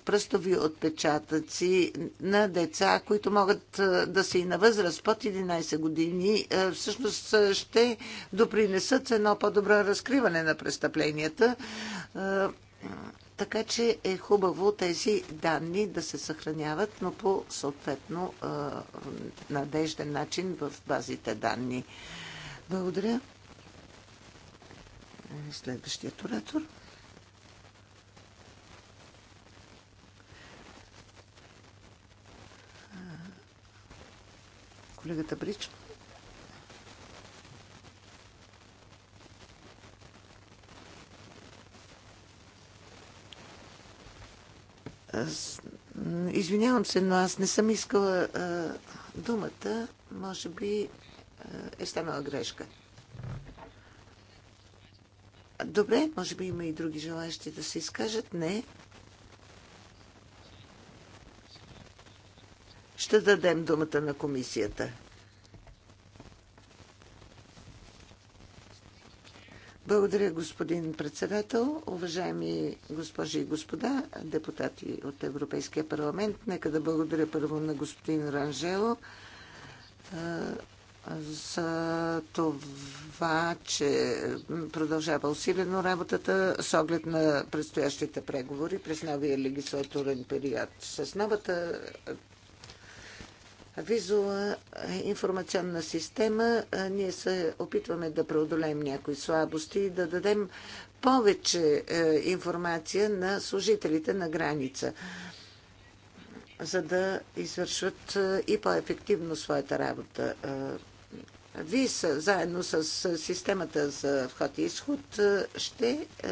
пръстови отпечатъци на деца, които могат да са и на възраст под 11 години, всъщност ще допринесат едно по-добро разкриване на престъпленията. Така че е хубаво тези данни да се съхраняват, но по съответно надежден начин в базите данни. Благодаря следващият оратор. Колегата Брич. Аз, извинявам се, но аз не съм искала а, думата. Може би а, е станала грешка. Добре, може би има и други желаящи да се изкажат. Не. Ще дадем думата на комисията. Благодаря, господин председател. Уважаеми госпожи и господа, депутати от Европейския парламент, нека да благодаря първо на господин Ранжело за това, че продължава усилено работата с оглед на предстоящите преговори през новия легислатурен период. С новата визуа информационна система ние се опитваме да преодолеем някои слабости и да дадем повече е, информация на служителите на граница за да извършват е, и по-ефективно своята работа. Е, ВИС, заедно с системата за вход и изход, е, ще е,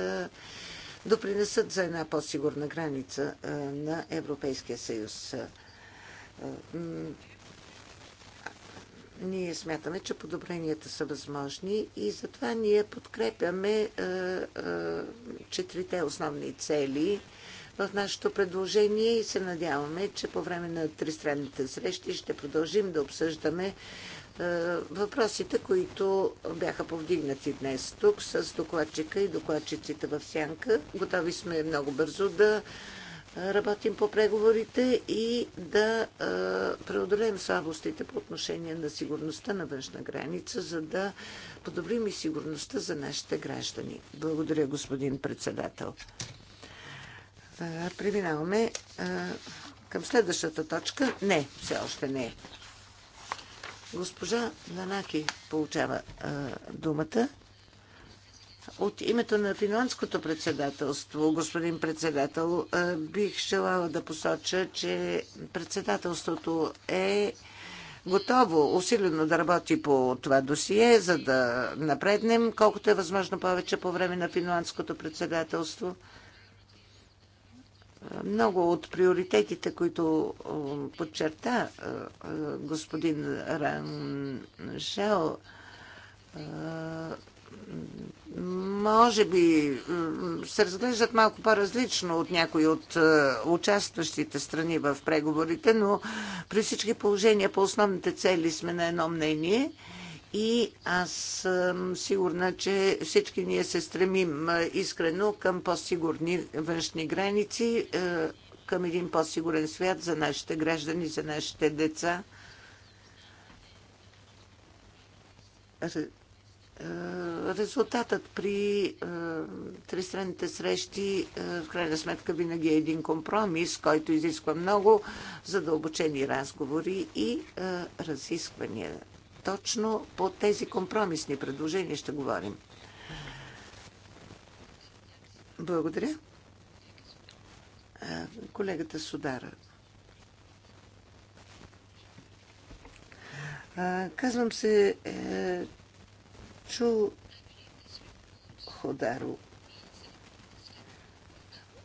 допринесат за една по-сигурна граница е, на Европейския съюз. Ние смятаме, че подобренията са възможни и затова ние подкрепяме четирите основни цели в нашето предложение и се надяваме, че по време на тристранните срещи ще продължим да обсъждаме е, въпросите, които бяха повдигнати днес тук с докладчика и докладчиците в Сянка. Готови сме много бързо да работим по преговорите и да е, преодолеем слабостите по отношение на сигурността на външна граница, за да подобрим и сигурността за нашите граждани. Благодаря, господин председател. Е, преминаваме към следващата точка. Не, все още не е. Госпожа Нанаки получава а, думата. От името на финландското председателство, господин председател, а, бих желала да посоча, че председателството е готово усилено да работи по това досие, за да напреднем колкото е възможно повече по време на финландското председателство. Много от приоритетите, които подчерта господин Раншел, може би се разглеждат малко по-различно от някои от участващите страни в преговорите, но при всички положения по основните цели сме на едно мнение – и аз съм сигурна, че всички ние се стремим искрено към по-сигурни външни граници, към един по-сигурен свят за нашите граждани, за нашите деца. Резултатът при тристранните срещи в крайна сметка винаги е един компромис, който изисква много задълбочени разговори и разисквания точно по тези компромисни предложения ще говорим. Благодаря. Колегата Судара. Казвам се е, Чу Ходаро.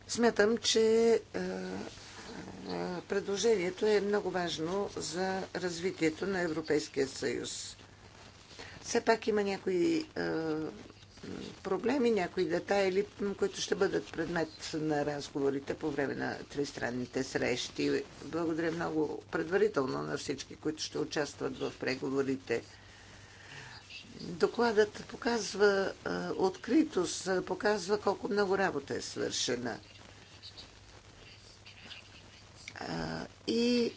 Смятам, че е, е, предложението е много важно за развитието на Европейския съюз. Все пак има някои е, проблеми, някои детайли, които ще бъдат предмет на разговорите по време на тристранните срещи. Благодаря много предварително на всички, които ще участват в преговорите. Докладът показва е, откритост, показва колко много работа е свършена – и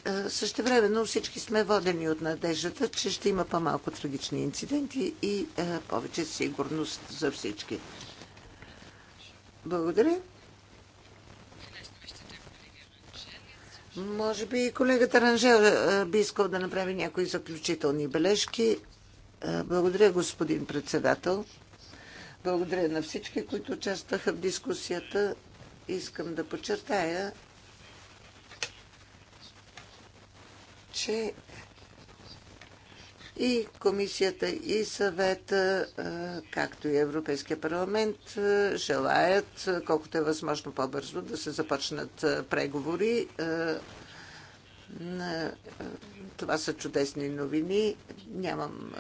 времено всички сме водени от надеждата, че ще има по-малко трагични инциденти и повече сигурност за всички. Благодаря. Може би колегата Ранжел би искал да направи някои заключителни бележки. Благодаря, господин председател. Благодаря на всички, които участваха в дискусията. Искам да подчертая, че и комисията, и съвета, както и Европейския парламент желаят колкото е възможно по-бързо да се започнат преговори. Това са чудесни новини. Нямам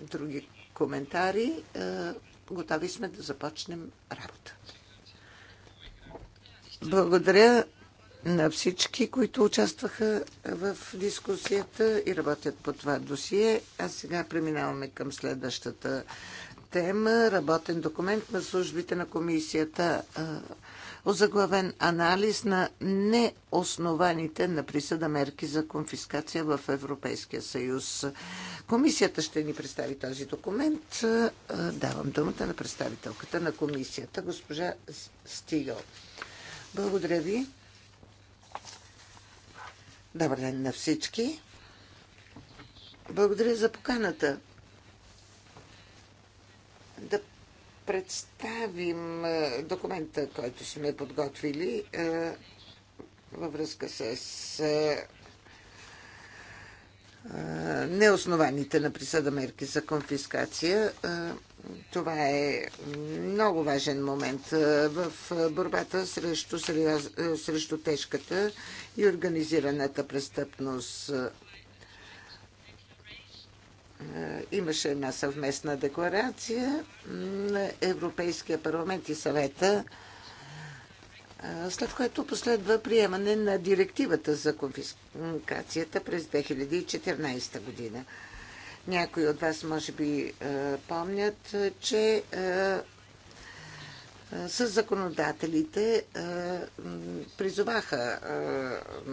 други коментари. Готови сме да започнем работа. Благодаря на всички, които участваха в дискусията и работят по това досие. А сега преминаваме към следващата тема. Работен документ на службите на комисията озаглавен анализ на неоснованите на присъда мерки за конфискация в Европейския съюз. Комисията ще ни представи този документ. Давам думата на представителката на комисията, госпожа Стигъл. Благодаря ви. Добър ден на всички. Благодаря за поканата да представим е, документа, който сме подготвили е, във връзка с е, неоснованите на присъда мерки за конфискация. Това е много важен момент в борбата срещу, срещу тежката и организираната престъпност. Е, имаше една съвместна декларация на Европейския парламент и съвета, е, след което последва приемане на директивата за конфискацията през 2014 година. Някои от вас може би е, помнят, че е, с законодателите е, призоваха е,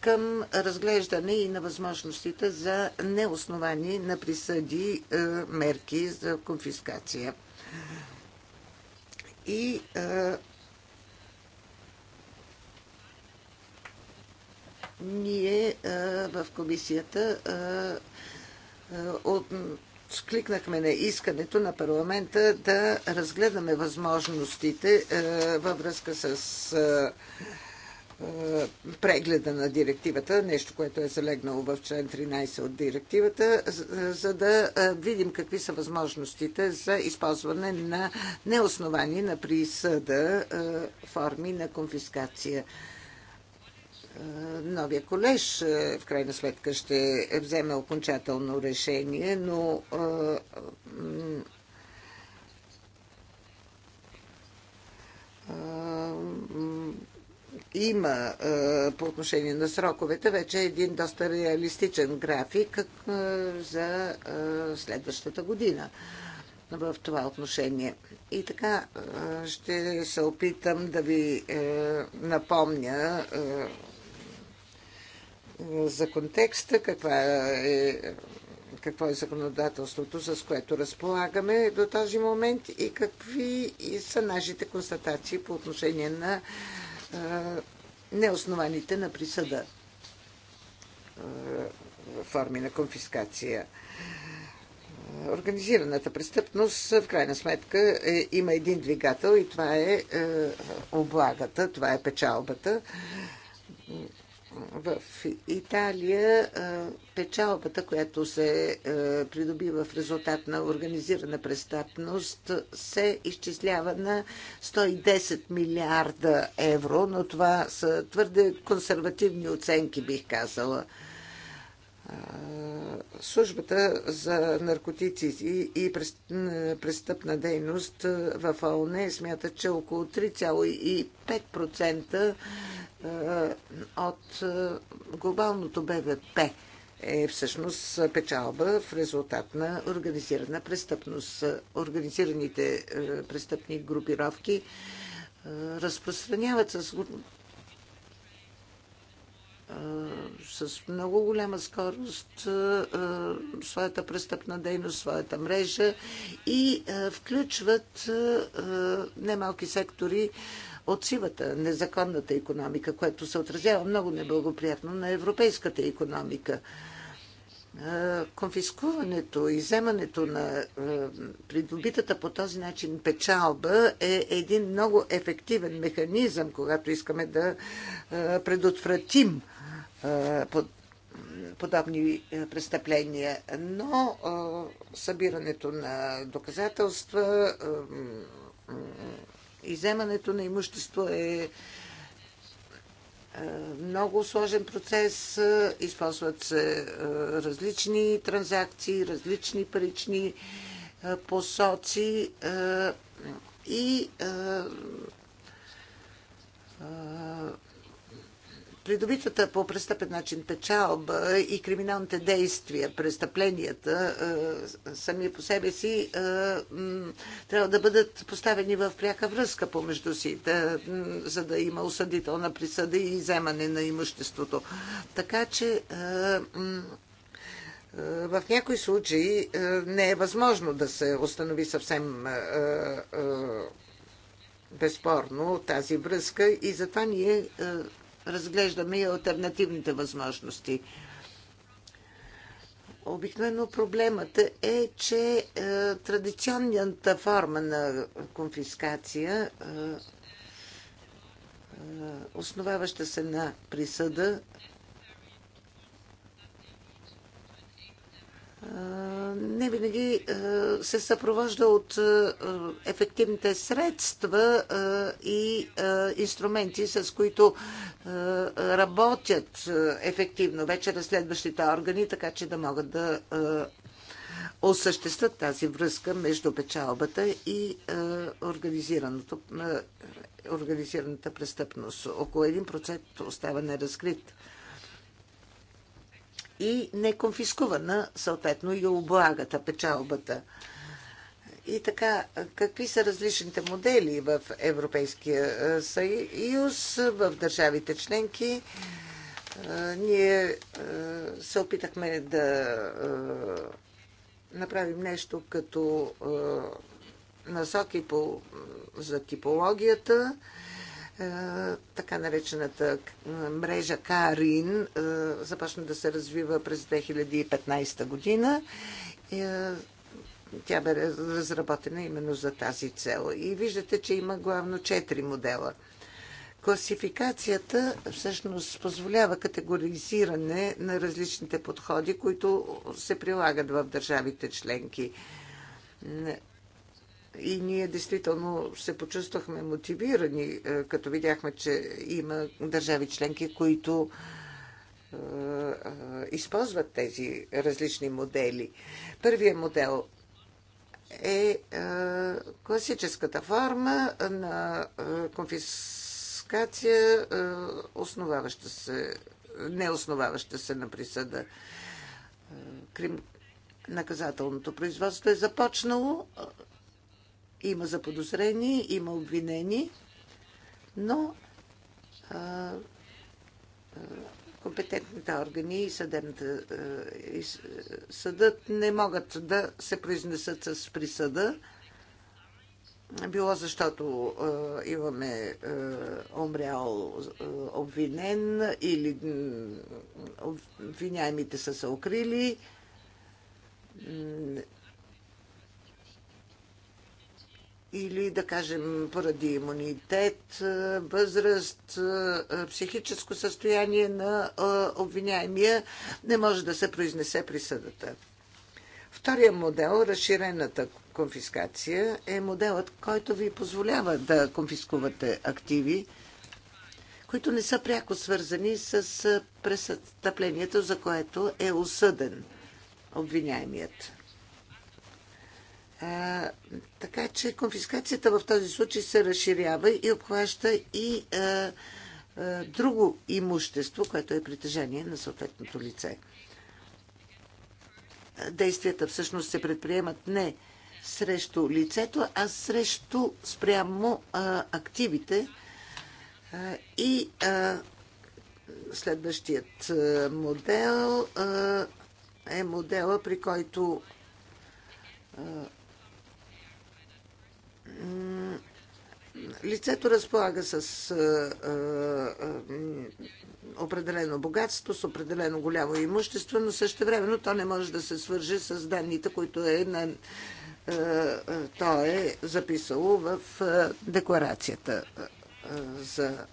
към разглеждане и на възможностите за неосновани на присъди мерки за конфискация. И ние в комисията от откликнахме на искането на парламента да разгледаме възможностите е, във връзка с е, е, прегледа на директивата, нещо, което е залегнало в член 13 от директивата, за да видим какви са възможностите за използване на неосновани на присъда форми на конфискация новия колеж е, в крайна сметка ще вземе окончателно решение, но е, е, има по отношение на сроковете вече един доста реалистичен график за следващата година в това отношение. И така ще се опитам да ви напомня за контекста, каква е, какво е законодателството, с което разполагаме до този момент и какви са нашите констатации по отношение на неоснованите на присъда форми на конфискация. Организираната престъпност, в крайна сметка, е, има един двигател и това е, е облагата, това е печалбата в Италия печалбата, която се придобива в резултат на организирана престъпност, се изчислява на 110 милиарда евро, но това са твърде консервативни оценки, бих казала. Службата за наркотици и престъпна дейност в ООН смята, че около 3,5% е, от е, глобалното БВП е всъщност печалба в резултат на организирана престъпност. Организираните е, престъпни групировки разпространяват с, с много голяма скорост своята престъпна дейност, своята мрежа и включват немалки сектори от сивата, незаконната економика, което се отразява много неблагоприятно на европейската економика. Конфискуването и вземането на придобитата по този начин печалба е един много ефективен механизъм, когато искаме да предотвратим подобни престъпления, но събирането на доказателства, иземането на имущество е, е много сложен процес. Използват се е, различни транзакции, различни парични е, посоци и придобитата по престъпен начин печалба и криминалните действия, престъпленията е, сами по себе си е, трябва да бъдат поставени в пряка връзка помежду си, да, за да има осъдителна присъда и вземане на имуществото. Така че е, в някои случаи не е възможно да се установи съвсем безспорно тази връзка и затова ние разглеждаме и альтернативните възможности. Обикновено проблемът е, че е, традиционната форма на конфискация, е, е, основаваща се на присъда, не винаги е, се съпровожда от е, ефективните средства е, и инструменти, с които работят ефективно вече разследващите органи, така че да могат да осъществят тази връзка между печалбата и организираната престъпност. Около 1% остава неразкрит и не конфискувана, съответно и облагата, печалбата. И така, какви са различните модели в Европейския е, съюз, в държавите членки? Е, ние е, се опитахме да направим нещо като насоки по, за типологията. Е, така наречената мрежа Карин е, започна да се развива през 2015 година. Е, тя бе разработена именно за тази цел. И виждате, че има главно четири модела. Класификацията всъщност позволява категоризиране на различните подходи, които се прилагат в държавите членки. И ние действително се почувствахме мотивирани, е, като видяхме, че има държави членки, които е, е, използват тези различни модели. Първият модел е класическата форма на конфискация, основаваща се, не основаваща се на присъда. Наказателното производство е започнало има заподозрени, има обвинени, но а, а, компетентните органи и, съдебната, и съдът не могат да се произнесат с присъда, било защото имаме умрял обвинен или обвиняемите са се укрили. или да кажем поради имунитет, е, възраст, е, психическо състояние на е, обвиняемия не може да се произнесе присъдата. Втория модел, разширената конфискация, е моделът, който ви позволява да конфискувате активи, които не са пряко свързани с престъплението, за което е осъден обвиняемият така че конфискацията в този случай се разширява и обхваща и а, а, друго имущество, което е притежание на съответното лице. Действията всъщност се предприемат не срещу лицето, а срещу спрямо а, активите а, и а, следващият модел а, е модела, при който лицето разполага с определено богатство, с определено голямо имущество, но също времено то не може да се свържи с данните, които е на то е записало в декларацията за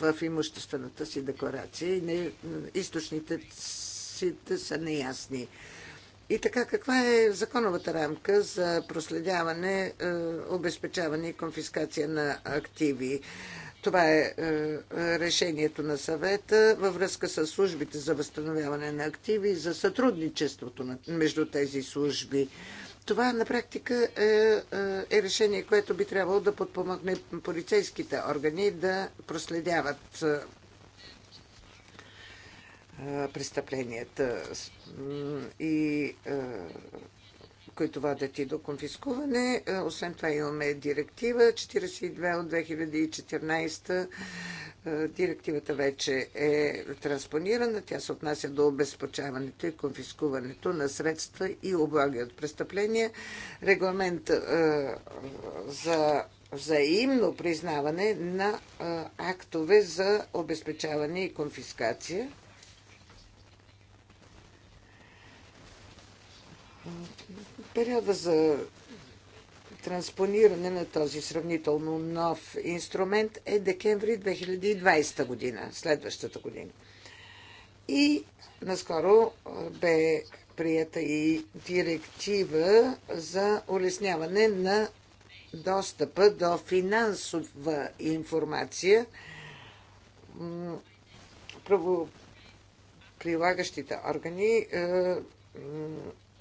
в имуществената си декларация и не, източните са неясни. И така, каква е законовата рамка за проследяване, е, обезпечаване и конфискация на активи? Това е, е решението на съвета във връзка с службите за възстановяване на активи и за сътрудничеството между тези служби. Това на практика е, е, е решение, което би трябвало да подпомогне полицейските органи да проследяват престъпленията и които водят и до конфискуване. Освен това имаме директива 42 от 2014. Директивата вече е транспонирана. Тя се отнася до обезпочаването и конфискуването на средства и облаги от престъпления. Регламент за взаимно признаване на актове за обезпечаване и конфискация Периода за транспониране на този сравнително нов инструмент е декември 2020 година, следващата година. И наскоро бе прията и директива за улесняване на достъпа до финансова информация правоприлагащите органи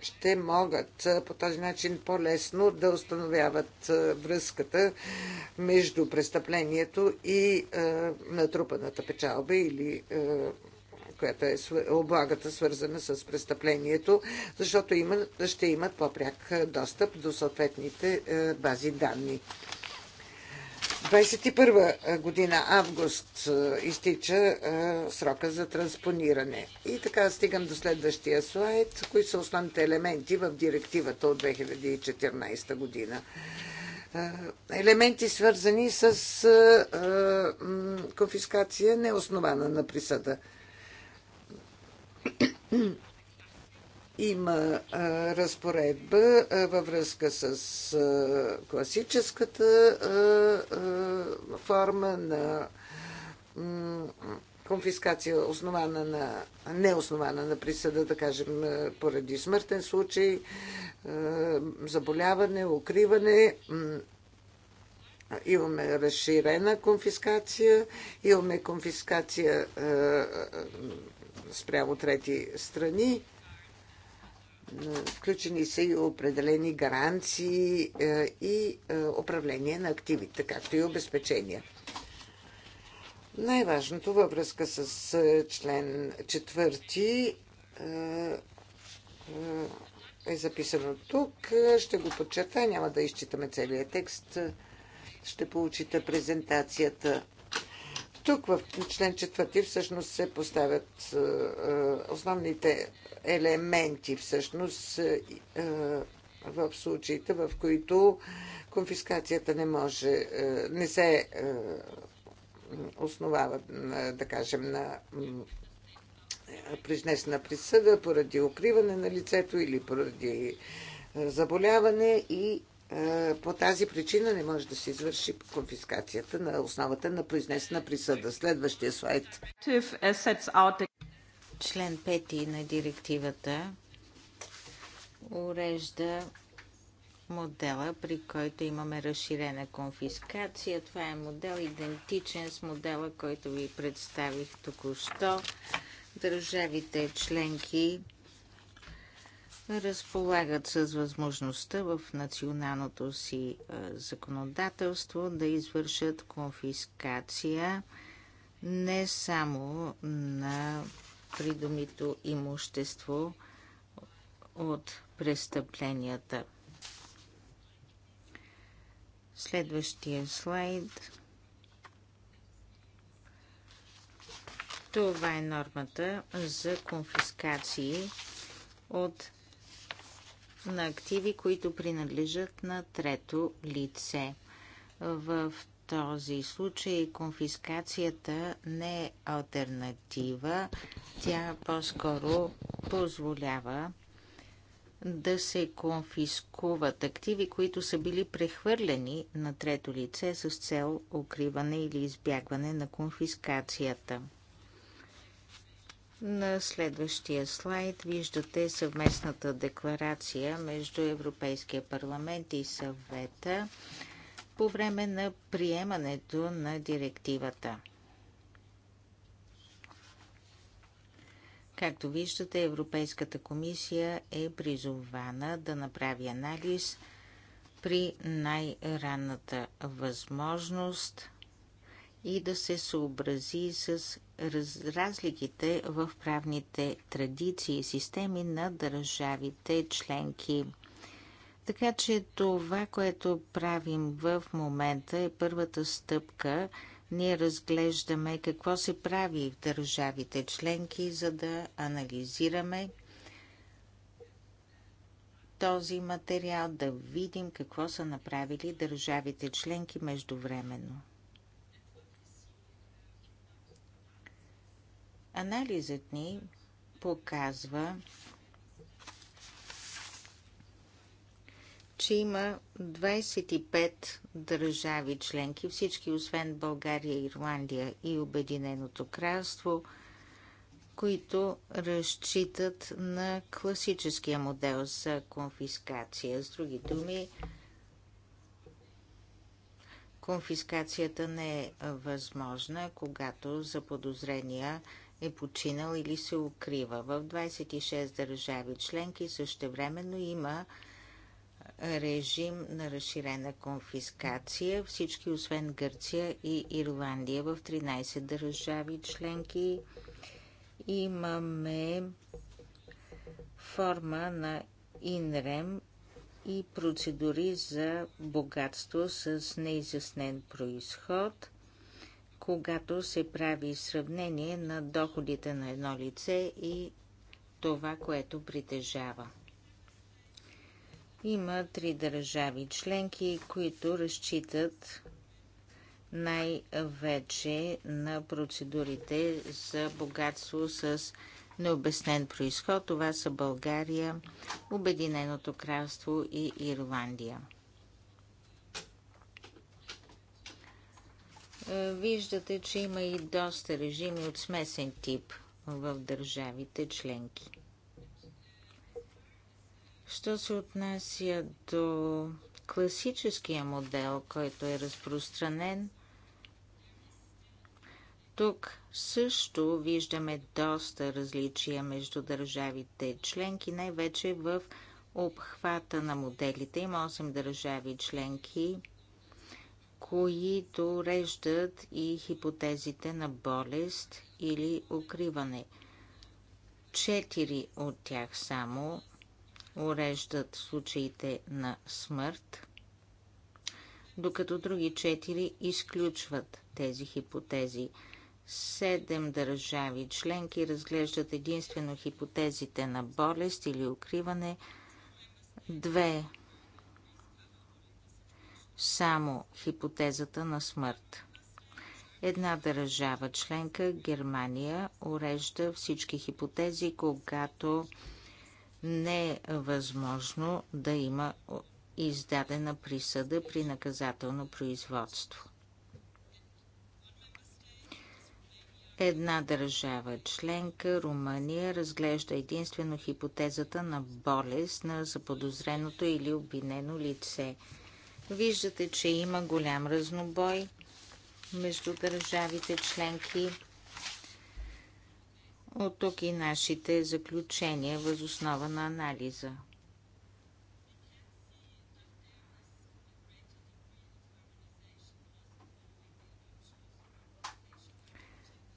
ще могат по този начин по-лесно да установяват връзката между престъплението и натрупаната печалба или която е облагата свързана с престъплението, защото има, ще имат по-пряк достъп до съответните бази данни. 21 година, август, изтича срока за транспониране. И така стигам до следващия слайд, кои са основните елементи в директивата от 2014 година. Елементи свързани с конфискация неоснована на присъда има а, разпоредба а, във връзка с а, класическата а, а, форма на конфискация, основана на, неоснована на присъда, да кажем, поради смъртен случай, а, заболяване, укриване. Имаме разширена конфискация, имаме конфискация а, спрямо трети страни включени са и определени гаранции е, и е, управление на активите, както и обезпечения. Най-важното във връзка с е, член 4 е записано тук. Ще го подчертая, няма да изчитаме целият текст. Ще получите презентацията тук в член 4 всъщност се поставят е, е, основните елементи всъщност е, в случаите, в които конфискацията не може, не се основава, да кажем, на произнесена присъда поради укриване на лицето или поради заболяване и е, по тази причина не може да се извърши конфискацията на основата на произнесена присъда. Следващия слайд. Член 5 на директивата урежда модела, при който имаме разширена конфискация. Това е модел идентичен с модела, който ви представих току-що. Държавите членки разполагат с възможността в националното си е, законодателство да извършат конфискация не само на придумито имущество от престъпленията. Следващия слайд. Това е нормата за конфискации от на активи, които принадлежат на трето лице. В този случай конфискацията не е альтернатива, тя по-скоро позволява да се конфискуват активи, които са били прехвърлени на трето лице с цел укриване или избягване на конфискацията. На следващия слайд виждате съвместната декларация между Европейския парламент и съвета по време на приемането на директивата. Както виждате, Европейската комисия е призована да направи анализ при най-ранната възможност и да се съобрази с разликите в правните традиции и системи на държавите членки. Така че това, което правим в момента е първата стъпка. Ние разглеждаме какво се прави в държавите членки, за да анализираме този материал, да видим какво са направили държавите членки междувременно. Анализът ни показва, че има 25 държави членки, всички освен България, Ирландия и Обединеното кралство, които разчитат на класическия модел за конфискация. С други думи, конфискацията не е възможна, когато за подозрения е починал или се укрива. В 26 държави членки същевременно има режим на разширена конфискация. Всички, освен Гърция и Ирландия, в 13 държави членки имаме форма на инрем и процедури за богатство с неизяснен происход – когато се прави сравнение на доходите на едно лице и това, което притежава. Има три държави членки, които разчитат най-вече на процедурите за богатство с необяснен происход. Това са България, Обединеното кралство и Ирландия. Е, виждате, че има и доста режими от смесен тип в държавите членки. Що се отнася до класическия модел, който е разпространен, тук също виждаме доста различия между държавите членки, най-вече в обхвата на моделите. Има 8 държави членки – които реждат и хипотезите на болест или укриване. Четири от тях само уреждат случаите на смърт, докато други четири изключват тези хипотези. Седем държави членки разглеждат единствено хипотезите на болест или укриване. Две само хипотезата на смърт. Една държава членка, Германия, урежда всички хипотези, когато не е възможно да има издадена присъда при наказателно производство. Една държава членка, Румъния, разглежда единствено хипотезата на болест на заподозреното или обвинено лице – Виждате, че има голям разнобой между държавите членки. От тук и нашите заключения въз основа на анализа.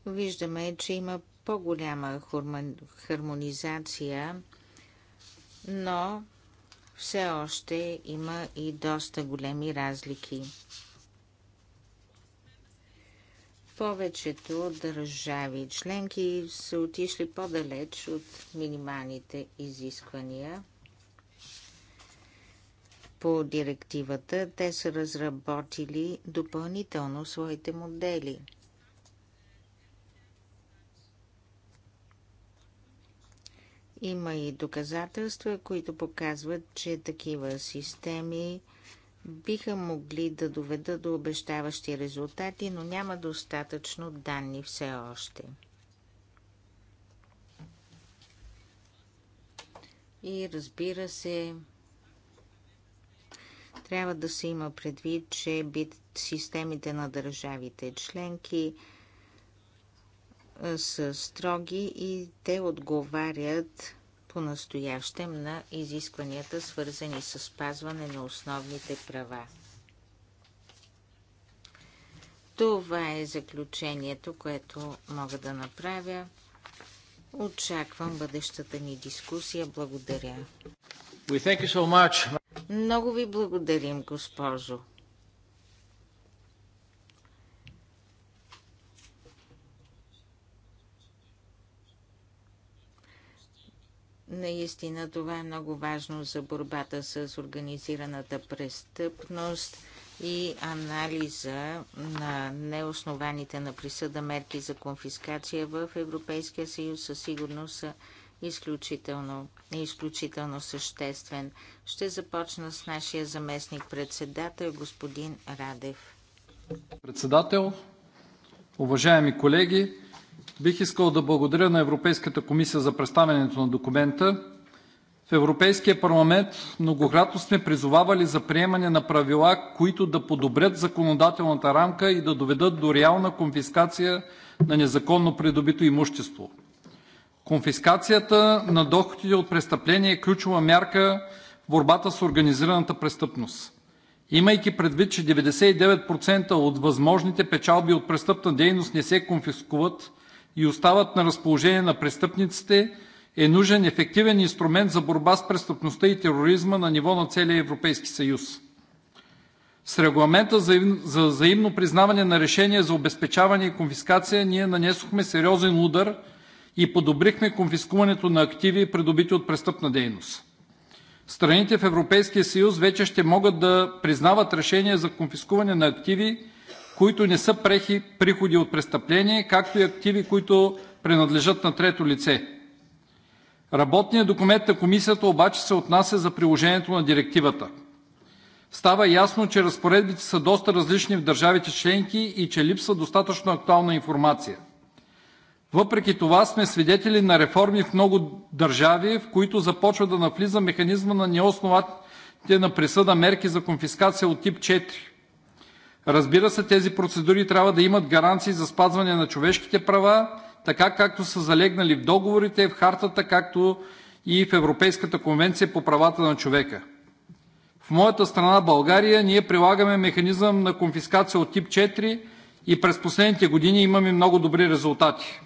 Виждаме, че има по-голяма хармонизация, но все още има и доста големи разлики. Повечето държави членки са отишли по-далеч от минималните изисквания по директивата. Те са разработили допълнително своите модели – Има и доказателства, които показват, че такива системи биха могли да доведат до обещаващи резултати, но няма достатъчно данни все още. И разбира се, трябва да се има предвид, че бит системите на държавите членки – са строги и те отговарят по-настоящем на изискванията, свързани с спазване на основните права. Това е заключението, което мога да направя. Очаквам бъдещата ни дискусия. Благодаря. So Много ви благодарим, госпожо. Наистина това е много важно за борбата с организираната престъпност и анализа на неоснованите на присъда мерки за конфискация в Европейския съюз със сигурност са изключително, изключително съществен. Ще започна с нашия заместник председател, господин Радев. Председател, уважаеми колеги, Бих искал да благодаря на Европейската комисия за представянето на документа. В Европейския парламент многократно сме призовавали за приемане на правила, които да подобрят законодателната рамка и да доведат до реална конфискация на незаконно придобито имущество. Конфискацията на доходите от престъпления е ключова мярка в борбата с организираната престъпност. Имайки предвид, че 99% от възможните печалби от престъпна дейност не се конфискуват, и остават на разположение на престъпниците, е нужен ефективен инструмент за борба с престъпността и тероризма на ниво на целия Европейски съюз. С Регламента за взаимно признаване на решения за обезпечаване и конфискация ние нанесохме сериозен удар и подобрихме конфискуването на активи, придобити от престъпна дейност. Страните в Европейския съюз вече ще могат да признават решения за конфискуване на активи, които не са приходи от престъпление, както и активи, които принадлежат на трето лице. Работният документ на Комисията обаче се отнася за приложението на Директивата. Става ясно, че разпоредбите са доста различни в държавите членки и че липсва достатъчно актуална информация. Въпреки това сме свидетели на реформи в много държави, в които започва да навлиза механизма на неоснователна присъда мерки за конфискация от тип 4. Разбира се, тези процедури трябва да имат гаранции за спазване на човешките права, така както са залегнали в договорите, в Хартата, както и в Европейската конвенция по правата на човека. В моята страна България ние прилагаме механизъм на конфискация от тип 4 и през последните години имаме много добри резултати.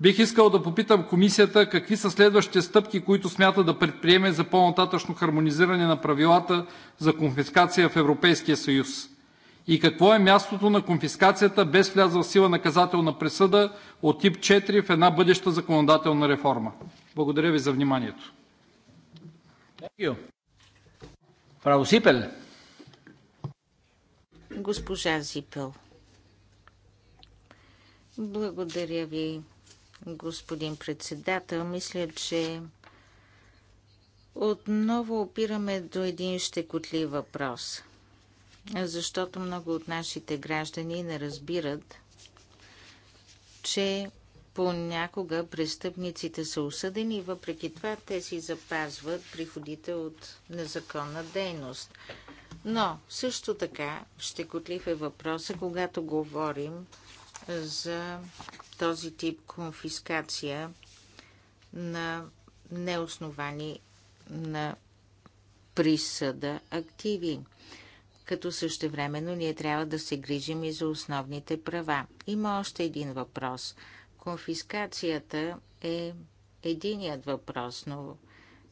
Бих искал да попитам комисията какви са следващите стъпки, които смята да предприеме за по-нататъчно хармонизиране на правилата за конфискация в Европейския съюз и какво е мястото на конфискацията без влязла в сила наказателна присъда от тип 4 в една бъдеща законодателна реформа? Благодаря Ви за вниманието. Госпожа Зипел. Благодаря ви, господин председател. Мисля, че отново опираме до един щекотлив въпрос – защото много от нашите граждани не разбират, че понякога престъпниците са осъдени въпреки това те си запазват приходите от незаконна дейност. Но също така щекотлив е въпроса, когато говорим за този тип конфискация на неосновани на присъда активи като същевременно ние трябва да се грижим и за основните права. Има още един въпрос. Конфискацията е единият въпрос, но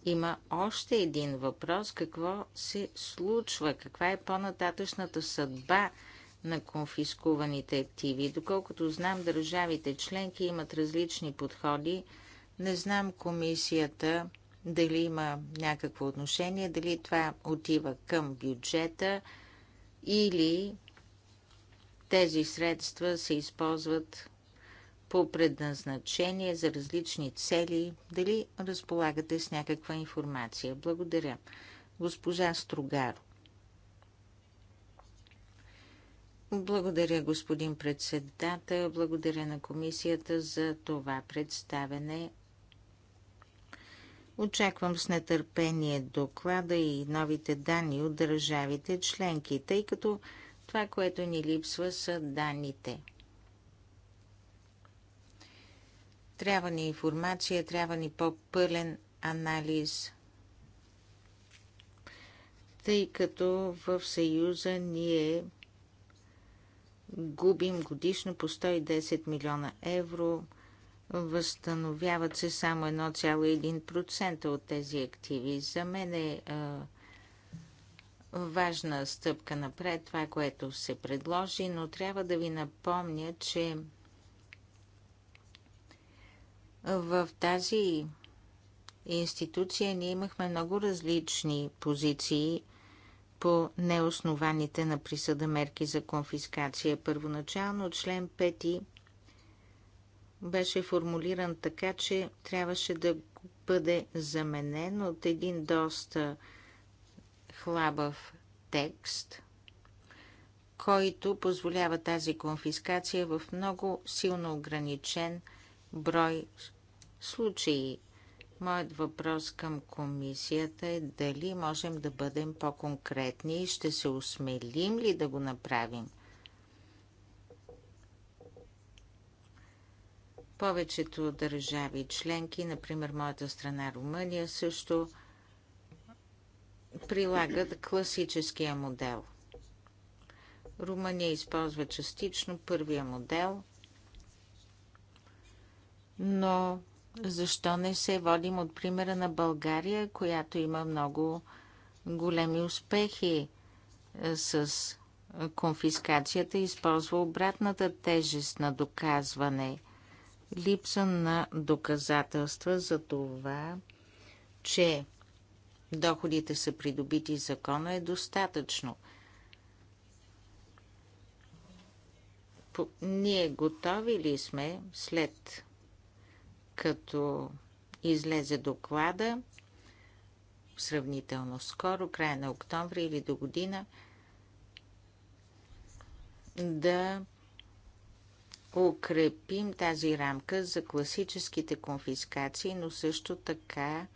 има още един въпрос. Какво се случва? Каква е по-нататъчната съдба на конфискуваните активи? Доколкото знам, държавите членки имат различни подходи. Не знам комисията дали има някакво отношение, дали това отива към бюджета – или тези средства се използват по предназначение за различни цели, дали разполагате с някаква информация. Благодаря. Госпожа Строгаро. Благодаря, господин председател. Благодаря на комисията за това представене. Очаквам с нетърпение доклада и новите данни от държавите членки, тъй като това, което ни липсва, са данните. Трябва ни информация, трябва ни по-пълен анализ, тъй като в Съюза ние губим годишно по 110 милиона евро – Възстановяват се само 1,1% от тези активи. За мен е важна стъпка напред това, което се предложи, но трябва да ви напомня, че в тази институция ние имахме много различни позиции по неоснованите на присъда мерки за конфискация. Първоначално член 5 беше формулиран така, че трябваше да бъде заменен от един доста хлабав текст, който позволява тази конфискация в много силно ограничен брой случаи. Моят въпрос към комисията е дали можем да бъдем по-конкретни и ще се осмелим ли да го направим – Повечето държави членки, например моята страна Румъния, също прилагат класическия модел. Румъния използва частично първия модел, но защо не се водим от примера на България, която има много големи успехи е, с конфискацията, използва обратната тежест на доказване – липса на доказателства за това, че доходите са придобити закона е достатъчно. Ние готови ли сме след като излезе доклада сравнително скоро, края на октомври или до година, да укрепим тази рамка за класическите конфискации, но също така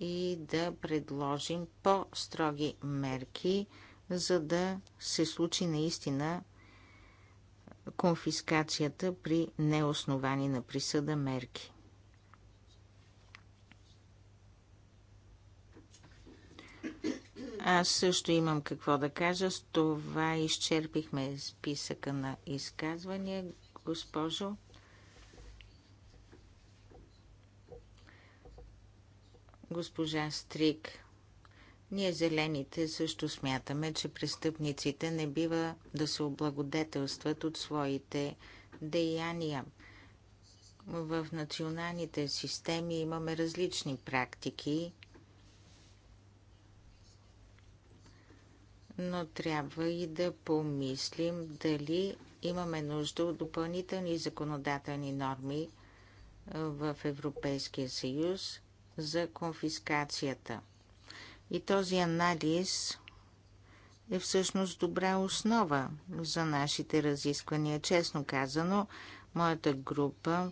и да предложим по-строги мерки, за да се случи наистина конфискацията при неосновани на присъда мерки. Аз също имам какво да кажа. С това изчерпихме списъка на изказвания госпожо. Госпожа Стрик, ние зелените също смятаме, че престъпниците не бива да се облагодетелстват от своите деяния. В националните системи имаме различни практики, но трябва и да помислим дали имаме нужда от допълнителни законодателни норми е, в Европейския съюз за конфискацията. И този анализ е всъщност добра основа за нашите разисквания. Честно казано, моята група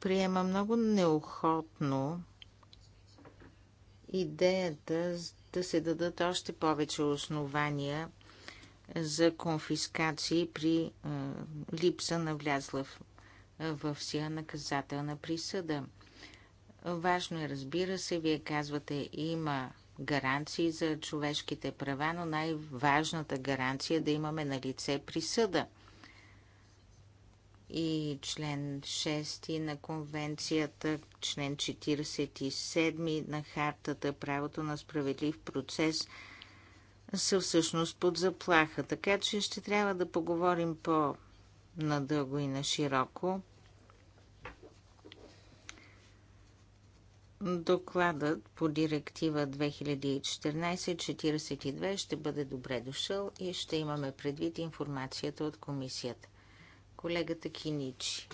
приема много неохотно идеята да се дадат още повече основания – за конфискации при липса на влязла в, в сила наказателна присъда. Важно е, разбира се, вие казвате, има гаранции за човешките права, но най-важната гаранция е да имаме на лице присъда. И член 6 на конвенцията, член 47 на хартата, правото на справедлив процес – са всъщност под заплаха, така че ще трябва да поговорим по-надълго и на широко. Докладът по директива 2014-42 ще бъде добре дошъл и ще имаме предвид информацията от комисията. Колегата Киничи.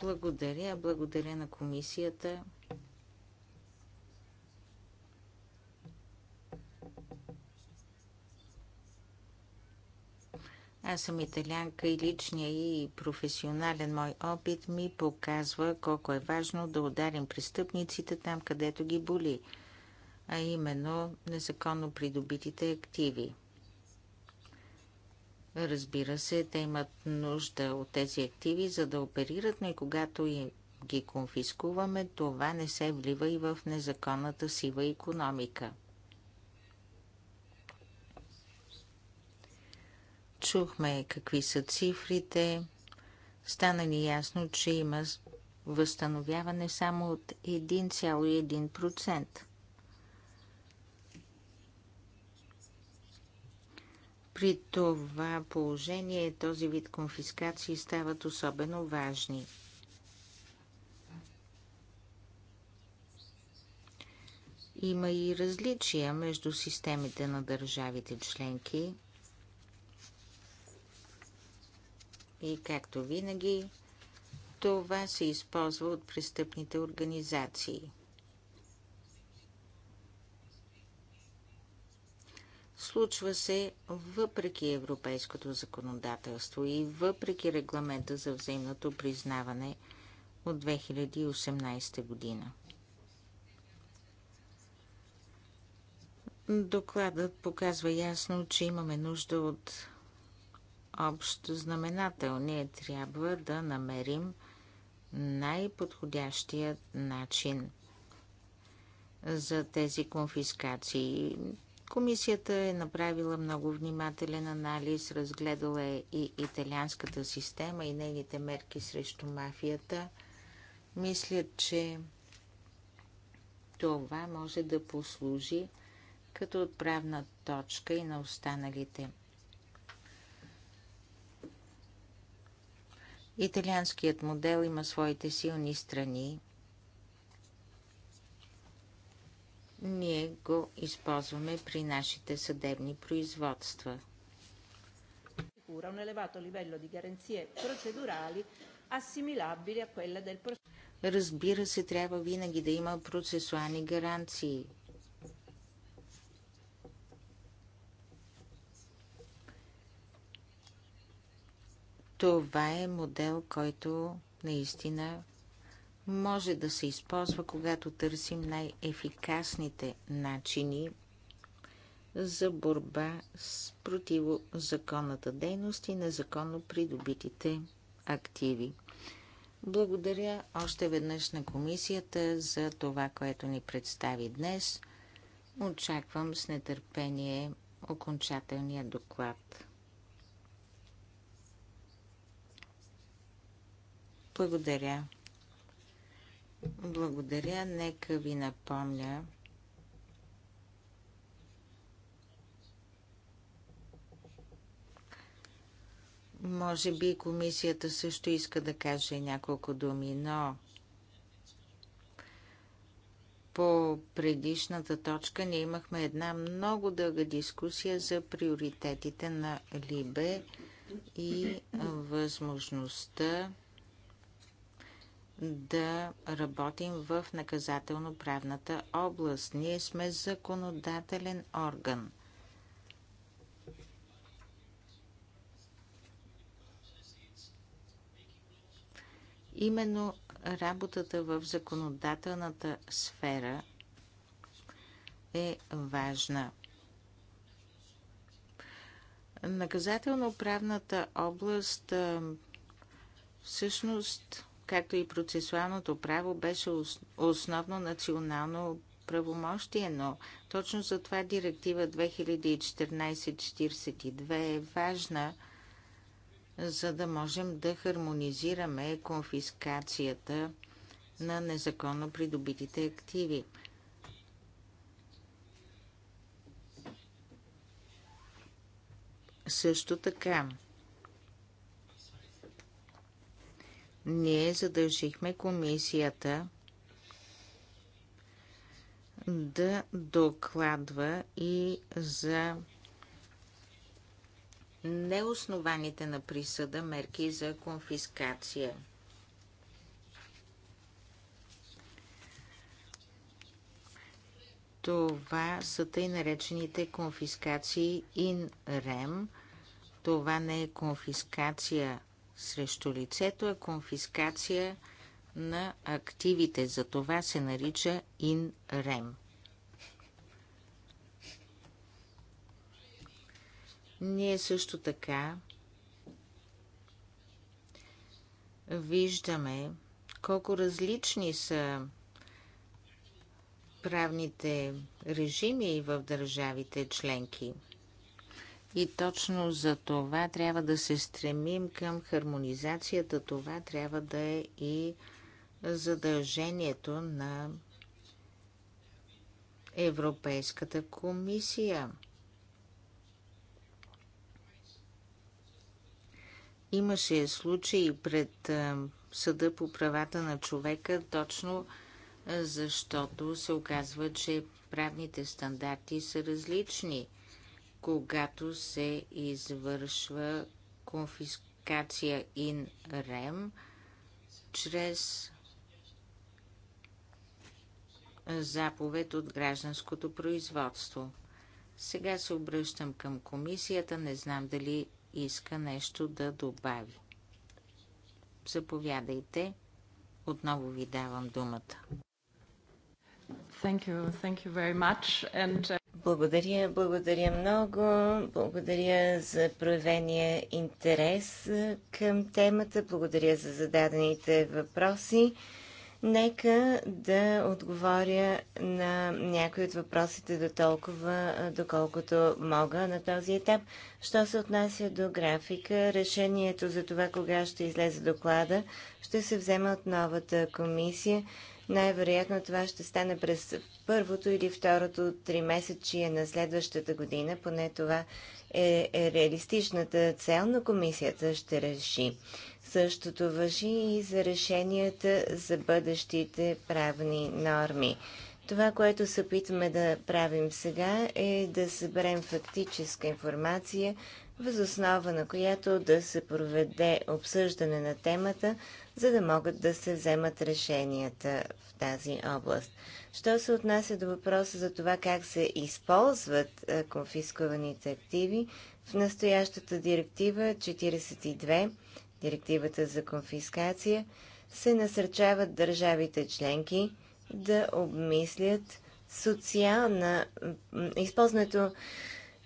Благодаря, благодаря на комисията Аз съм италянка и личния и професионален мой опит ми показва колко е важно да ударим престъпниците там, където ги боли, а именно незаконно придобитите активи. Разбира се, те имат нужда от тези активи, за да оперират, но и когато ги конфискуваме, това не се влива и в незаконната сива економика. Чухме какви са цифрите. Стана ни ясно, че има възстановяване само от 1,1%. При това положение този вид конфискации стават особено важни. Има и различия между системите на държавите членки – И както винаги, това се използва от престъпните организации. Случва се въпреки европейското законодателство и въпреки регламента за взаимното признаване от 2018 година. Докладът показва ясно, че имаме нужда от общ знаменател. Ние трябва да намерим най-подходящия начин за тези конфискации. Комисията е направила много внимателен анализ, разгледала е и италианската система и нейните мерки срещу мафията. Мисля, че това може да послужи като отправна точка и на останалите Италианският модел има своите силни страни. Ние го използваме при нашите съдебни производства. Разбира се, трябва винаги да има процесуални гаранции Това е модел, който наистина може да се използва, когато търсим най-ефикасните начини за борба с противозаконната дейност и незаконно придобитите активи. Благодаря още веднъж на комисията за това, което ни представи днес. Очаквам с нетърпение окончателния доклад. Благодаря. Благодаря. Нека ви напомня, Може би комисията също иска да каже няколко думи, но по предишната точка ние имахме една много дълга дискусия за приоритетите на Либе и възможността да работим в наказателно-правната област. Ние сме законодателен орган. Именно работата в законодателната сфера е важна. Наказателно-правната област всъщност както и процесуалното право, беше основно национално правомощие, но точно за това директива 2014-42 е важна, за да можем да хармонизираме конфискацията на незаконно придобитите активи. Също така, ние задължихме комисията да докладва и за неоснованите на присъда мерки за конфискация. Това са тъй наречените конфискации in rem. Това не е конфискация срещу лицето е конфискация на активите. За това се нарича ин-рем. Ние също така виждаме колко различни са правните режими в държавите членки – и точно за това трябва да се стремим към хармонизацията. Това трябва да е и задължението на Европейската комисия. Имаше случаи пред Съда по правата на човека, точно защото се оказва, че правните стандарти са различни – когато се извършва конфискация ин рем чрез заповед от гражданското производство. Сега се обръщам към комисията, не знам дали иска нещо да добави. Заповядайте, отново ви давам думата. Thank you, thank you very much. And, uh... Благодаря, благодаря много. Благодаря за проявения интерес към темата. Благодаря за зададените въпроси. Нека да отговоря на някои от въпросите до толкова, доколкото мога на този етап. Що се отнася до графика, решението за това кога ще излезе доклада ще се взема от новата комисия. Най-вероятно това ще стане през първото или второто три месечие на следващата година, поне това е, е реалистичната цел на комисията ще реши. Същото въжи и за решенията за бъдещите правни норми. Това, което се опитваме да правим сега е да съберем фактическа информация, възоснова на която да се проведе обсъждане на темата, за да могат да се вземат решенията тази област. Що се отнася до въпроса за това как се използват е, конфискуваните активи, в настоящата директива 42, директивата за конфискация, се насърчават държавите членки да обмислят социална, използването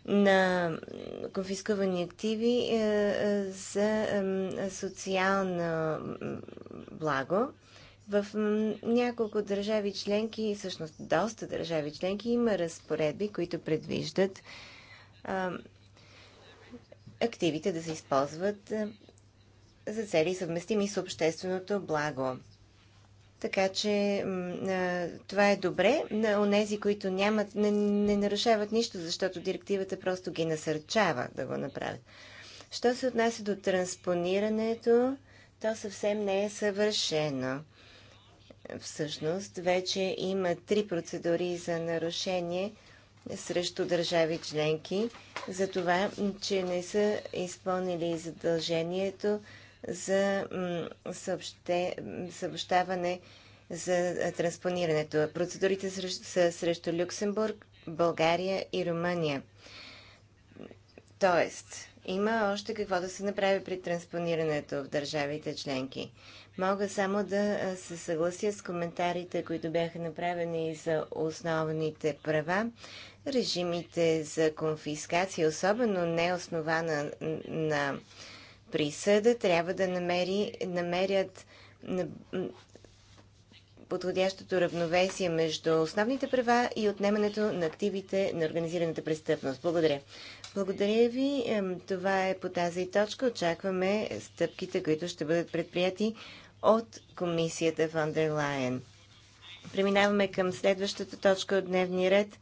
на конфискувани активи е, е, за социално благо в няколко държави членки, всъщност доста държави членки, има разпоредби, които предвиждат а, активите да се използват за цели съвместими с общественото благо. Така че а, това е добре на онези, които нямат, не, не нарушават нищо, защото директивата просто ги насърчава да го направят. Що се отнася до транспонирането, то съвсем не е съвършено всъщност вече има три процедури за нарушение срещу държави членки за това, че не са изпълнили задължението за съобщаване за транспонирането. Процедурите са срещу Люксембург, България и Румъния. Тоест, има още какво да се направи при транспонирането в държавите членки. Мога само да се съглася с коментарите, които бяха направени за основните права. Режимите за конфискация, особено неоснована на присъда, трябва да намери, намерят подходящото равновесие между основните права и отнемането на активите на организираната престъпност. Благодаря. Благодаря ви. Това е по тази точка. Очакваме стъпките, които ще бъдат предприяти от комисията в Лайен. Преминаваме към следващата точка от дневния ред.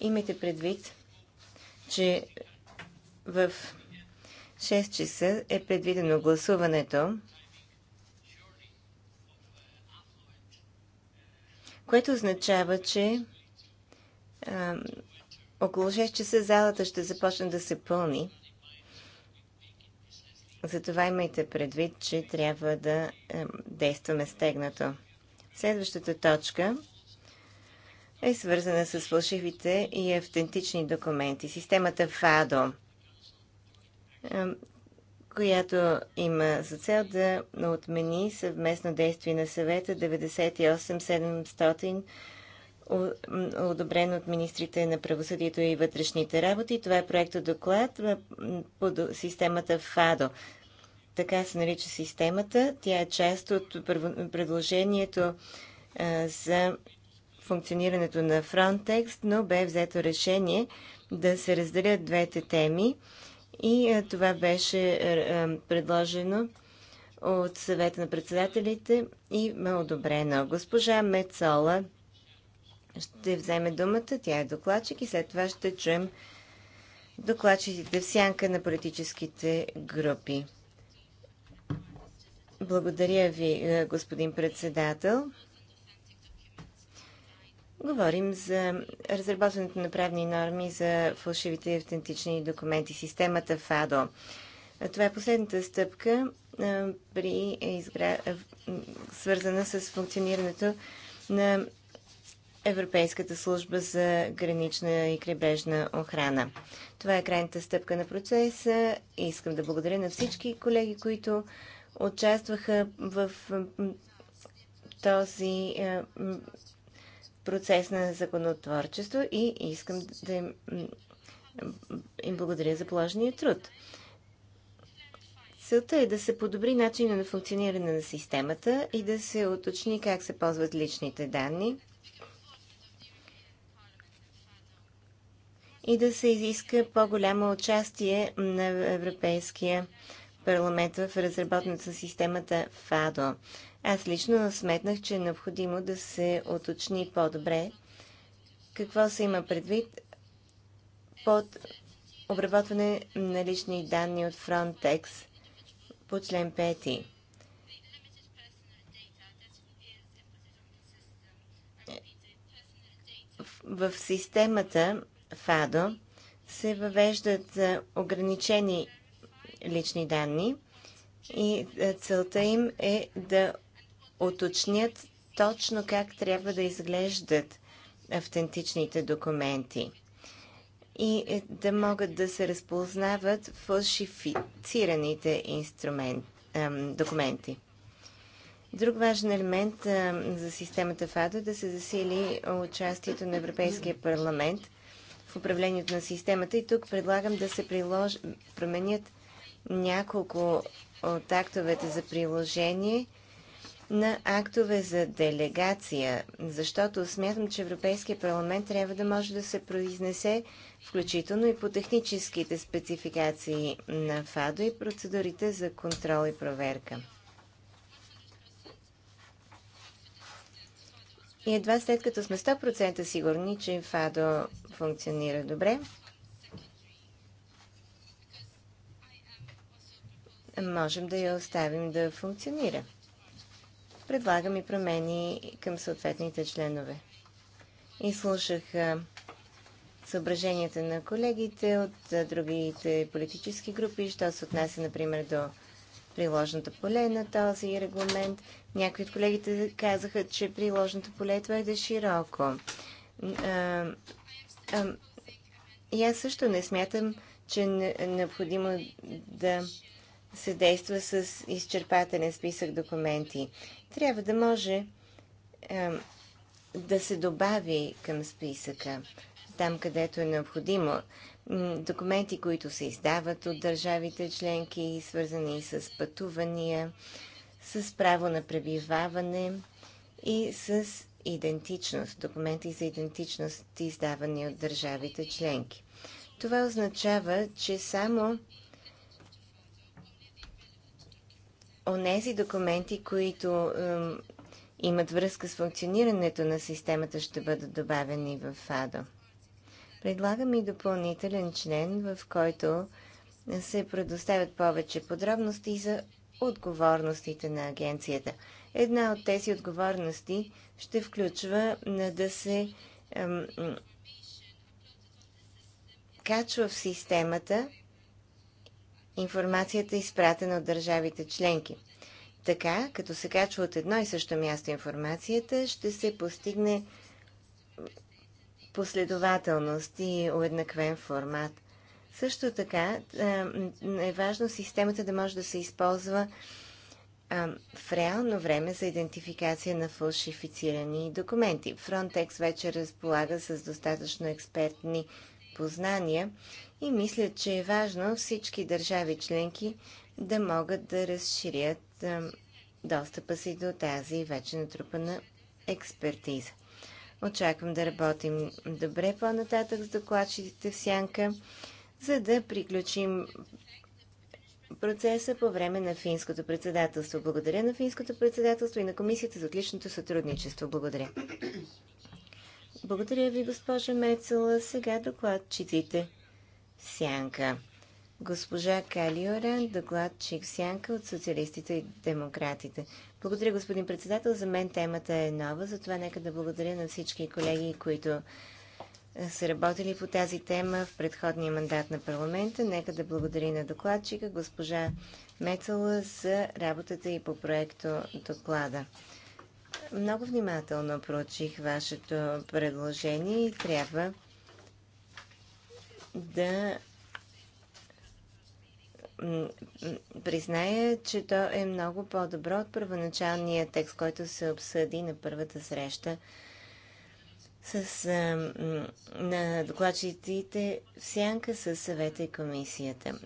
Имайте предвид, че в 6 часа е предвидено гласуването, което означава, че а, около 6 часа залата ще започне да се пълни. Затова имайте предвид, че трябва да действаме стегнато. Следващата точка е свързана с фалшивите и автентични документи. Системата ФАДО, която има за цел да отмени съвместно действие на съвета 98700 одобрен от министрите на правосъдието и вътрешните работи. Това е проектът доклад по системата ФАДО. Така се нарича системата. Тя е част от предложението за функционирането на Frontex, но бе взето решение да се разделят двете теми и това беше предложено от съвета на председателите и ме одобрено. Госпожа Мецола ще вземе думата. Тя е докладчик и след това ще чуем докладчиците в сянка на политическите групи. Благодаря ви, е, господин председател. Говорим за разработването на правни норми за фалшивите и автентични документи, системата ФАДО. Това е последната стъпка е, при изгра... свързана с функционирането на Европейската служба за гранична и крайбрежна охрана. Това е крайната стъпка на процеса. Искам да благодаря на всички колеги, които участваха в този е, процес на законотворчество и искам да им, им благодаря за положения труд. Целта е да се подобри начина на функциониране на системата и да се уточни как се ползват личните данни, и да се изиска по-голямо участие на Европейския парламент в разработната системата ФАДО. Аз лично сметнах, че е необходимо да се оточни по-добре какво се има предвид под обработване на лични данни от Frontex по член 5. В системата ФАДО се въвеждат ограничени лични данни и е, целта им е да уточнят точно как трябва да изглеждат автентичните документи и е, да могат да се разпознават фалшифицираните документи. Друг важен елемент за системата ФАДО е да се засили участието на Европейския парламент – в управлението на системата. И тук предлагам да се прилож... променят няколко от актовете за приложение на актове за делегация, защото смятам, че Европейския парламент трябва да може да се произнесе включително и по техническите спецификации на ФАДО и процедурите за контрол и проверка. И едва след като сме 100% сигурни, че ФАДО функционира добре, можем да я оставим да функционира. Предлагам и промени към съответните членове. И слушах съображенията на колегите от другите политически групи, що се отнася, например, до приложното поле на този регламент. Някои от колегите казаха, че приложното поле е твърде широко. А, а, и аз също не смятам, че е необходимо да се действа с изчерпателен списък документи. Трябва да може е, да се добави към списъка, там където е необходимо документи, които се издават от държавите членки, свързани с пътувания, с право на пребиваване и с идентичност, документи за идентичност, издавани от държавите членки. Това означава, че само онези документи, които имат връзка с функционирането на системата, ще бъдат добавени в ФАДО. Предлагам и допълнителен член, в който се предоставят повече подробности за отговорностите на агенцията. Една от тези отговорности ще включва да се ем, качва в системата информацията, изпратена от държавите членки. Така, като се качва от едно и също място информацията, ще се постигне последователност и уеднаквен формат. Също така е, е важно системата да може да се използва в реално време за идентификация на фалшифицирани документи. Frontex вече разполага с достатъчно експертни познания и мисля, че е важно всички държави членки да могат да разширят достъпа си до тази вече натрупана експертиза. Очаквам да работим добре по-нататък с докладчиците в сянка, за да приключим процеса по време на финското председателство. Благодаря на финското председателство и на комисията за отличното сътрудничество. Благодаря. Благодаря ви, госпожа Мецела. Сега докладчиците. Сянка госпожа Калиора, докладчик Сянка от социалистите и демократите. Благодаря, господин председател. За мен темата е нова, затова нека да благодаря на всички колеги, които са работили по тази тема в предходния мандат на парламента. Нека да благодаря на докладчика, госпожа Мецала, за работата и по проекто доклада. Много внимателно проучих вашето предложение и трябва да призная, че то е много по-добро от първоначалния текст, който се обсъди на първата среща с, а, на докладчиците в сянка с съвета и комисията.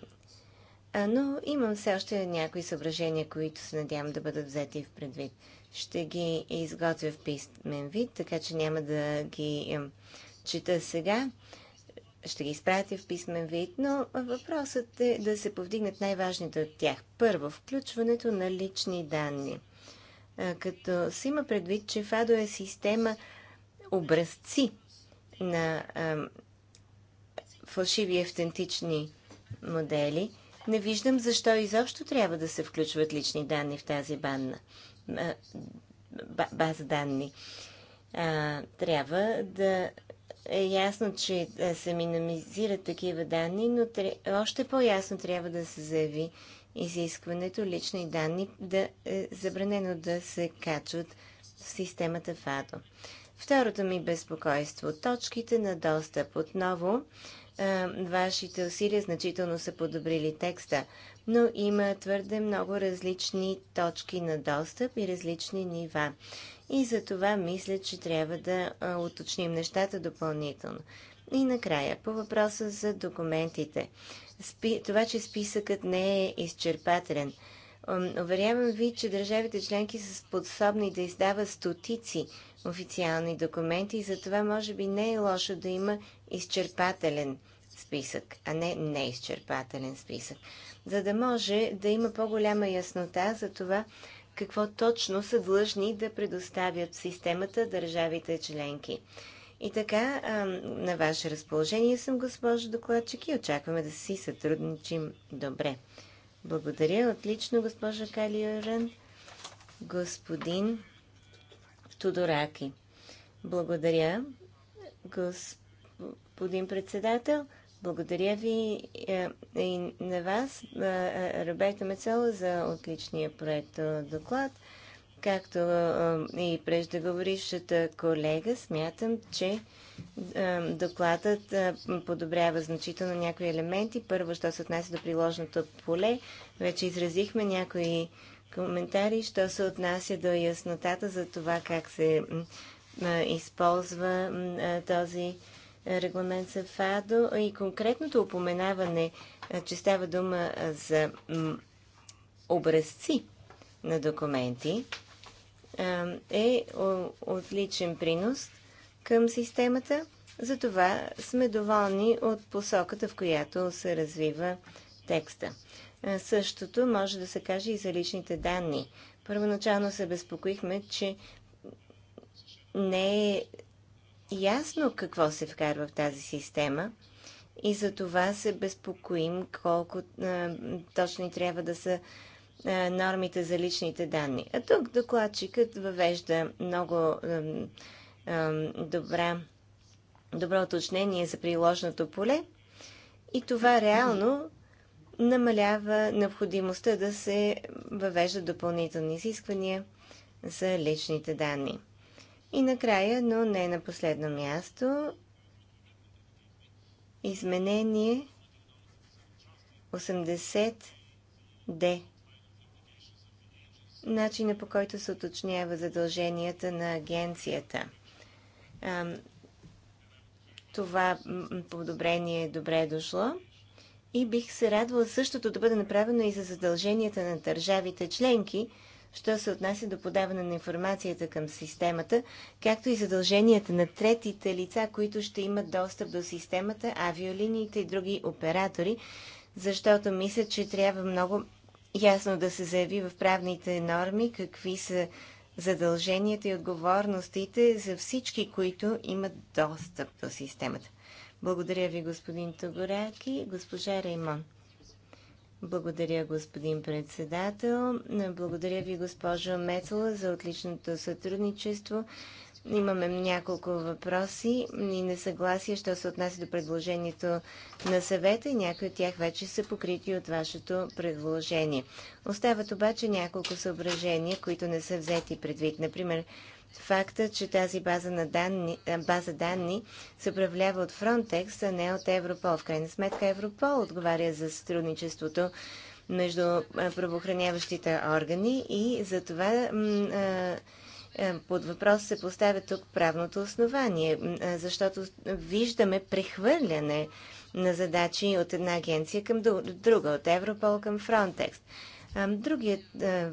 А, но имам все още някои съображения, които се надявам да бъдат взети в предвид. Ще ги изготвя в писмен вид, така че няма да ги чета сега ще ги изпратя в писмен вид, но въпросът е да се повдигнат най-важните от тях. Първо, включването на лични данни. Като се има предвид, че ФАДО е система образци на а, фалшиви автентични модели, не виждам защо изобщо трябва да се включват лични данни в тази банна, база данни. А, трябва да е ясно, че е, се минимизират такива данни, но още по-ясно трябва да се заяви изискването лични данни да е забранено да се качват в системата ФАДО. Второто ми безпокойство – точките на достъп. Отново, е, вашите усилия значително са подобрили текста, но има твърде много различни точки на достъп и различни нива и за това мисля, че трябва да уточним нещата допълнително. И накрая, по въпроса за документите. Спи... Това, че списъкът не е изчерпателен. Уверявам ви, че държавите членки са способни да издават стотици официални документи и затова може би не е лошо да има изчерпателен списък, а не неизчерпателен списък, за да може да има по-голяма яснота за това какво точно са длъжни да предоставят в системата държавите членки. И така, на ваше разположение съм госпожо докладчик и очакваме да си сътрудничим добре. Благодаря. Отлично, госпожа Калиорен. Господин Тодораки. Благодаря, господин председател. Благодаря ви е, и на вас, е, е, Роберта Мецела, за отличния проект доклад. Както и преждеговорившата колега, смятам, че докладът подобрява значително някои елементи. Първо, що се отнася до приложното поле, вече изразихме някои коментари, що се отнася до яснотата за това как се използва този регламент за ФАДО и конкретното упоменаване, че става дума за образци на документи, е отличен принос към системата. Затова сме доволни от посоката, в която се развива текста. Същото може да се каже и за личните данни. Първоначално се безпокоихме, че не е ясно какво се вкарва в тази система и за това се безпокоим колко а, точни трябва да са а, нормите за личните данни. А тук докладчикът въвежда много а, а, добра, добро уточнение за приложното поле и това реално намалява необходимостта да се въвеждат допълнителни изисквания за личните данни. И накрая, но не на последно място, изменение 80D. Начина по който се уточнява задълженията на агенцията. Това подобрение е добре дошло. И бих се радвала същото да бъде направено и за задълженията на държавите членки, що се отнася до подаване на информацията към системата, както и задълженията на третите лица, които ще имат достъп до системата, авиолиниите и други оператори, защото мисля, че трябва много ясно да се заяви в правните норми какви са задълженията и отговорностите за всички, които имат достъп до системата. Благодаря ви, господин Тогораки. Госпожа Реймон. Благодаря, господин председател. Благодаря ви, госпожо Мецла, за отличното сътрудничество. Имаме няколко въпроси и несъгласия, що се отнася до предложението на съвета и някои от тях вече са покрити от вашето предложение. Остават обаче няколко съображения, които не са взети предвид. Например, факта, че тази база, на данни, е, база данни се управлява от Frontex, а не от Европол. В крайна сметка Европол отговаря за сътрудничеството между е, правоохраняващите органи и за това е, под въпрос се поставя тук правното основание, защото виждаме прехвърляне на задачи от една агенция към друга, от Европол към Фронтекст. Другият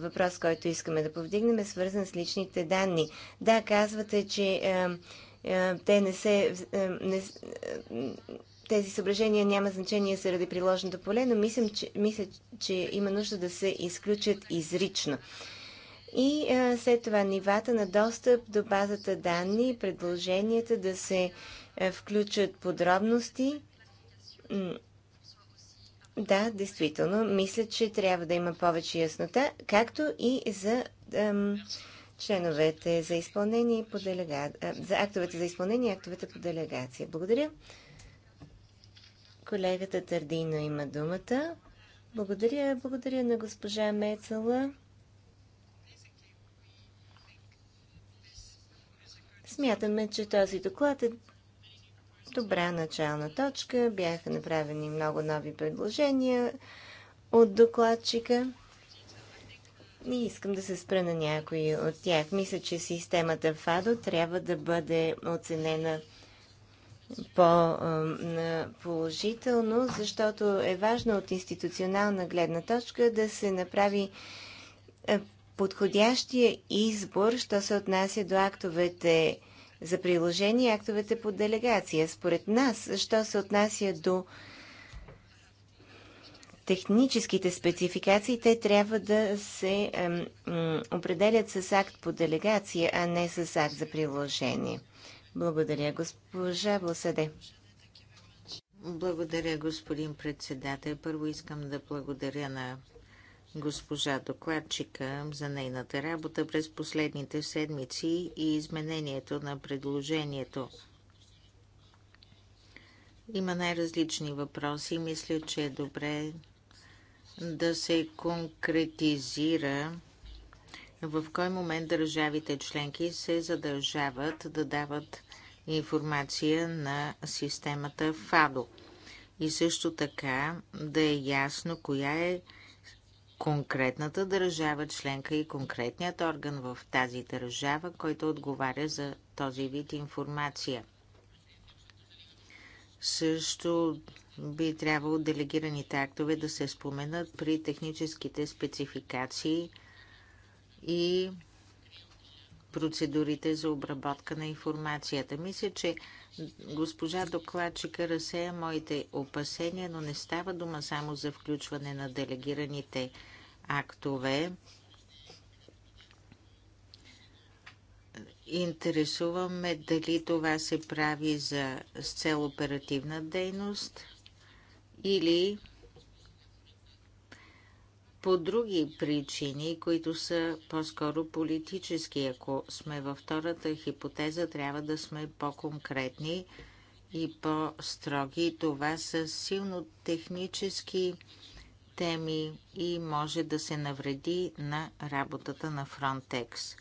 въпрос, който искаме да повдигнем е свързан с личните данни. Да, казвате, че те не се... Не, тези съображения няма значение заради приложното поле, но мисля, че, мисля, че има нужда да се изключат изрично. И след това нивата на достъп до базата данни, предложенията да се включат подробности да, действително, мисля, че трябва да има повече яснота, както и за ем, членовете за изпълнение по делега... за актовете за изпълнение и актовете по делегация. Благодаря. Колегата Тардино има думата. Благодаря, благодаря на госпожа Мецала. Смятаме, че този доклад е добра начална точка. Бяха направени много нови предложения от докладчика. И искам да се спра на някои от тях. Мисля, че системата ФАДО трябва да бъде оценена по-положително, защото е важно от институционална гледна точка да се направи е, подходящия избор, що се отнася до актовете за приложение актовете по делегация. Според нас, що се отнася до техническите спецификации, те трябва да се ем, определят с акт по делегация, а не с акт за приложение. Благодаря, госпожа Бласаде. Благодаря, господин председател. Първо искам да благодаря на госпожа докладчика за нейната работа през последните седмици и изменението на предложението. Има най-различни въпроси. Мисля, че е добре да се конкретизира в кой момент държавите членки се задължават да дават информация на системата ФАДО. И също така да е ясно коя е конкретната държава членка и конкретният орган в тази държава, който отговаря за този вид информация. Също би трябвало делегираните актове да се споменат при техническите спецификации и процедурите за обработка на информацията. Мисля, че госпожа докладчика разсея моите опасения, но не става дума само за включване на делегираните актове актове. Интересуваме дали това се прави за, с цел оперативна дейност или по други причини, които са по-скоро политически. Ако сме във втората хипотеза, трябва да сме по-конкретни и по-строги. Това са силно технически системи и може да се навреди на работата на Frontex.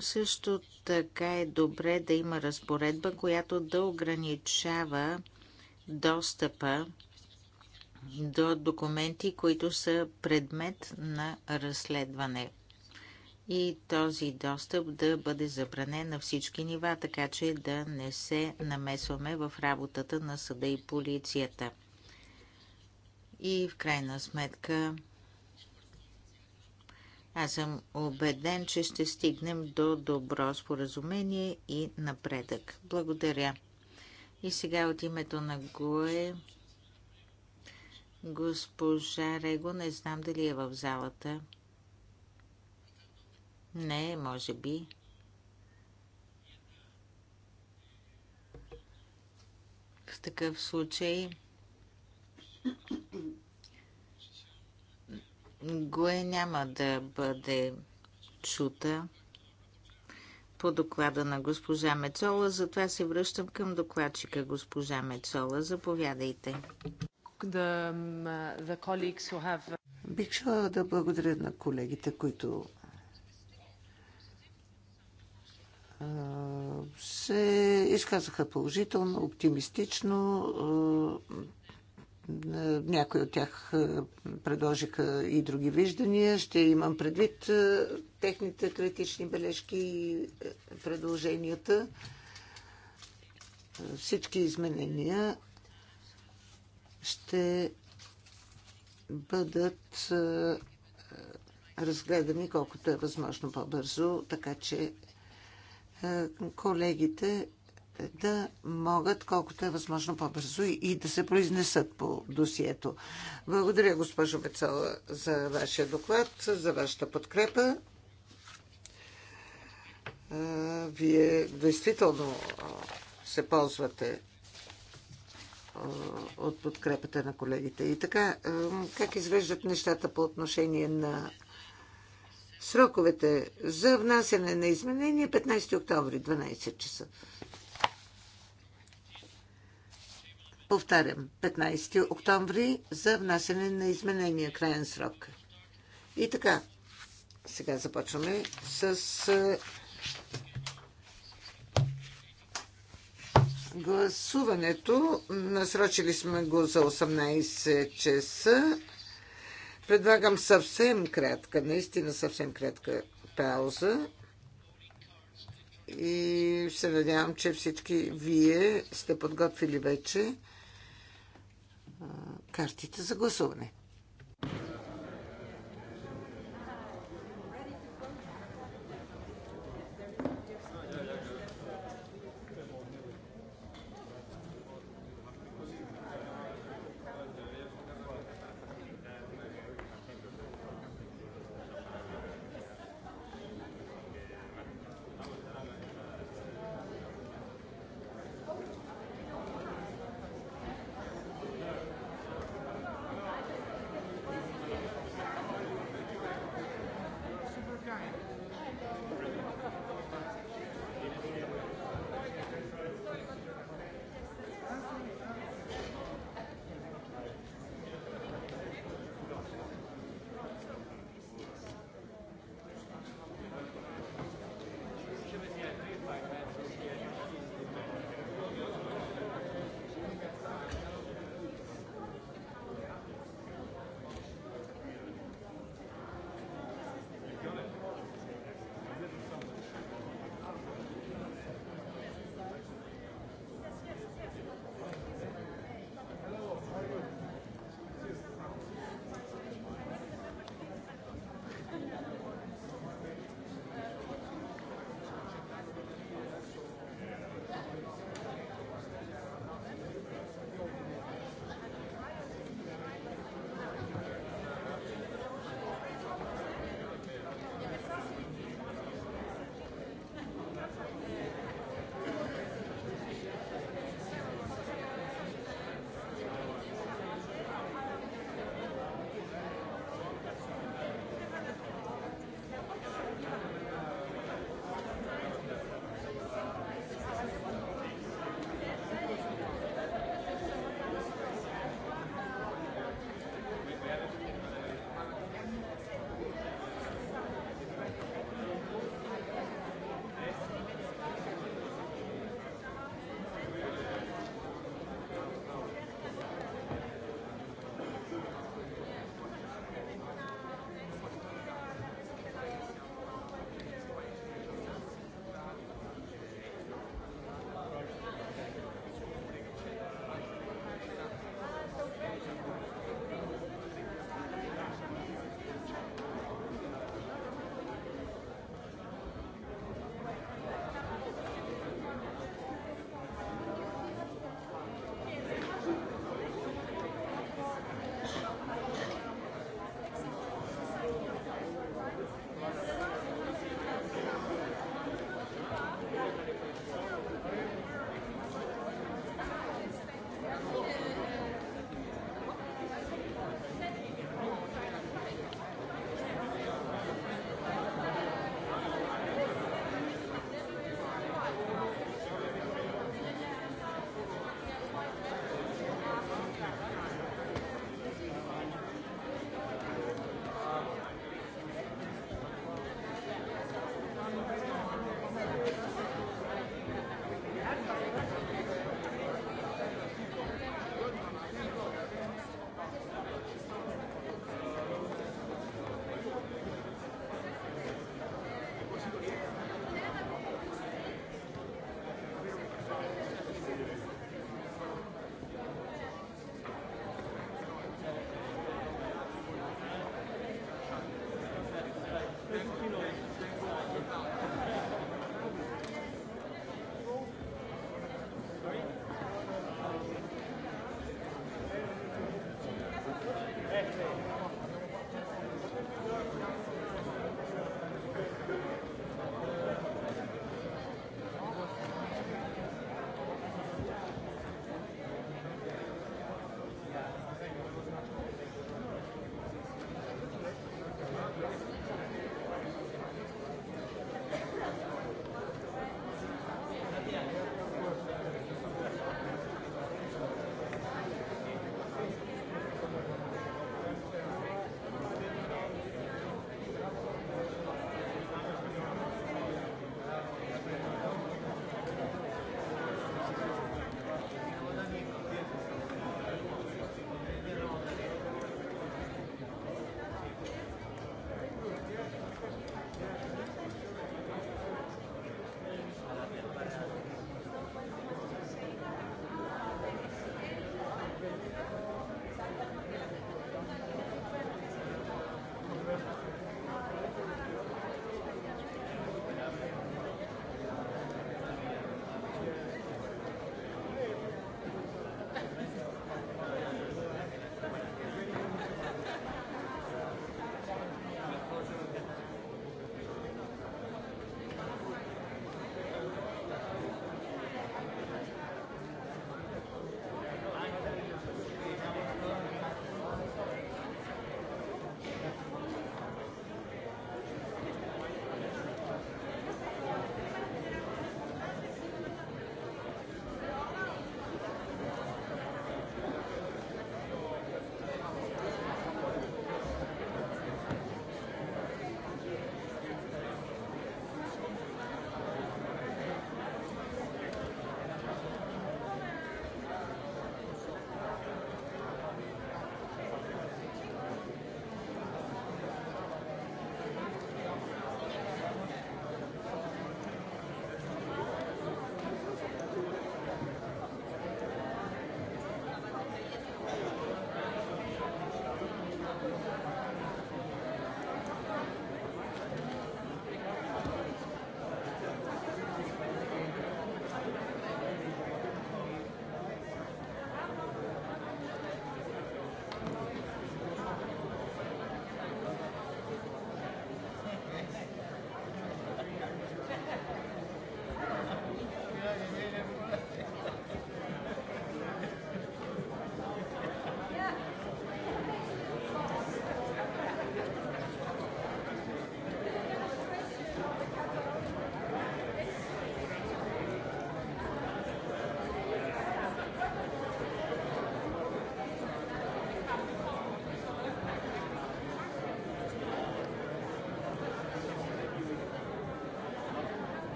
Също така е добре да има разпоредба, която да ограничава достъпа до документи, които са предмет на разследване. И този достъп да бъде забранен на всички нива, така че да не се намесваме в работата на съда и полицията. И в крайна сметка аз съм убеден, че ще стигнем до добро споразумение и напредък. Благодаря. И сега от името на ГОЕ госпожа Рего, не знам дали е в залата. Не, може би. В такъв случай Гое няма да бъде чута по доклада на госпожа Мецола, затова се връщам към докладчика госпожа Мецола. Заповядайте. The, um, the have... Бих желала да благодаря на колегите, които се изказаха положително, оптимистично. Някои от тях е, предложиха и други виждания. Ще имам предвид е, техните критични бележки и е, предложенията. Всички изменения ще бъдат разгледани колкото е възможно по-бързо, така че колегите да могат колкото е възможно по-бързо и да се произнесат по досието. Благодаря, госпожо Бецала, за вашия доклад, за вашата подкрепа. Вие действително се ползвате от подкрепата на колегите. И така, как извеждат нещата по отношение на сроковете за внасяне на изменения 15 октомври, 12 часа. Повтарям, 15 октомври за внасяне на изменения, крайен срок. И така, сега започваме с гласуването. Насрочили сме го за 18 часа. Предлагам съвсем кратка, наистина съвсем кратка пауза. И се надявам, че всички вие сте подготвили вече картите за гласуване.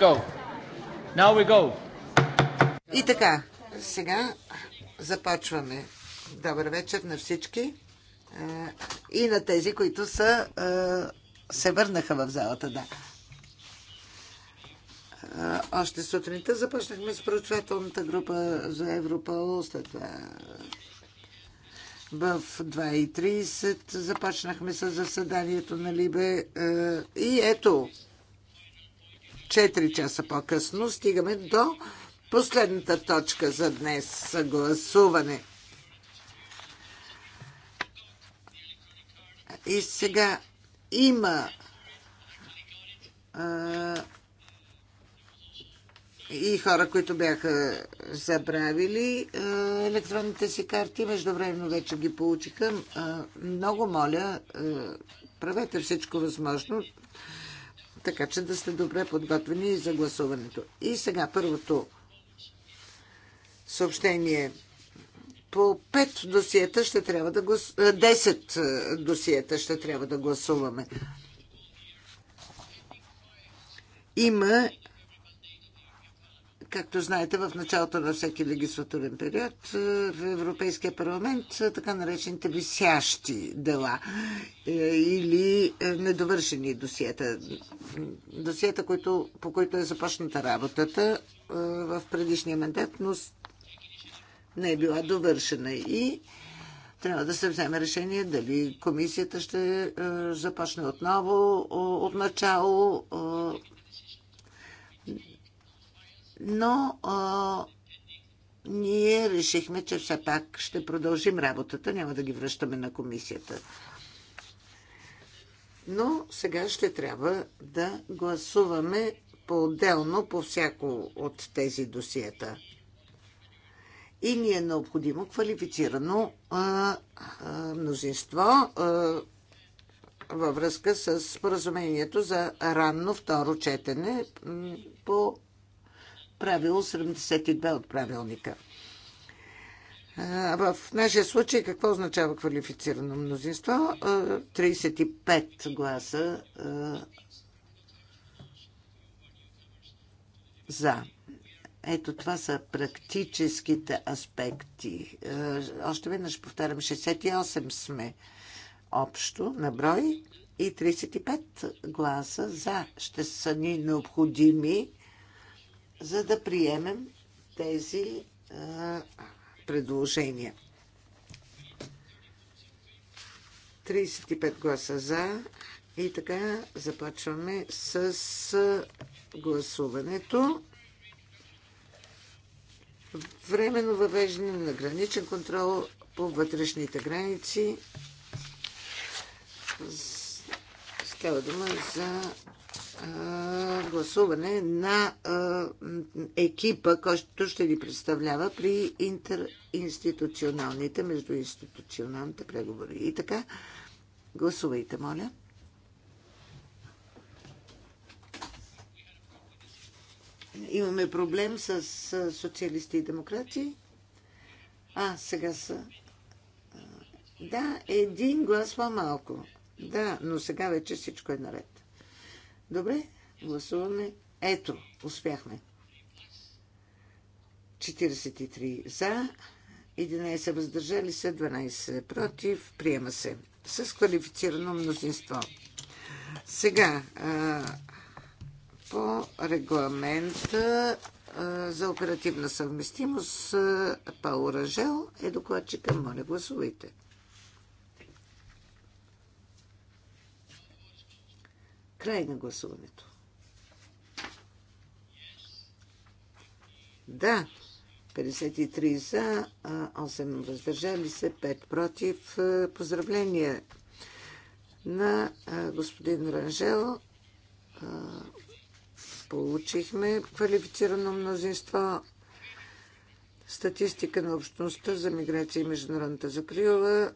go. Now we go. И така, сега започваме. Добър вечер на всички е, и на тези, които са, е, се върнаха в залата. Да. Е, още сутринта започнахме с проучвателната група за Европа, след това в 2.30 започнахме с заседанието на Либе и ето, 4 часа по-късно стигаме до последната точка за днес съгласуване. И сега има а, и хора, които бяха забравили а, електронните си карти, междувременно вече ги получиха. А, много моля, правете всичко възможно така че да сте добре подготвени за гласуването. И сега първото съобщение. По 5 досиета ще трябва да гласуваме. 10 е, досиета ще трябва да гласуваме. Има Както знаете, в началото на всеки легислатурен период е, в Европейския парламент са така наречените висящи дела е, или е, недовършени досиета. Досиета, които, по които е започната работата в предишния мандат, но не е била довършена. И трябва да се вземе решение дали комисията ще започне отново от начало но а, ние решихме, че все пак ще продължим работата, няма да ги връщаме на комисията. Но сега ще трябва да гласуваме по-отделно по всяко от тези досиета. И ни е необходимо квалифицирано а, а, мнозинство а, във връзка с споразумението за ранно второ четене по правило 72 от правилника. В нашия случай какво означава квалифицирано мнозинство? 35 гласа за. Ето това са практическите аспекти. Още веднъж повтарям, 68 сме общо на брой и 35 гласа за ще са ни необходими за да приемем тези а, предложения. 35 гласа за. И така започваме с гласуването. Временно въвеждане на граничен контрол по вътрешните граници. Става дума за гласуване на екипа, който ще ни представлява при интеринституционалните, междуинституционалните преговори. И така, гласувайте, моля. Имаме проблем с социалисти и демократи. А, сега са. Да, един глас по-малко. Да, но сега вече всичко е наред. Добре, гласуваме. Ето, успяхме. 43 за, 11 въздържали се, 12 против. Приема се с квалифицирано мнозинство. Сега, по регламента за оперативна съвместимост, Пауражел е докладчика. Моля, гласувайте. Край на гласуването. Да, 53 за, 8 въздържали се, 5 против. Поздравления на господин Ранжел. Получихме квалифицирано мнозинство статистика на общността за миграция и международната закрила.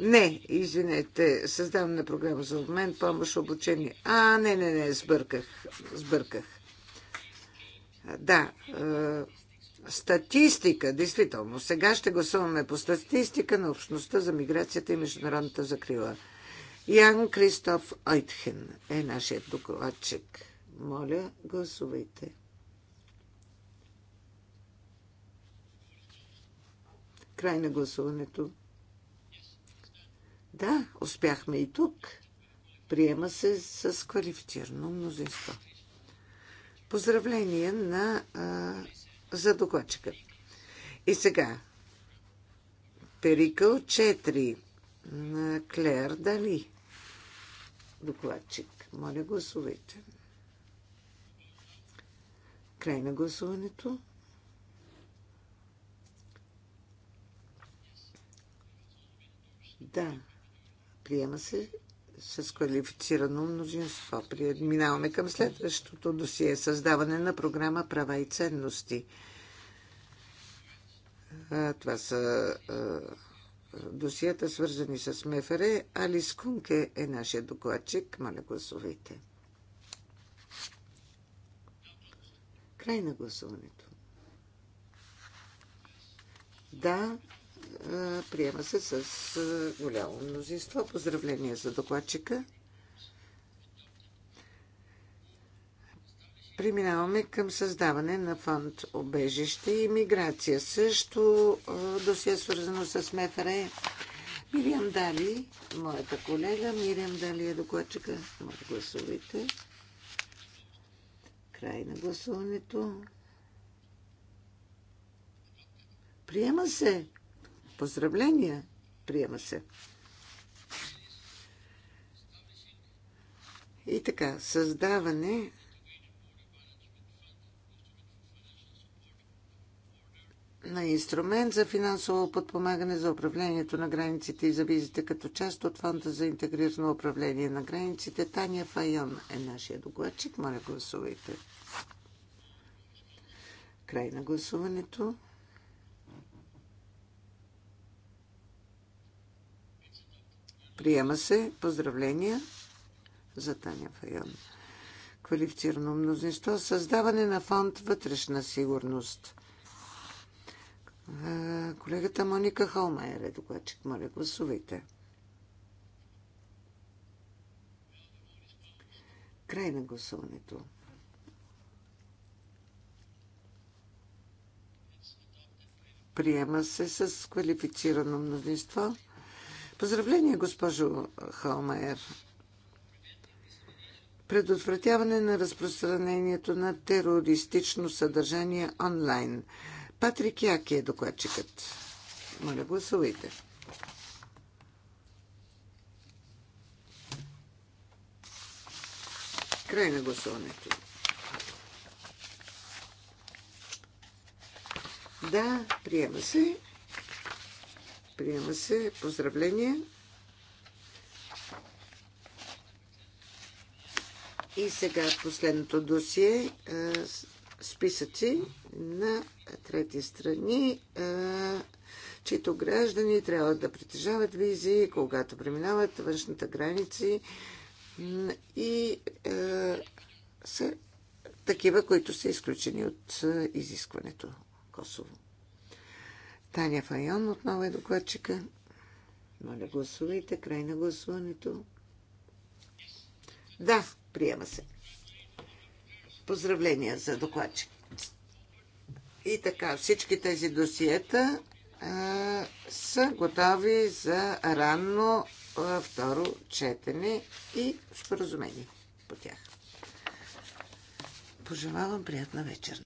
Не, извинете, създавам на програма за обмен, помощ, обучение. А, не, не, не, сбърках. Сбърках. Да, э, статистика, действително. Сега ще гласуваме по статистика на Общността за миграцията и международната закрила. Ян Кристоф Ойтхен е нашият докладчик. Моля, гласувайте. Край на гласуването. Да, успяхме и тук. Приема се с квалифицирано мнозинство. Поздравление на, а, за докладчика. И сега, Перикъл 4 на Клер Дали. Докладчик. Моля, гласувайте. Край на гласуването. Да. Приема се с квалифицирано мнозинство. Минаваме към следващото досие. Създаване на програма Права и ценности. Това са досията, свързани с МФР. Алис Кунке е нашия докладчик. Маля, гласувайте. Край на гласуването. Да, Приема се с голямо мнозинство. Поздравление за докладчика. Преминаваме към създаване на фонд обежище и миграция. Също досие свързано с МФР. Мириам Дали, моята колега. Мириам Дали е докладчика. Моля, гласувайте. Край на гласуването. Приема се. Поздравления! Приема се. И така, създаване на инструмент за финансово подпомагане за управлението на границите и за визите като част от Фонда за интегрирано управление на границите. Таня Файон е нашия докладчик. Моля, гласувайте. Край на гласуването. Приема се. Поздравления за Таня Файон. Квалифицирано мнозинство. Създаване на фонд вътрешна сигурност. Колегата Моника Холмайер е докладчик. Моля, гласувайте. Край на гласуването. Приема се с квалифицирано мнозинство. Поздравление, госпожо Халмайер. Предотвратяване на разпространението на терористично съдържание онлайн. Патрик Яки е докладчикът. Моля, гласувайте. Край на гласуването. Да, приема се. Приема се. Поздравление. И сега последното досие. Списъци на трети страни, чието граждани трябва да притежават визи, когато преминават външната граници и са такива, които са изключени от изискването Косово. Таня Файон отново е докладчика. Моля, гласувайте. Край на гласуването. Да, приема се. Поздравления за докладчик. И така, всички тези досиета а, са готови за ранно а, второ четене и споразумение по тях. Пожелавам приятна вечер.